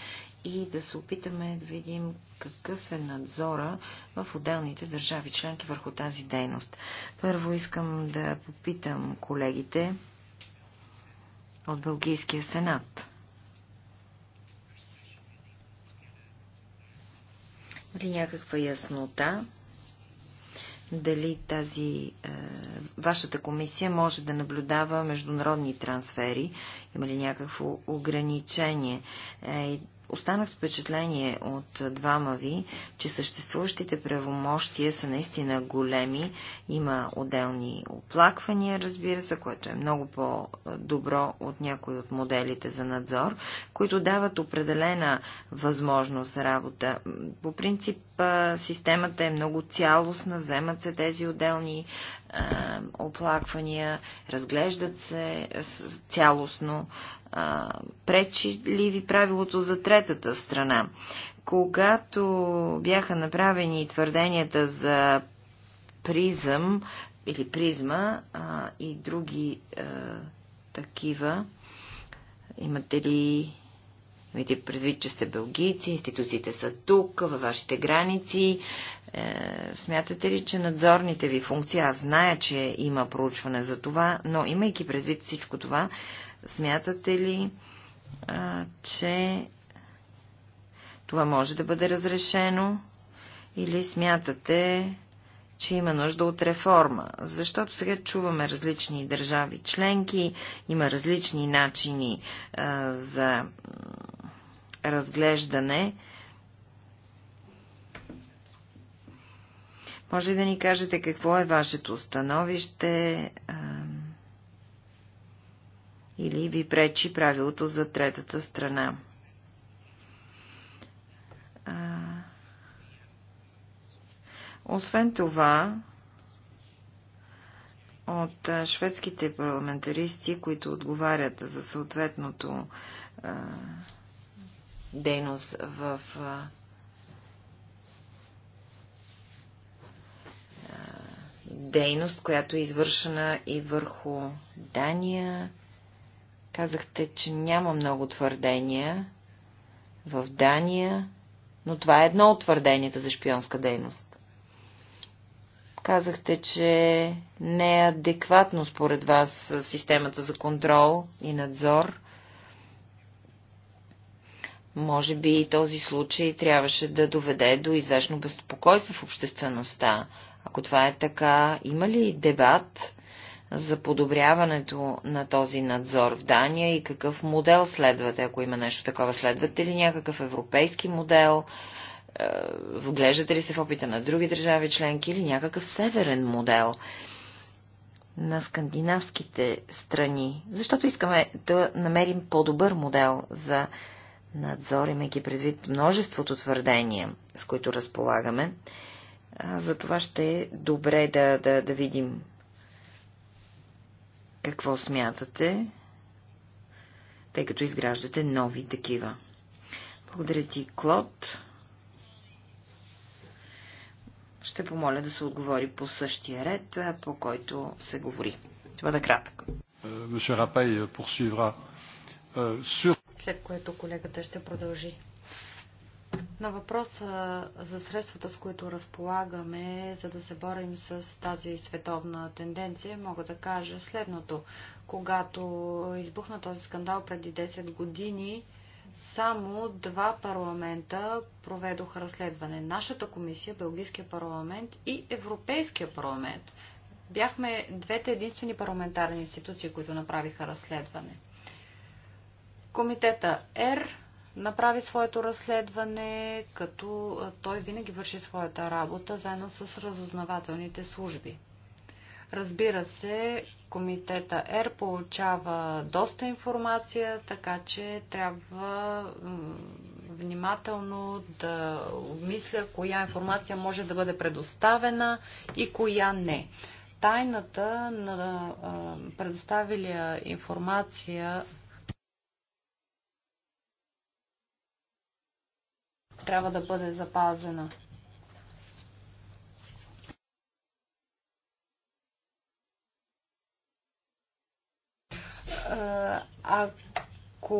и да се опитаме да видим какъв е надзора в отделните държави членки върху тази дейност. Първо искам да попитам колегите от Бългийския сенат. Или някаква яснота дали тази е, вашата комисия може да наблюдава международни трансфери, има ли някакво ограничение е, Останах с впечатление от двама ви, че съществуващите правомощия са наистина големи. Има отделни оплаквания, разбира се, което е много по-добро от някои от моделите за надзор, които дават определена възможност за работа. По принцип, системата е много цялостна, вземат се тези отделни е, оплаквания, разглеждат се цялостно, е, пречи ли ви правилото за третата страна. Когато бяха направени твърденията за призъм или призма и други е, такива, имате ли Имайте предвид, че сте белгийци, институциите са тук, във вашите граници. Е, смятате ли, че надзорните ви функции, аз зная, че има проучване за това, но имайки предвид всичко това, смятате ли, а, е, че това може да бъде разрешено или смятате, че има нужда от реформа, защото сега чуваме различни държави членки, има различни начини а, е, за разглеждане. Може да ни кажете какво е вашето становище а, или ви пречи правилото за третата страна. А, освен това, от шведските парламентаристи, които отговарят за съответното а, дейност в дейност, която е извършена и върху Дания. Казахте, че няма много твърдения в Дания, но това е едно от твърденията за шпионска дейност. Казахте, че не е адекватно според вас системата за контрол и надзор може би и този случай трябваше да доведе до известно безпокойство в обществеността. Ако това е така, има ли дебат за подобряването на този надзор в Дания и какъв модел следвате, ако има нещо такова? Следвате ли някакъв европейски модел? Е, Вглеждате ли се в опита на други държави членки или някакъв северен модел? на скандинавските страни, защото искаме да намерим по-добър модел за надзор, имайки предвид множеството твърдения, с които разполагаме. За това ще е добре да, да, да видим какво смятате, тъй като изграждате нови такива. Благодаря ти, Клод. Ще помоля да се отговори по същия ред, по който се говори. Това да е кратък. Monsieur е, Rapay е, poursuivra. Euh, sur след което колегата ще продължи. На въпроса за средствата, с които разполагаме, за да се борим с тази световна тенденция, мога да кажа следното. Когато избухна този скандал преди 10 години, само два парламента проведоха разследване. Нашата комисия, Белгийския парламент и Европейския парламент. Бяхме двете единствени парламентарни институции, които направиха разследване. Комитета Р направи своето разследване, като той винаги върши своята работа заедно с разузнавателните служби. Разбира се, комитета Р получава доста информация, така че трябва внимателно да обмисля коя информация може да бъде предоставена и коя не. Тайната на предоставилия информация трябва да бъде запазена. Ако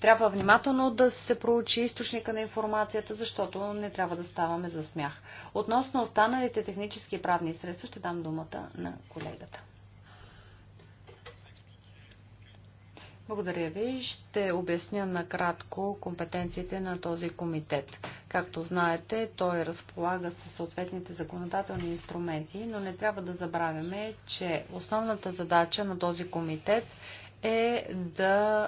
трябва внимателно да се проучи източника на информацията, защото не трябва да ставаме за смях. Относно останалите технически и правни средства, ще дам думата на колегата. Благодаря ви. Ще обясня накратко компетенциите на този комитет. Както знаете, той разполага със съответните законодателни инструменти, но не трябва да забравяме, че основната задача на този комитет е да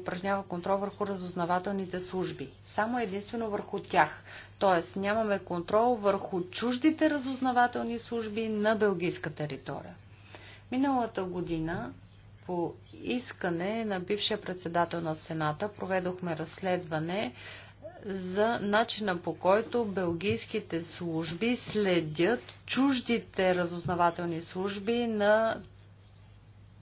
упражнява контрол върху разузнавателните служби. Само единствено върху тях. Тоест нямаме контрол върху чуждите разузнавателни служби на белгийска територия. Миналата година по искане на бившия председател на Сената проведохме разследване за начина по който белгийските служби следят чуждите разузнавателни служби на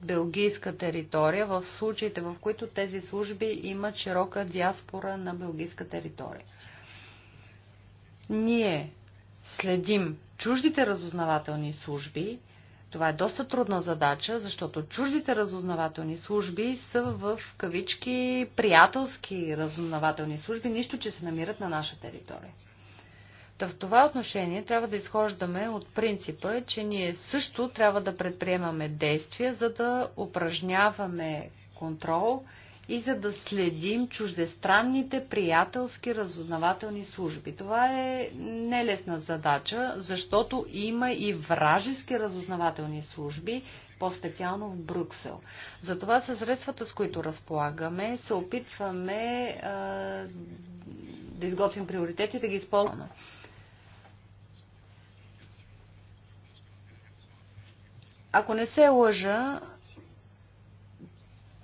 белгийска територия в случаите, в които тези служби имат широка диаспора на белгийска територия. Ние следим чуждите разузнавателни служби това е доста трудна задача, защото чуждите разузнавателни служби са в кавички приятелски разузнавателни служби, нищо, че се намират на наша територия. Та в това отношение трябва да изхождаме от принципа, че ние също трябва да предприемаме действия, за да упражняваме контрол и за да следим чуждестранните приятелски разузнавателни служби. Това е нелесна задача, защото има и вражески разузнавателни служби, по-специално в Брюксел. Затова със средствата, с които разполагаме, се опитваме а, да изготвим приоритети и да ги използваме. Ако не се лъжа,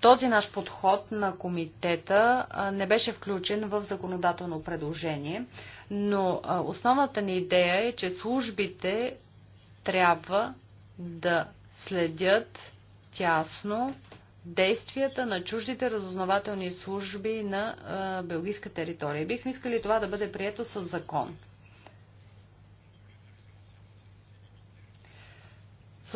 този наш подход на комитета не беше включен в законодателно предложение, но основната ни идея е, че службите трябва да следят тясно действията на чуждите разузнавателни служби на белгийска територия. Бихме искали това да бъде прието с закон.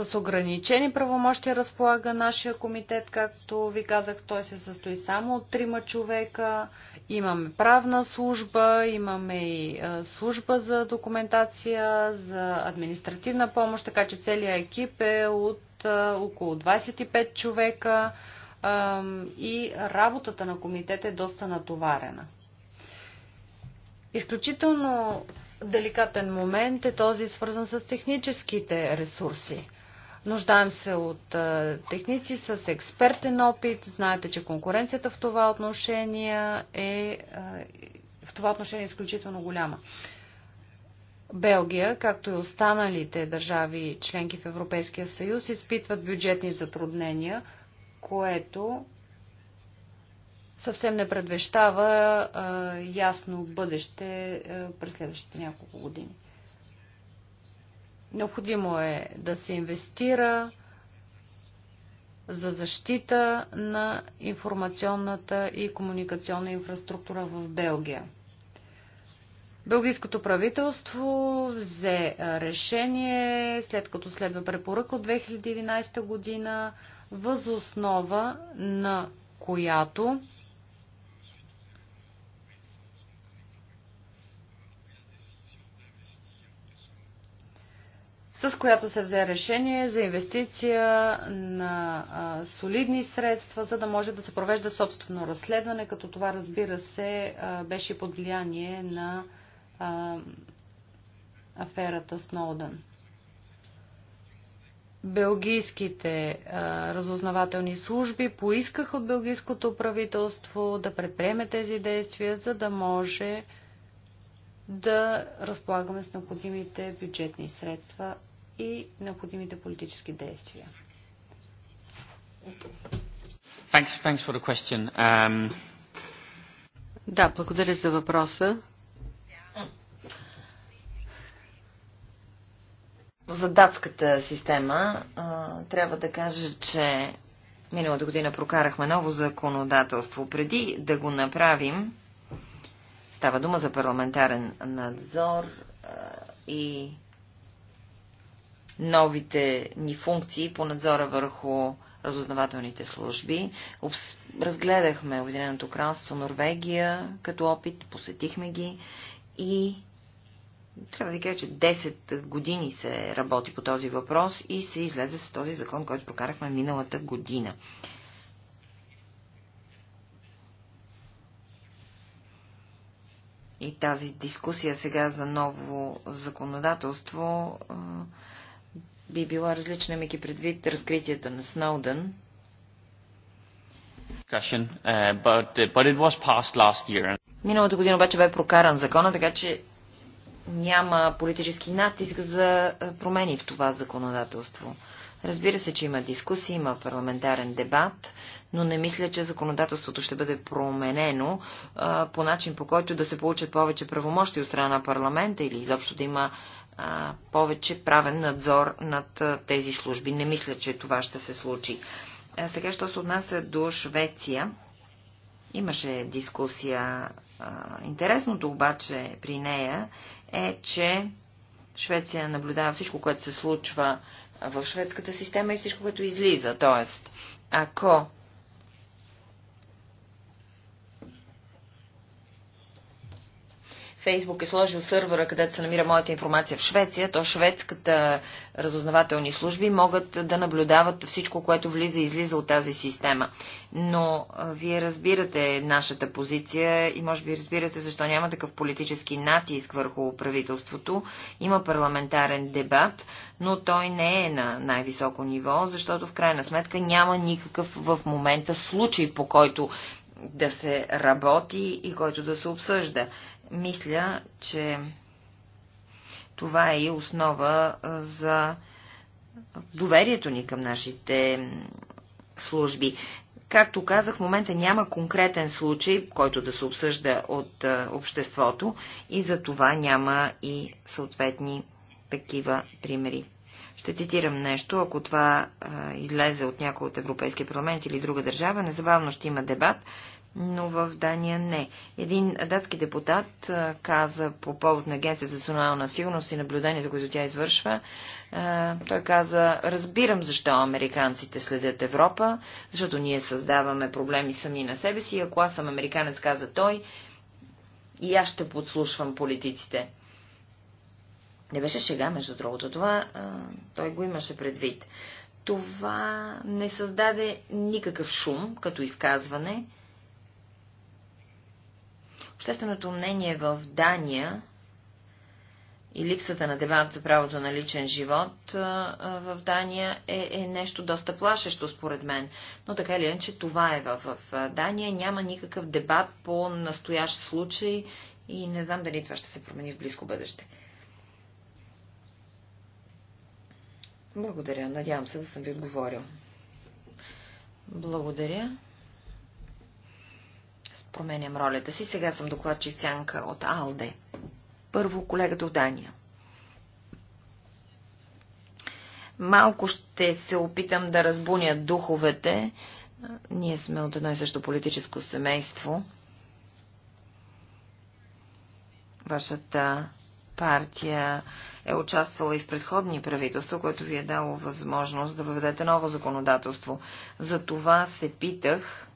с ограничени правомощи разполага нашия комитет, както ви казах, той се състои само от трима човека. Имаме правна служба, имаме и е, служба за документация, за административна помощ, така че целият екип е от е, около 25 човека и работата на комитет е доста натоварена. Изключително деликатен момент е този свързан с техническите ресурси. Нуждаем се от техници с експертен опит. Знаете, че конкуренцията в това отношение е, в това отношение е изключително голяма. Белгия, както и останалите държави членки в Европейския съюз, изпитват бюджетни затруднения, което съвсем не предвещава а, ясно бъдеще а, през следващите няколко години. Необходимо е да се инвестира за защита на информационната и комуникационна инфраструктура в Белгия. Белгийското правителство взе решение, след като следва препоръка от 2011 година, възоснова на която с която се взе решение за инвестиция на а, солидни средства, за да може да се провежда собствено разследване, като това, разбира се, а, беше под влияние на а, аферата Сноудън. Белгийските а, разузнавателни служби поискаха от белгийското правителство да предприеме тези действия, за да може да разполагаме с необходимите бюджетни средства и необходимите политически действия. Thanks, thanks for the question. Um... Да, благодаря за въпроса. За датската система трябва да кажа, че миналата година прокарахме ново законодателство. Преди да го направим, става дума за парламентарен надзор и новите ни функции по надзора върху разузнавателните служби. Разгледахме Обединеното кралство, Норвегия като опит, посетихме ги и трябва да ви кажа, че 10 години се работи по този въпрос и се излезе с този закон, който прокарахме миналата година. И тази дискусия сега за ново законодателство би била различна, имайки предвид разкритията на Сноудън. Uh, uh, Миналата година обаче бе прокаран закона, така че няма политически натиск за промени в това законодателство. Разбира се, че има дискусии, има парламентарен дебат, но не мисля, че законодателството ще бъде променено а, по начин, по който да се получат повече правомощи от страна на парламента или изобщо да има а, повече правен надзор над а, тези служби. Не мисля, че това ще се случи. А сега, що се отнася до Швеция, имаше дискусия. А, интересното обаче при нея е, че Швеция наблюдава всичко, което се случва в шведската система и всичко, което излиза. Тоест, ако Фейсбук е сложил сървъра, където се намира моята информация в Швеция, то шведската разузнавателни служби могат да наблюдават всичко, което влиза и излиза от тази система. Но вие разбирате нашата позиция и може би разбирате защо няма такъв политически натиск върху правителството. Има парламентарен дебат, но той не е на най-високо ниво, защото в крайна сметка няма никакъв в момента случай, по който да се работи и който да се обсъжда. Мисля, че това е и основа за доверието ни към нашите служби. Както казах, в момента няма конкретен случай, който да се обсъжда от обществото и за това няма и съответни такива примери. Ще цитирам нещо, ако това а, излезе от някой от Европейския парламент или друга държава, незабавно ще има дебат но в Дания не. Един датски депутат каза по повод на Агенция за национална сигурност и наблюдението, което тя извършва, той каза, разбирам защо американците следят Европа, защото ние създаваме проблеми сами на себе си. Ако аз съм американец, каза той, и аз ще подслушвам политиците. Не беше шега, между другото. Това той го имаше предвид. Това не създаде никакъв шум като изказване, Общественото мнение в Дания и липсата на дебат за правото на личен живот в Дания е, е нещо доста плашещо, според мен. Но така или иначе, това е в, в Дания. Няма никакъв дебат по настоящ случай и не знам дали това ще се промени в близко бъдеще. Благодаря. Надявам се да съм ви отговорил. Благодаря променям ролята си. Сега съм докладчи сянка от Алде. Първо колегата от Дания. Малко ще се опитам да разбуня духовете. Ние сме от едно и също политическо семейство. Вашата партия е участвала и в предходни правителства, което ви е дало възможност да въведете ново законодателство. За това се питах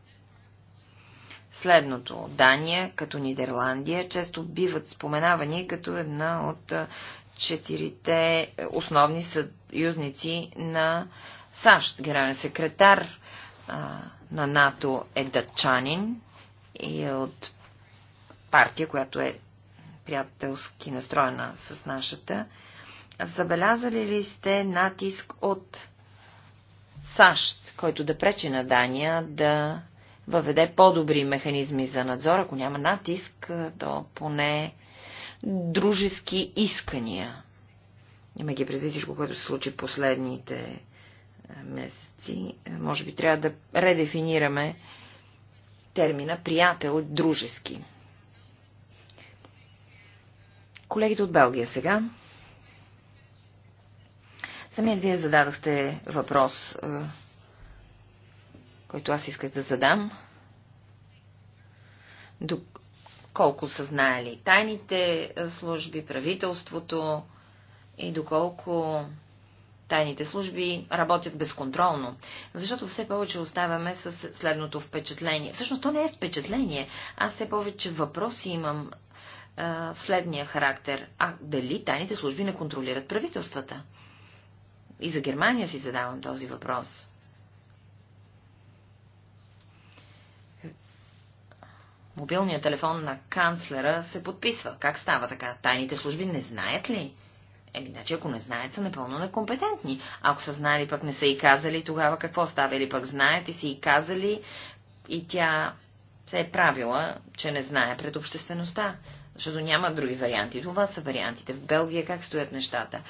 следното. Дания, като Нидерландия, често биват споменавани като една от четирите е, основни съюзници на САЩ. Генерален секретар а, на НАТО е датчанин и е от партия, която е приятелски настроена с нашата. Забелязали ли сте натиск от САЩ, който да пречи на Дания да въведе по-добри механизми за надзор, ако няма натиск, то поне дружески искания. Имайки преди всичко, което се случи последните месеци, може би трябва да редефинираме термина приятел дружески. Колегите от Белгия сега. Самият вие зададахте въпрос който аз исках да задам. доколко са знаели тайните служби, правителството и доколко тайните служби работят безконтролно, защото все повече оставаме с следното впечатление. Всъщност то не е впечатление, аз все повече въпроси имам в следния характер. А дали тайните служби не контролират правителствата? И за Германия си задавам този въпрос. мобилният телефон на канцлера се подписва. Как става така? Тайните служби не знаят ли? Еми, значи, ако не знаят, са напълно некомпетентни. Ако са знали, пък не са и казали, тогава какво става? Или пък знаят и са и казали, и тя се е правила, че не знае пред обществеността. Защото няма други варианти. Това са вариантите. В Белгия как стоят нещата?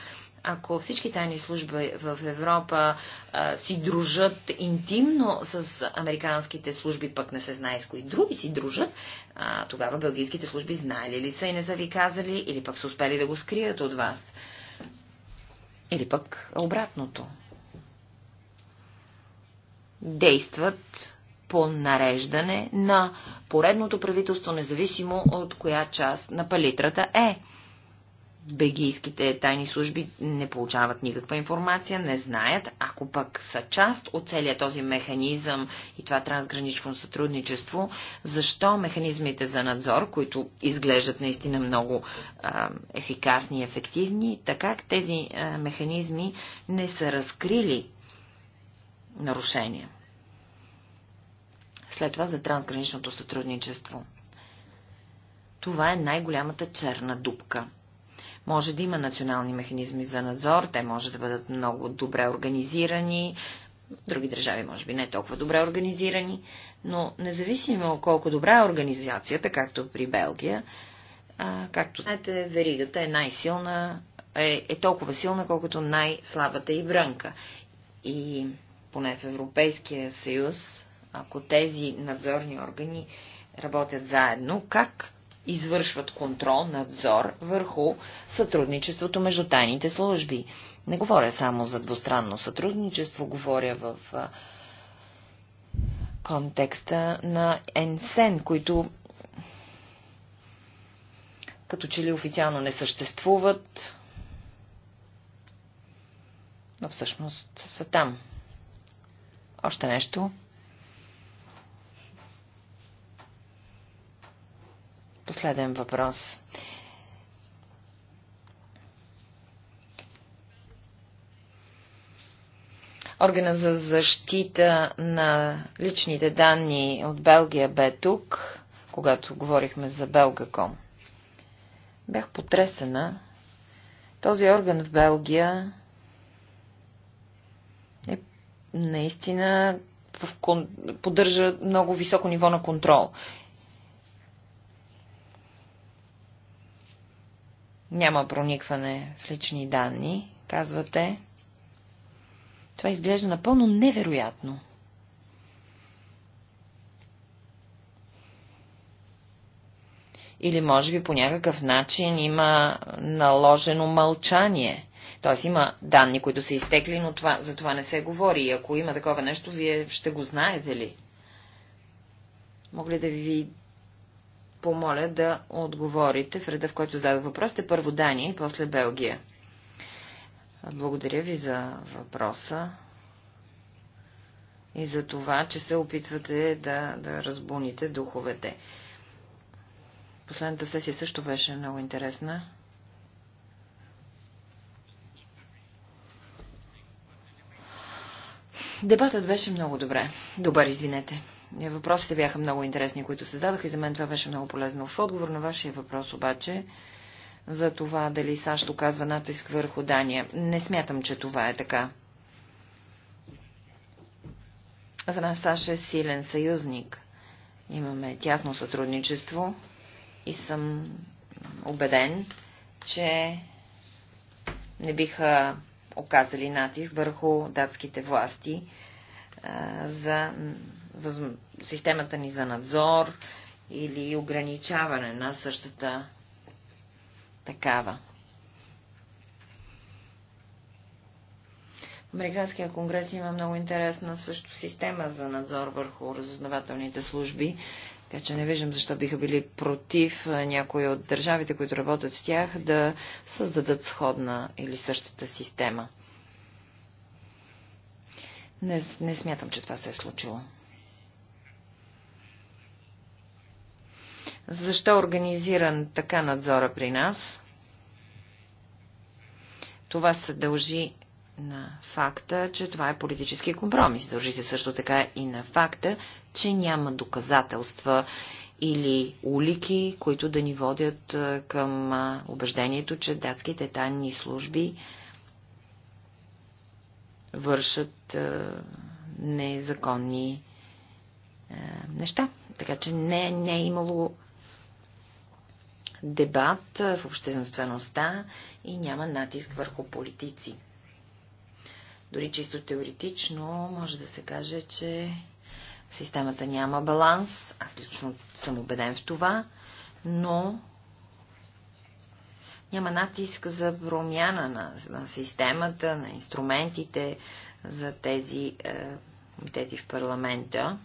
Ако всички тайни служби в Европа а, си дружат интимно с американските служби, пък не се знае с кои други си дружат, а, тогава белгийските служби знаели ли са и не са ви казали, или пък са успели да го скрият от вас. Или пък обратното. Действат по нареждане на поредното правителство, независимо от коя част на палитрата е бегийските тайни служби не получават никаква информация, не знаят. Ако пък са част от целият този механизъм и това трансгранично сътрудничество, защо механизмите за надзор, които изглеждат наистина много а, ефикасни и ефективни, така тези а, механизми не са разкрили нарушения? След това за трансграничното сътрудничество. Това е най-голямата черна дупка – може да има национални механизми за надзор, те може да бъдат много добре организирани, други държави може би не толкова добре организирани, но независимо колко добра е организацията, както при Белгия, а, както знаете, веригата е най-силна, е, е толкова силна, колкото най-слабата и брънка. И поне в Европейския съюз, ако тези надзорни органи работят заедно, как извършват контрол, надзор върху сътрудничеството между тайните служби. Не говоря само за двустранно сътрудничество, говоря в контекста на ЕНСЕН, които като че ли официално не съществуват, но всъщност са там. Още нещо. Последен въпрос. Органа за защита на личните данни от Белгия бе тук, когато говорихме за Белгаком. Бях потресена. Този орган в Белгия е наистина в кон... поддържа много високо ниво на контрол. Няма проникване в лични данни, казвате. Това изглежда напълно невероятно. Или може би по някакъв начин има наложено мълчание. Т.е. има данни, които са изтекли, но това, за това не се говори. И ако има такова нещо, вие ще го знаете ли? Мога ли да ви помоля да отговорите в реда, в който зададох въпросите. Първо Дания и после Белгия. Благодаря ви за въпроса и за това, че се опитвате да, да разбуните духовете. Последната сесия също беше много интересна. Дебатът беше много добре. Добър, извинете. Въпросите бяха много интересни, които се зададоха и за мен това беше много полезно. В отговор на вашия въпрос обаче, за това дали САЩ оказва натиск върху Дания, не смятам, че това е така. За нас САЩ е силен съюзник. Имаме тясно сътрудничество и съм убеден, че не биха оказали натиск върху датските власти а, за системата ни за надзор или ограничаване на същата такава. Американския конгрес има много интересна също система за надзор върху разузнавателните служби, така че не виждам защо биха били против някои от държавите, които работят с тях, да създадат сходна или същата система. Не, не смятам, че това се е случило. Защо е организиран така надзора при нас? Това се дължи на факта, че това е политически компромис. Дължи се също така и на факта, че няма доказателства или улики, които да ни водят към убеждението, че датските тайни служби вършат незаконни неща. Така че не, не е имало дебат в обществеността и няма натиск върху политици. Дори чисто теоретично може да се каже, че системата няма баланс. Аз лично съм убеден в това, но няма натиск за промяна на, на системата, на инструментите за тези е, комитети в парламента.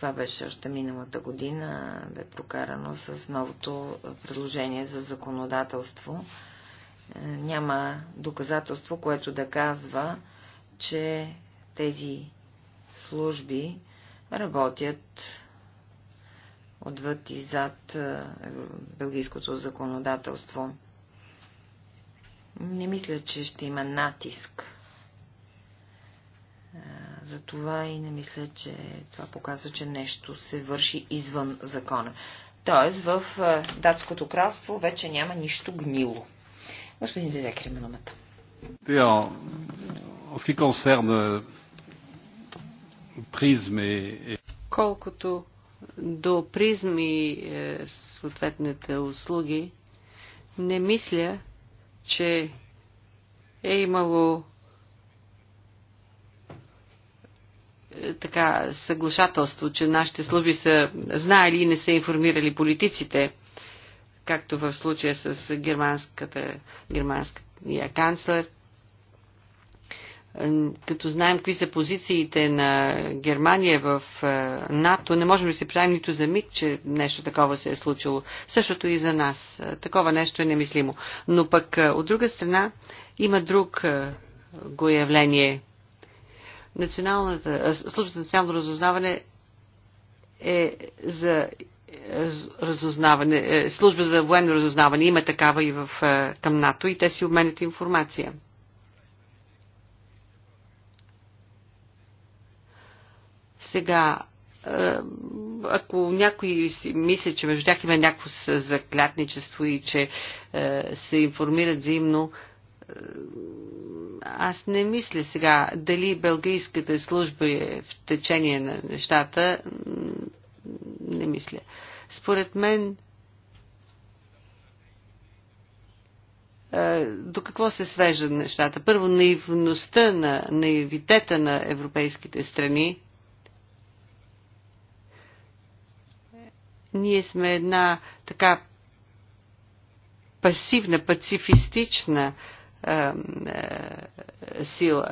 Това беше още миналата година, бе прокарано с новото предложение за законодателство. Е, няма доказателство, което да казва, че тези служби работят отвъд и зад е, бългийското законодателство. Не мисля, че ще има натиск е, затова и не мисля, че това показва, че нещо се върши извън закона. Тоест в е, датското кралство вече няма нищо гнило. Господин Дедекер има думата. Е, е- Колкото до призми съответните услуги, не мисля, че е имало така съглашателство, че нашите служби са знаели и не са информирали политиците, както в случая с германската, германския канцлер. Като знаем какви са позициите на Германия в е, НАТО, не можем да се правим нито за миг, че нещо такова се е случило. Същото и за нас. Е, такова нещо е немислимо. Но пък е, от друга страна има друг го явление – Националната, Служба за национално разузнаване е за е, разузнаване, е, служба за военно разузнаване. Има такава и в, е, към НАТО и те си обменят информация. Сега, ако някой си мисли, че между тях има някакво заклятничество и че се информират взаимно, аз не мисля сега дали бългийската служба е в течение на нещата. Не мисля. Според мен, е, до какво се свеждат нещата? Първо, наивността на наивитета на европейските страни. Ние сме една така пасивна, пацифистична, а, а, е, сила.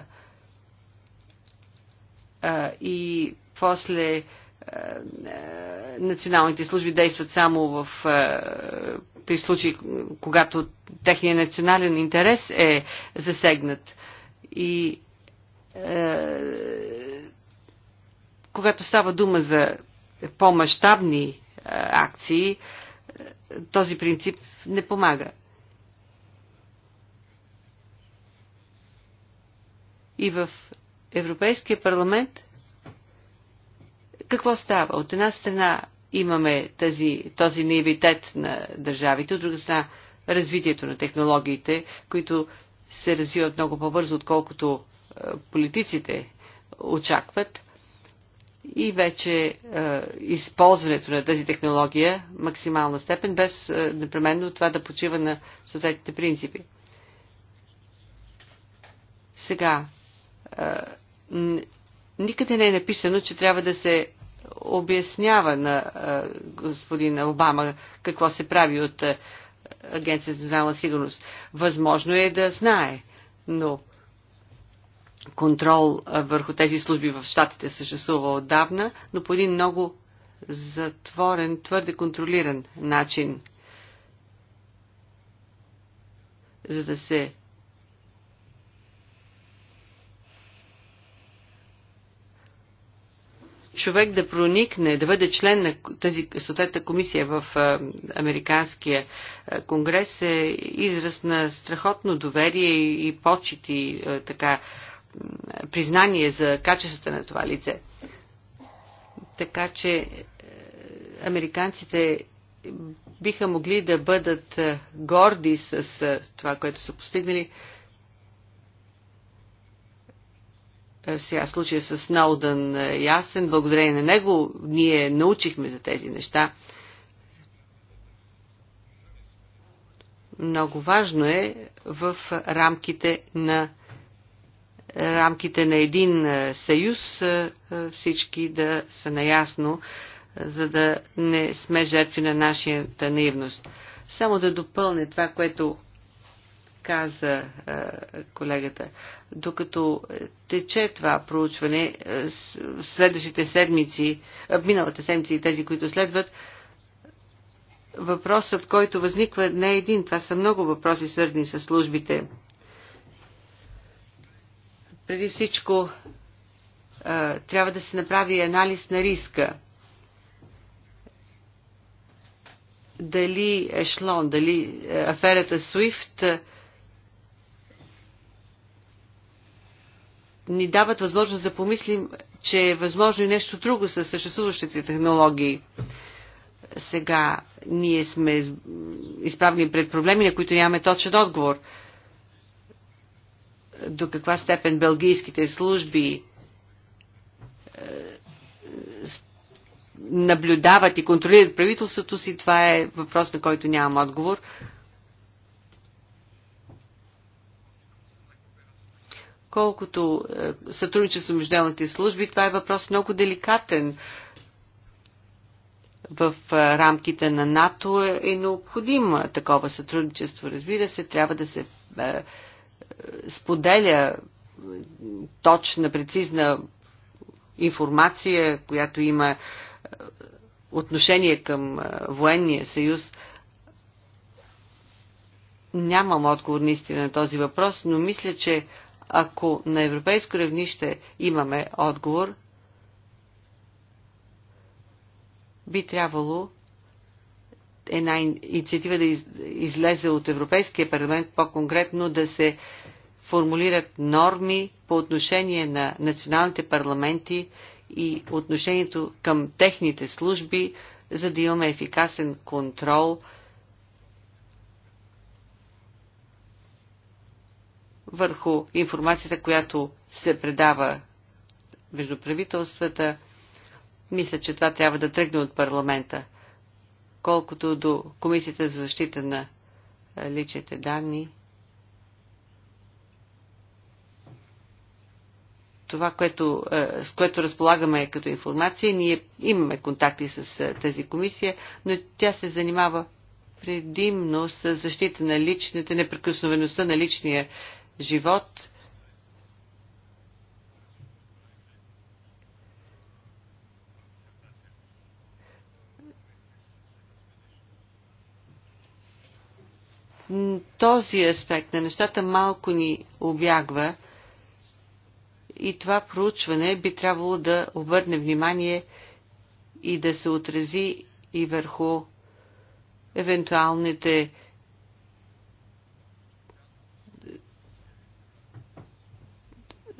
А, и после е, е, националните служби действат само в, при случаи, когато техният национален интерес е засегнат. И когато става дума за по-масштабни акции, този принцип не помага. и в Европейския парламент, какво става? От една страна имаме тази, този наивитет на държавите, от друга страна развитието на технологиите, които се развиват много по-бързо, отколкото е, политиците очакват. И вече е, използването на тази технология максимална степен, без е, непременно това да почива на съответните принципи. Сега, Никъде не е написано, че трябва да се обяснява на господин Обама какво се прави от Агенция за национална сигурност. Възможно е да знае, но контрол върху тези служби в Штатите съществува отдавна, но по един много затворен, твърде контролиран начин, за да се човек да проникне, да бъде член на тази съответна комисия в Американския конгрес е израз на страхотно доверие и почет и така признание за качествата на това лице. Така че е, американците биха могли да бъдат е, горди с е, това, което са постигнали. Е, сега случая с Наудън е, ясен. Благодарение на него ние научихме за тези неща. Много важно е в рамките на рамките на един е, съюз всички да са наясно, за да не сме жертви на нашата наивност. Само да допълня това, което каза е, колегата. Докато тече това проучване, е, следващите седмици, е, миналата седмица и тези, които следват, въпросът, който възниква, не е един. Това са много въпроси, свързани с службите. Преди всичко, трябва да се направи анализ на риска. Дали ешлон, дали аферата SWIFT ни дават възможност да помислим, че е възможно и нещо друго с съществуващите технологии. Сега ние сме изправени пред проблеми, на които нямаме точен отговор. До каква степен белгийските служби е, наблюдават и контролират правителството си, това е въпрос, на който нямам отговор. Колкото е, сътрудничество между отделните служби, това е въпрос много деликатен. В е, рамките на НАТО е, е необходимо такова сътрудничество. Разбира се, трябва да се споделя точна, прецизна информация, която има отношение към военния съюз. Нямам отговор наистина на този въпрос, но мисля, че ако на европейско равнище имаме отговор, би трябвало една инициатива да излезе от Европейския парламент, по-конкретно да се формулират норми по отношение на националните парламенти и отношението към техните служби, за да имаме ефикасен контрол върху информацията, която се предава между правителствата. Мисля, че това трябва да тръгне от парламента. Колкото до Комисията за защита на личните данни, това, което, с което разполагаме като информация, ние имаме контакти с тази комисия, но тя се занимава предимно с защита на личните, непрекъсновеността на личния живот. Този аспект на нещата малко ни обягва и това проучване би трябвало да обърне внимание и да се отрази и върху евентуалните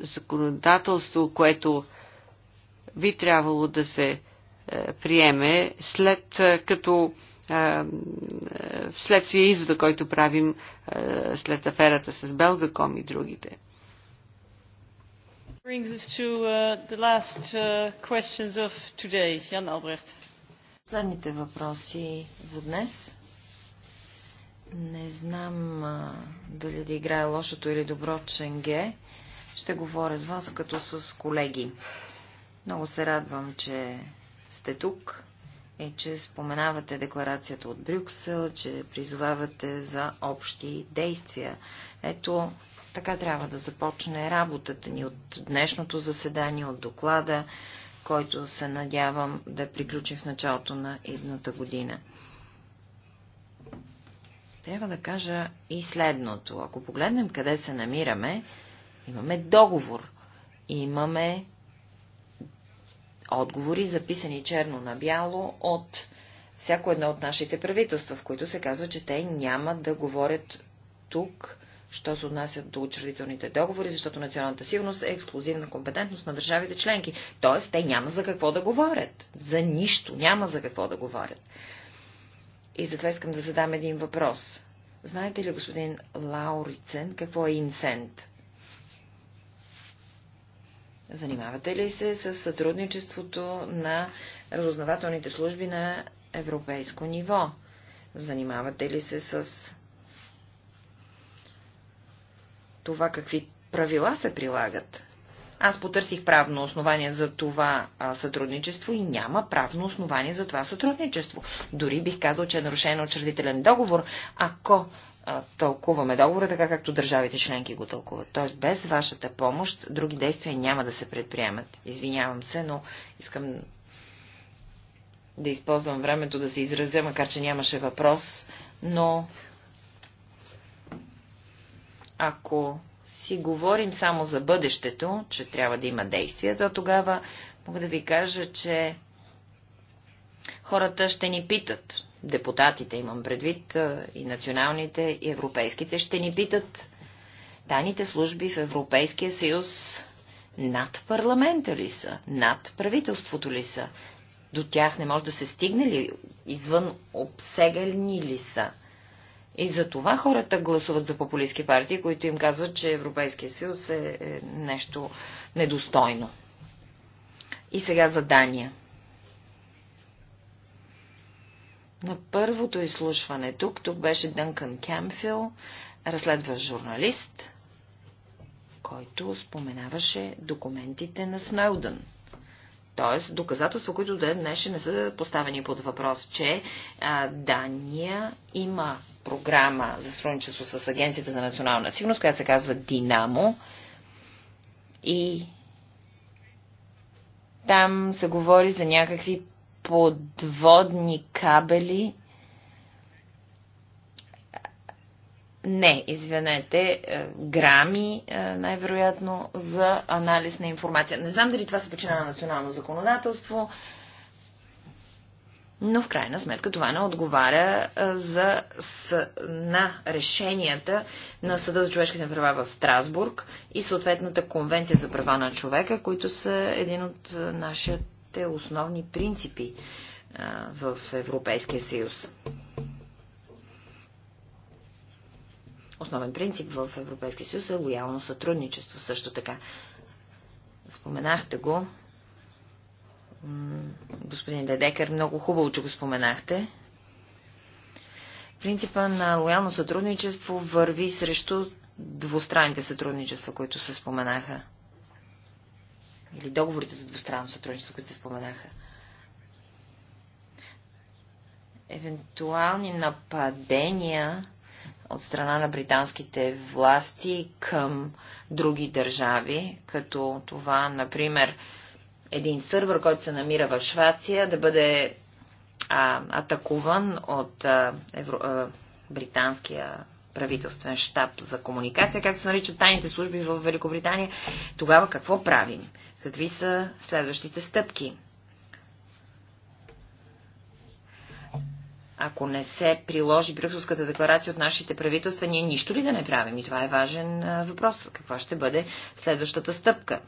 законодателство, което би трябвало да се е, приеме след е, като е, следствие извода, който правим след аферата с Белгаком и другите. Brings us to uh, the last uh, questions of today. Jan Albrecht. Последните въпроси за днес. Не знам а, дали да играе лошото или добро Ченге. Ще говоря с вас като с колеги. Много се радвам, че сте тук и че споменавате декларацията от Брюксел, че призовавате за общи действия. Ето, така трябва да започне работата ни от днешното заседание, от доклада, който се надявам да приключи в началото на едната година. Трябва да кажа и следното. Ако погледнем къде се намираме, Имаме договор. Имаме отговори, записани черно на бяло от всяко едно от нашите правителства, в които се казва, че те няма да говорят тук, що се отнасят до учредителните договори, защото националната сигурност е ексклюзивна компетентност на държавите членки. Тоест, те няма за какво да говорят. За нищо няма за какво да говорят. И затова искам да задам един въпрос. Знаете ли, господин Лаурицен, какво е инсент? Занимавате ли се с сътрудничеството на разузнавателните служби на европейско ниво? Занимавате ли се с това какви правила се прилагат? Аз потърсих правно основание за това а, сътрудничество и няма правно основание за това сътрудничество. Дори бих казал, че е нарушен учредителен договор, ако тълкуваме договора така, както държавите членки го тълкуват. Тоест, без вашата помощ други действия няма да се предприемат. Извинявам се, но искам да използвам времето да се изразя, макар че нямаше въпрос, но ако си говорим само за бъдещето, че трябва да има действия, то тогава мога да ви кажа, че хората ще ни питат депутатите имам предвид, и националните, и европейските, ще ни питат тайните служби в Европейския съюз над парламента ли са, над правителството ли са, до тях не може да се стигне ли, извън обсегани ли са. И за това хората гласуват за популистски партии, които им казват, че Европейския съюз е, е нещо недостойно. И сега за Дания. на първото изслушване тук, тук беше Дънкан Кемфил, разследващ журналист, който споменаваше документите на Сноудън. Тоест, доказателства, които до днес не са поставени под въпрос, че а, Дания има програма за сътрудничество с Агенцията за национална сигурност, която се казва Динамо. И там се говори за някакви подводни кабели. Не, извинете, е, грами, е, най-вероятно, за анализ на информация. Не знам дали това се почина на национално законодателство, но в крайна сметка това не отговаря е, за, с, на решенията на Съда за човешките права в Страсбург и съответната конвенция за права на човека, които са един от нашият нашите основни принципи в Европейския съюз. Основен принцип в Европейския съюз е лоялно сътрудничество също така. Споменахте го. Господин Дедекер, много хубаво, че го споменахте. Принципа на лоялно сътрудничество върви срещу двустранните сътрудничества, които се споменаха или договорите за двустранно сътрудничество, които се споменаха. Евентуални нападения от страна на британските власти към други държави, като това, например, един сървър, който се намира в Швация да бъде а, атакуван от а, евро, а, британския правителствен штаб за комуникация, както се наричат тайните служби в Великобритания, тогава какво правим? Какви са следващите стъпки? Ако не се приложи Брюкселската декларация от нашите правителства, ние нищо ли да не правим? И това е важен въпрос. Каква ще бъде следващата стъпка?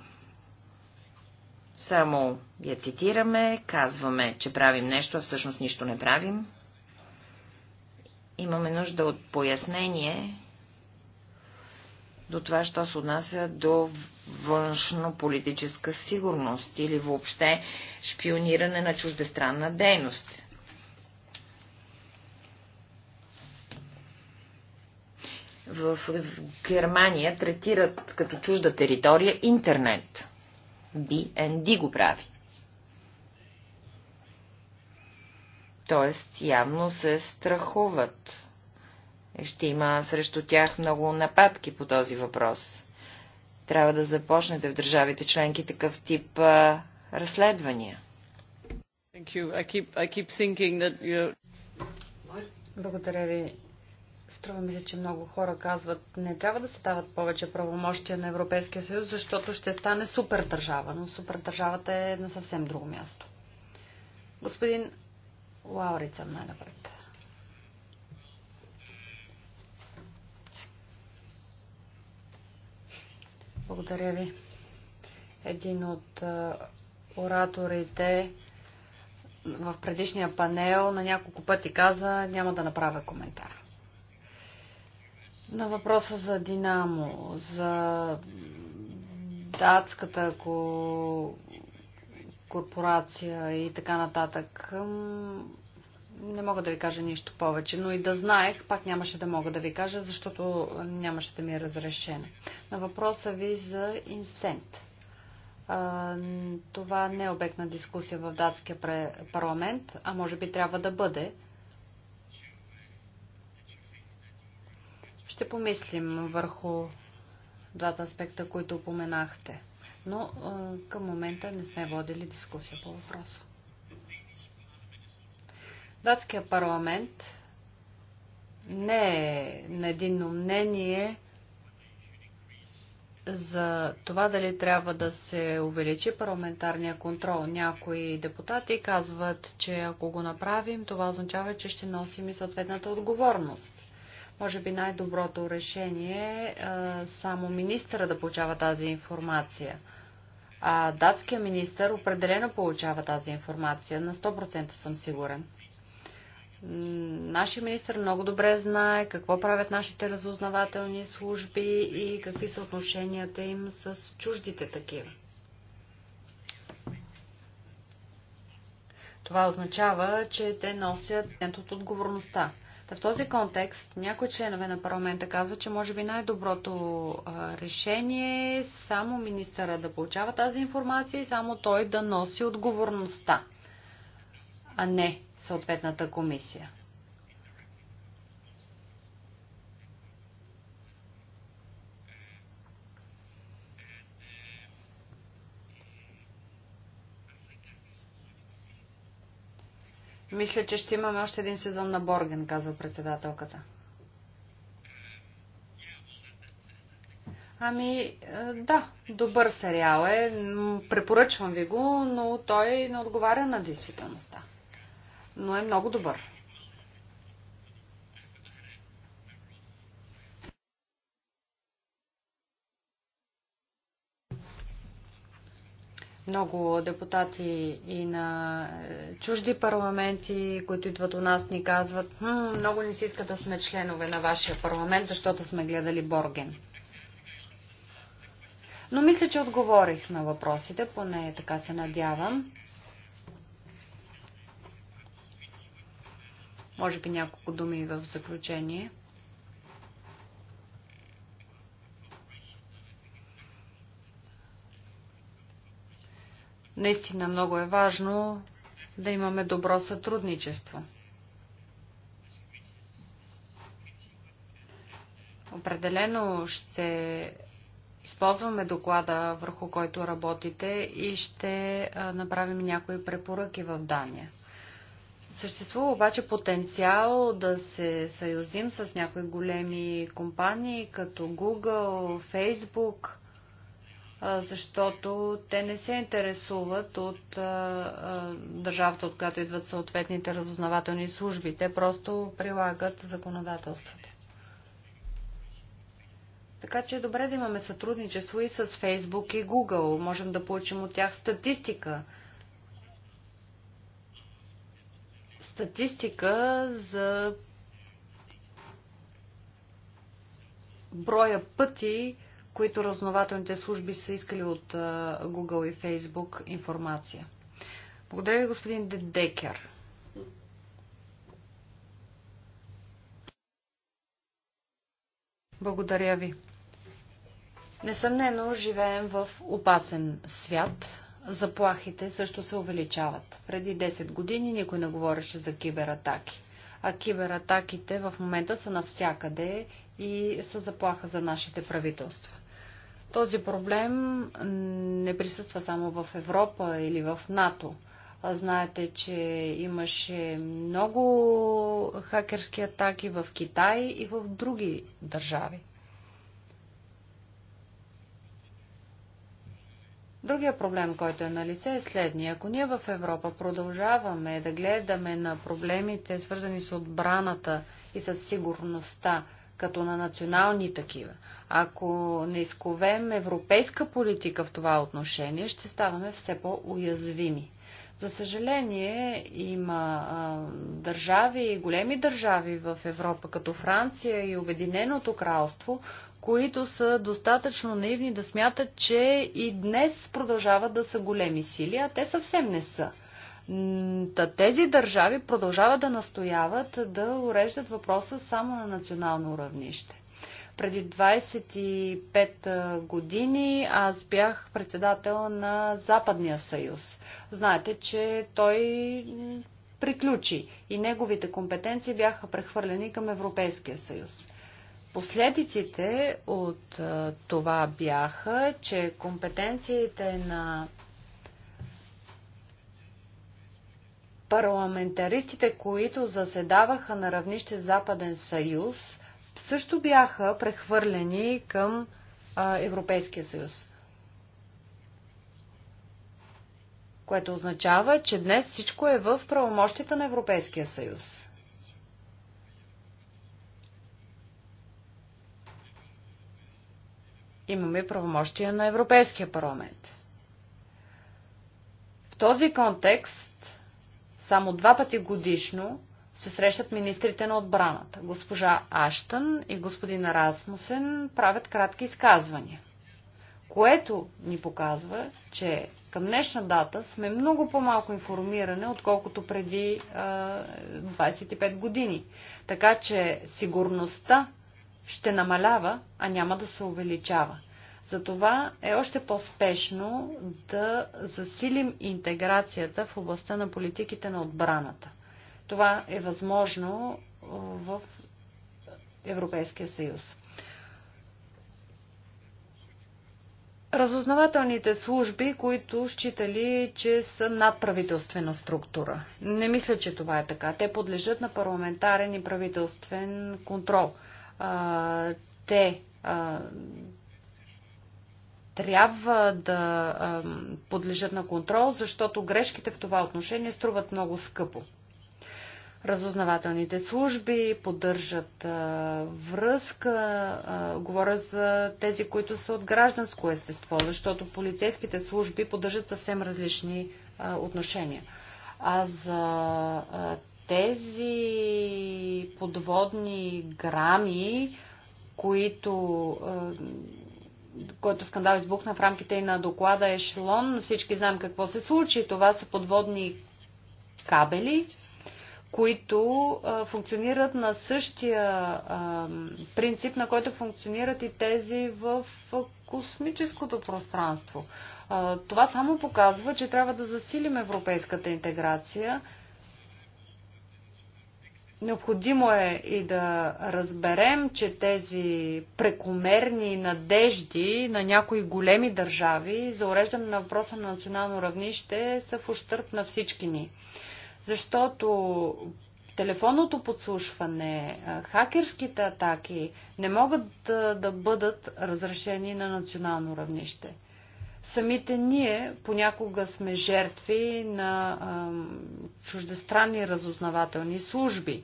Само я цитираме, казваме, че правим нещо, а всъщност нищо не правим. Имаме нужда от пояснение до това, що се отнася до външно-политическа сигурност или въобще шпиониране на чуждестранна дейност. В Германия третират като чужда територия интернет. BND го прави. Тоест, явно се страхуват. Ще има срещу тях много нападки по този въпрос трябва да започнете в държавите членки такъв тип а, разследвания. I keep, I keep Благодаря ви. Струва ми се, че много хора казват, не трябва да се дават повече правомощия на Европейския съюз, защото ще стане супер държава, но супер държавата е на съвсем друго място. Господин Лаурица, най-напред. Благодаря ви. Един от ораторите в предишния панел на няколко пъти каза, няма да направя коментар. На въпроса за Динамо, за датската корпорация и така нататък не мога да ви кажа нищо повече, но и да знаех, пак нямаше да мога да ви кажа, защото нямаше да ми е разрешено. На въпроса ви за инсент. Това не е обект на дискусия в датския парламент, а може би трябва да бъде. Ще помислим върху двата аспекта, които упоменахте. Но към момента не сме водили дискусия по въпроса. Датския парламент не е на единно мнение за това дали трябва да се увеличи парламентарния контрол. Някои депутати казват, че ако го направим, това означава, че ще носим и съответната отговорност. Може би най-доброто решение е само министъра да получава тази информация. А датския министър определено получава тази информация. На 100% съм сигурен. Нашия министр много добре знае какво правят нашите разузнавателни служби и какви са отношенията им с чуждите такива. Това означава, че те носят от отговорността. Та в този контекст някои членове на парламента казват, че може би най-доброто решение е само министъра да получава тази информация и само той да носи отговорността, а не съответната комисия. Мисля, че ще имаме още един сезон на Борген, казва председателката. Ами, е, да, добър сериал е. Препоръчвам ви го, но той не отговаря на действителността но е много добър. много депутати и на е, чужди парламенти, които идват у нас, ни казват, хм, много не си иска да сме членове на вашия парламент, защото сме гледали Борген. Но мисля, че отговорих на въпросите, поне така се надявам. Може би няколко думи в заключение. Наистина много е важно да имаме добро сътрудничество. Определено ще използваме доклада, върху който работите и ще направим някои препоръки в Дания. Съществува обаче потенциал да се съюзим с някои големи компании, като Google, Facebook, защото те не се интересуват от държавата, от която идват съответните разузнавателни служби. Те просто прилагат законодателството. Така че е добре да имаме сътрудничество и с Facebook и Google. Можем да получим от тях статистика статистика за броя пъти, които разнователните служби са искали от Google и Facebook информация. Благодаря ви, господин Декер. Благодаря ви. Несъмнено живеем в опасен свят, заплахите също се увеличават. Преди 10 години никой не говореше за кибератаки. А кибератаките в момента са навсякъде и са заплаха за нашите правителства. Този проблем не присъства само в Европа или в НАТО. Знаете, че имаше много хакерски атаки в Китай и в други държави. Другия проблем, който е на лице е следния. Ако ние в Европа продължаваме да гледаме на проблемите, свързани с отбраната и с сигурността, като на национални такива, ако не изковем европейска политика в това отношение, ще ставаме все по-уязвими. За съжаление, има а, държави, големи държави в Европа, като Франция и Обединеното кралство, които са достатъчно наивни да смятат, че и днес продължават да са големи сили, а те съвсем не са. Тези държави продължават да настояват да уреждат въпроса само на национално равнище. Преди 25 години аз бях председател на Западния съюз. Знаете, че той приключи и неговите компетенции бяха прехвърлени към Европейския съюз. Последиците от това бяха, че компетенциите на парламентаристите, които заседаваха на равнище Западен съюз, също бяха прехвърлени към Европейския съюз. Което означава, че днес всичко е в правомощите на Европейския съюз. Имаме правомощия на Европейския парламент. В този контекст, само два пъти годишно, се срещат министрите на отбраната. Госпожа Аштън и господин Расмусен правят кратки изказвания, което ни показва, че към днешна дата сме много по-малко информирани, отколкото преди а, 25 години. Така че сигурността ще намалява, а няма да се увеличава. Затова е още по-спешно да засилим интеграцията в областта на политиките на отбраната. Това е възможно в Европейския съюз. Разузнавателните служби, които считали, че са надправителствена структура. Не мисля, че това е така. Те подлежат на парламентарен и правителствен контрол. А, те а, трябва да а, подлежат на контрол, защото грешките в това отношение струват много скъпо. Разузнавателните служби поддържат а, връзка. А, говоря за тези, които са от гражданско естество, защото полицейските служби поддържат съвсем различни а, отношения. А за а, тези подводни грами, които. А, който скандал избухна в рамките и на доклада Ешелон. Всички знаем какво се случи. Това са подводни кабели, които а, функционират на същия а, принцип, на който функционират и тези в космическото пространство. А, това само показва, че трябва да засилим европейската интеграция. Необходимо е и да разберем, че тези прекомерни надежди на някои големи държави за уреждане на въпроса на национално равнище са в ущърп на всички ни. Защото телефонното подслушване, хакерските атаки не могат да, да бъдат разрешени на национално равнище. Самите ние понякога сме жертви на а, чуждестранни разузнавателни служби.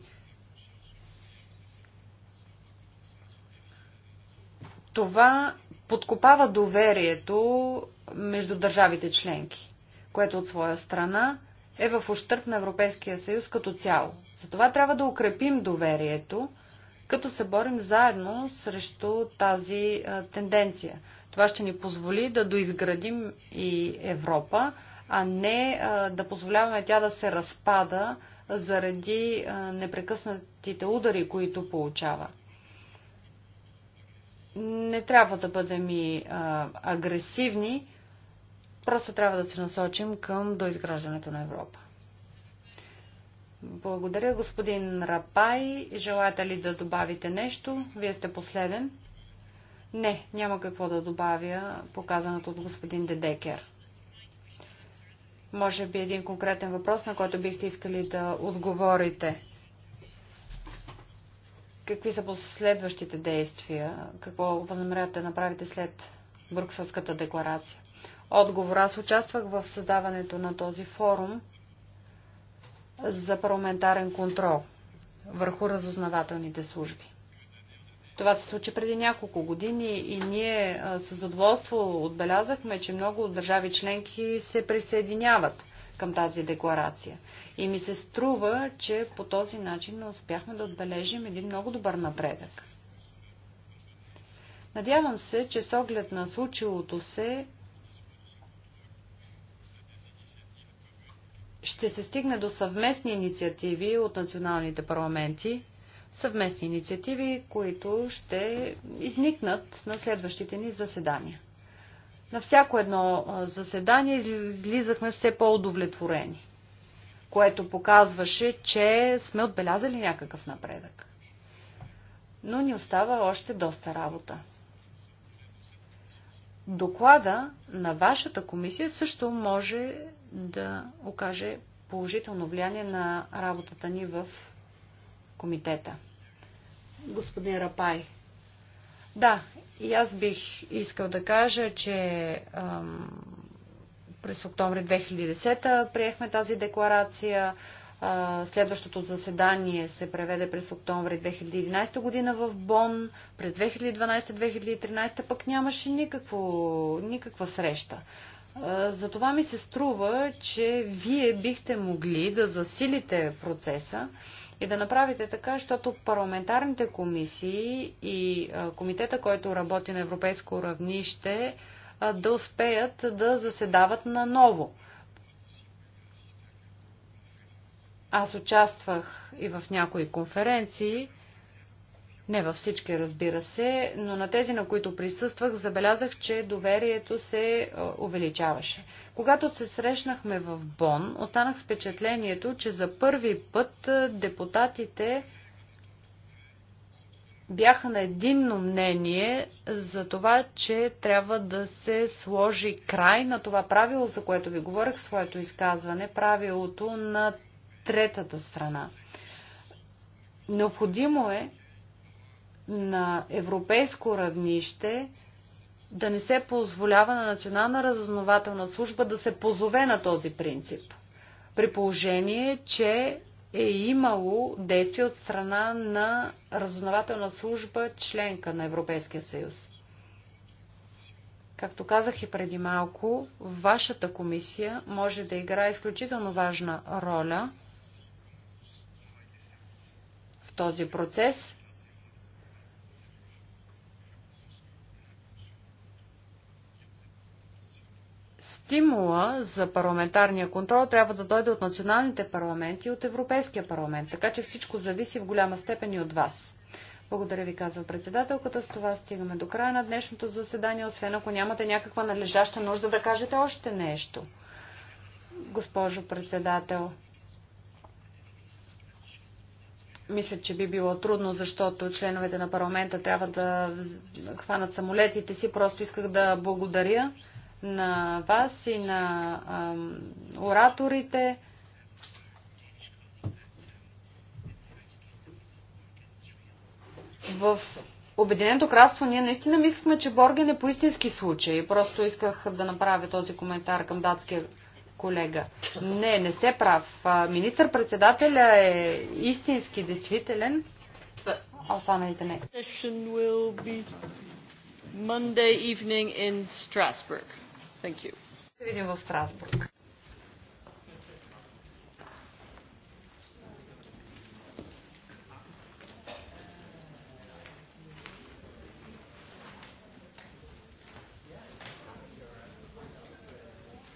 Това подкопава доверието между държавите членки, което от своя страна е в ущърп на Европейския съюз като цяло. Затова трябва да укрепим доверието, като се борим заедно срещу тази а, тенденция. Това ще ни позволи да доизградим и Европа, а не а, да позволяваме тя да се разпада заради а, непрекъснатите удари, които получава. Не трябва да бъдем и агресивни, Просто трябва да се насочим към доизграждането на Европа. Благодаря, господин Рапай. Желаете ли да добавите нещо? Вие сте последен. Не, няма какво да добавя показаното от господин Дедекер. Може би един конкретен въпрос, на който бихте искали да отговорите. Какви са последващите действия? Какво възнамерявате да направите след Брукселската декларация? отговор. Аз участвах в създаването на този форум за парламентарен контрол върху разузнавателните служби. Това се случи преди няколко години и ние с задоволство отбелязахме, че много от държави членки се присъединяват към тази декларация. И ми се струва, че по този начин успяхме да отбележим един много добър напредък. Надявам се, че с оглед на случилото се ще се стигне до съвместни инициативи от националните парламенти, съвместни инициативи, които ще изникнат на следващите ни заседания. На всяко едно заседание излизахме все по-удовлетворени, което показваше, че сме отбелязали някакъв напредък. Но ни остава още доста работа. Доклада на вашата комисия също може да окаже положително влияние на работата ни в комитета. Господин Рапай. Да, и аз бих искал да кажа, че ам, през октомври 2010 приехме тази декларация. А, следващото заседание се преведе през октомври 2011 година в Бон. През 2012-2013 пък нямаше никакво, никаква среща. Затова ми се струва, че вие бихте могли да засилите процеса и да направите така, защото парламентарните комисии и комитета, който работи на европейско равнище, да успеят да заседават наново. Аз участвах и в някои конференции, не във всички, разбира се, но на тези, на които присъствах, забелязах, че доверието се увеличаваше. Когато се срещнахме в Бон, останах с впечатлението, че за първи път депутатите бяха на единно мнение за това, че трябва да се сложи край на това правило, за което ви говорих в своето изказване, правилото на третата страна. Необходимо е на европейско равнище да не се позволява на Национална разузнавателна служба да се позове на този принцип. При положение, че е имало действие от страна на разузнавателна служба членка на Европейския съюз. Както казах и преди малко, вашата комисия може да играе изключително важна роля в този процес стимула за парламентарния контрол трябва да дойде от националните парламенти и от Европейския парламент, така че всичко зависи в голяма степен и от вас. Благодаря ви, казва председателката. С това стигаме до края на днешното заседание, освен ако нямате някаква належаща нужда да кажете още нещо. Госпожо председател, мисля, че би било трудно, защото членовете на парламента трябва да хванат самолетите си. Просто исках да благодаря на вас и на ораторите. В Обединеното кралство ние наистина мислихме, че Борген е по истински случай. Просто исках да направя този коментар към датския колега. Не, не сте прав. Министър-председателя е истински действителен. А останалите не. Monday evening in Strasbourg. Thank you. Се Видим в Страсбург.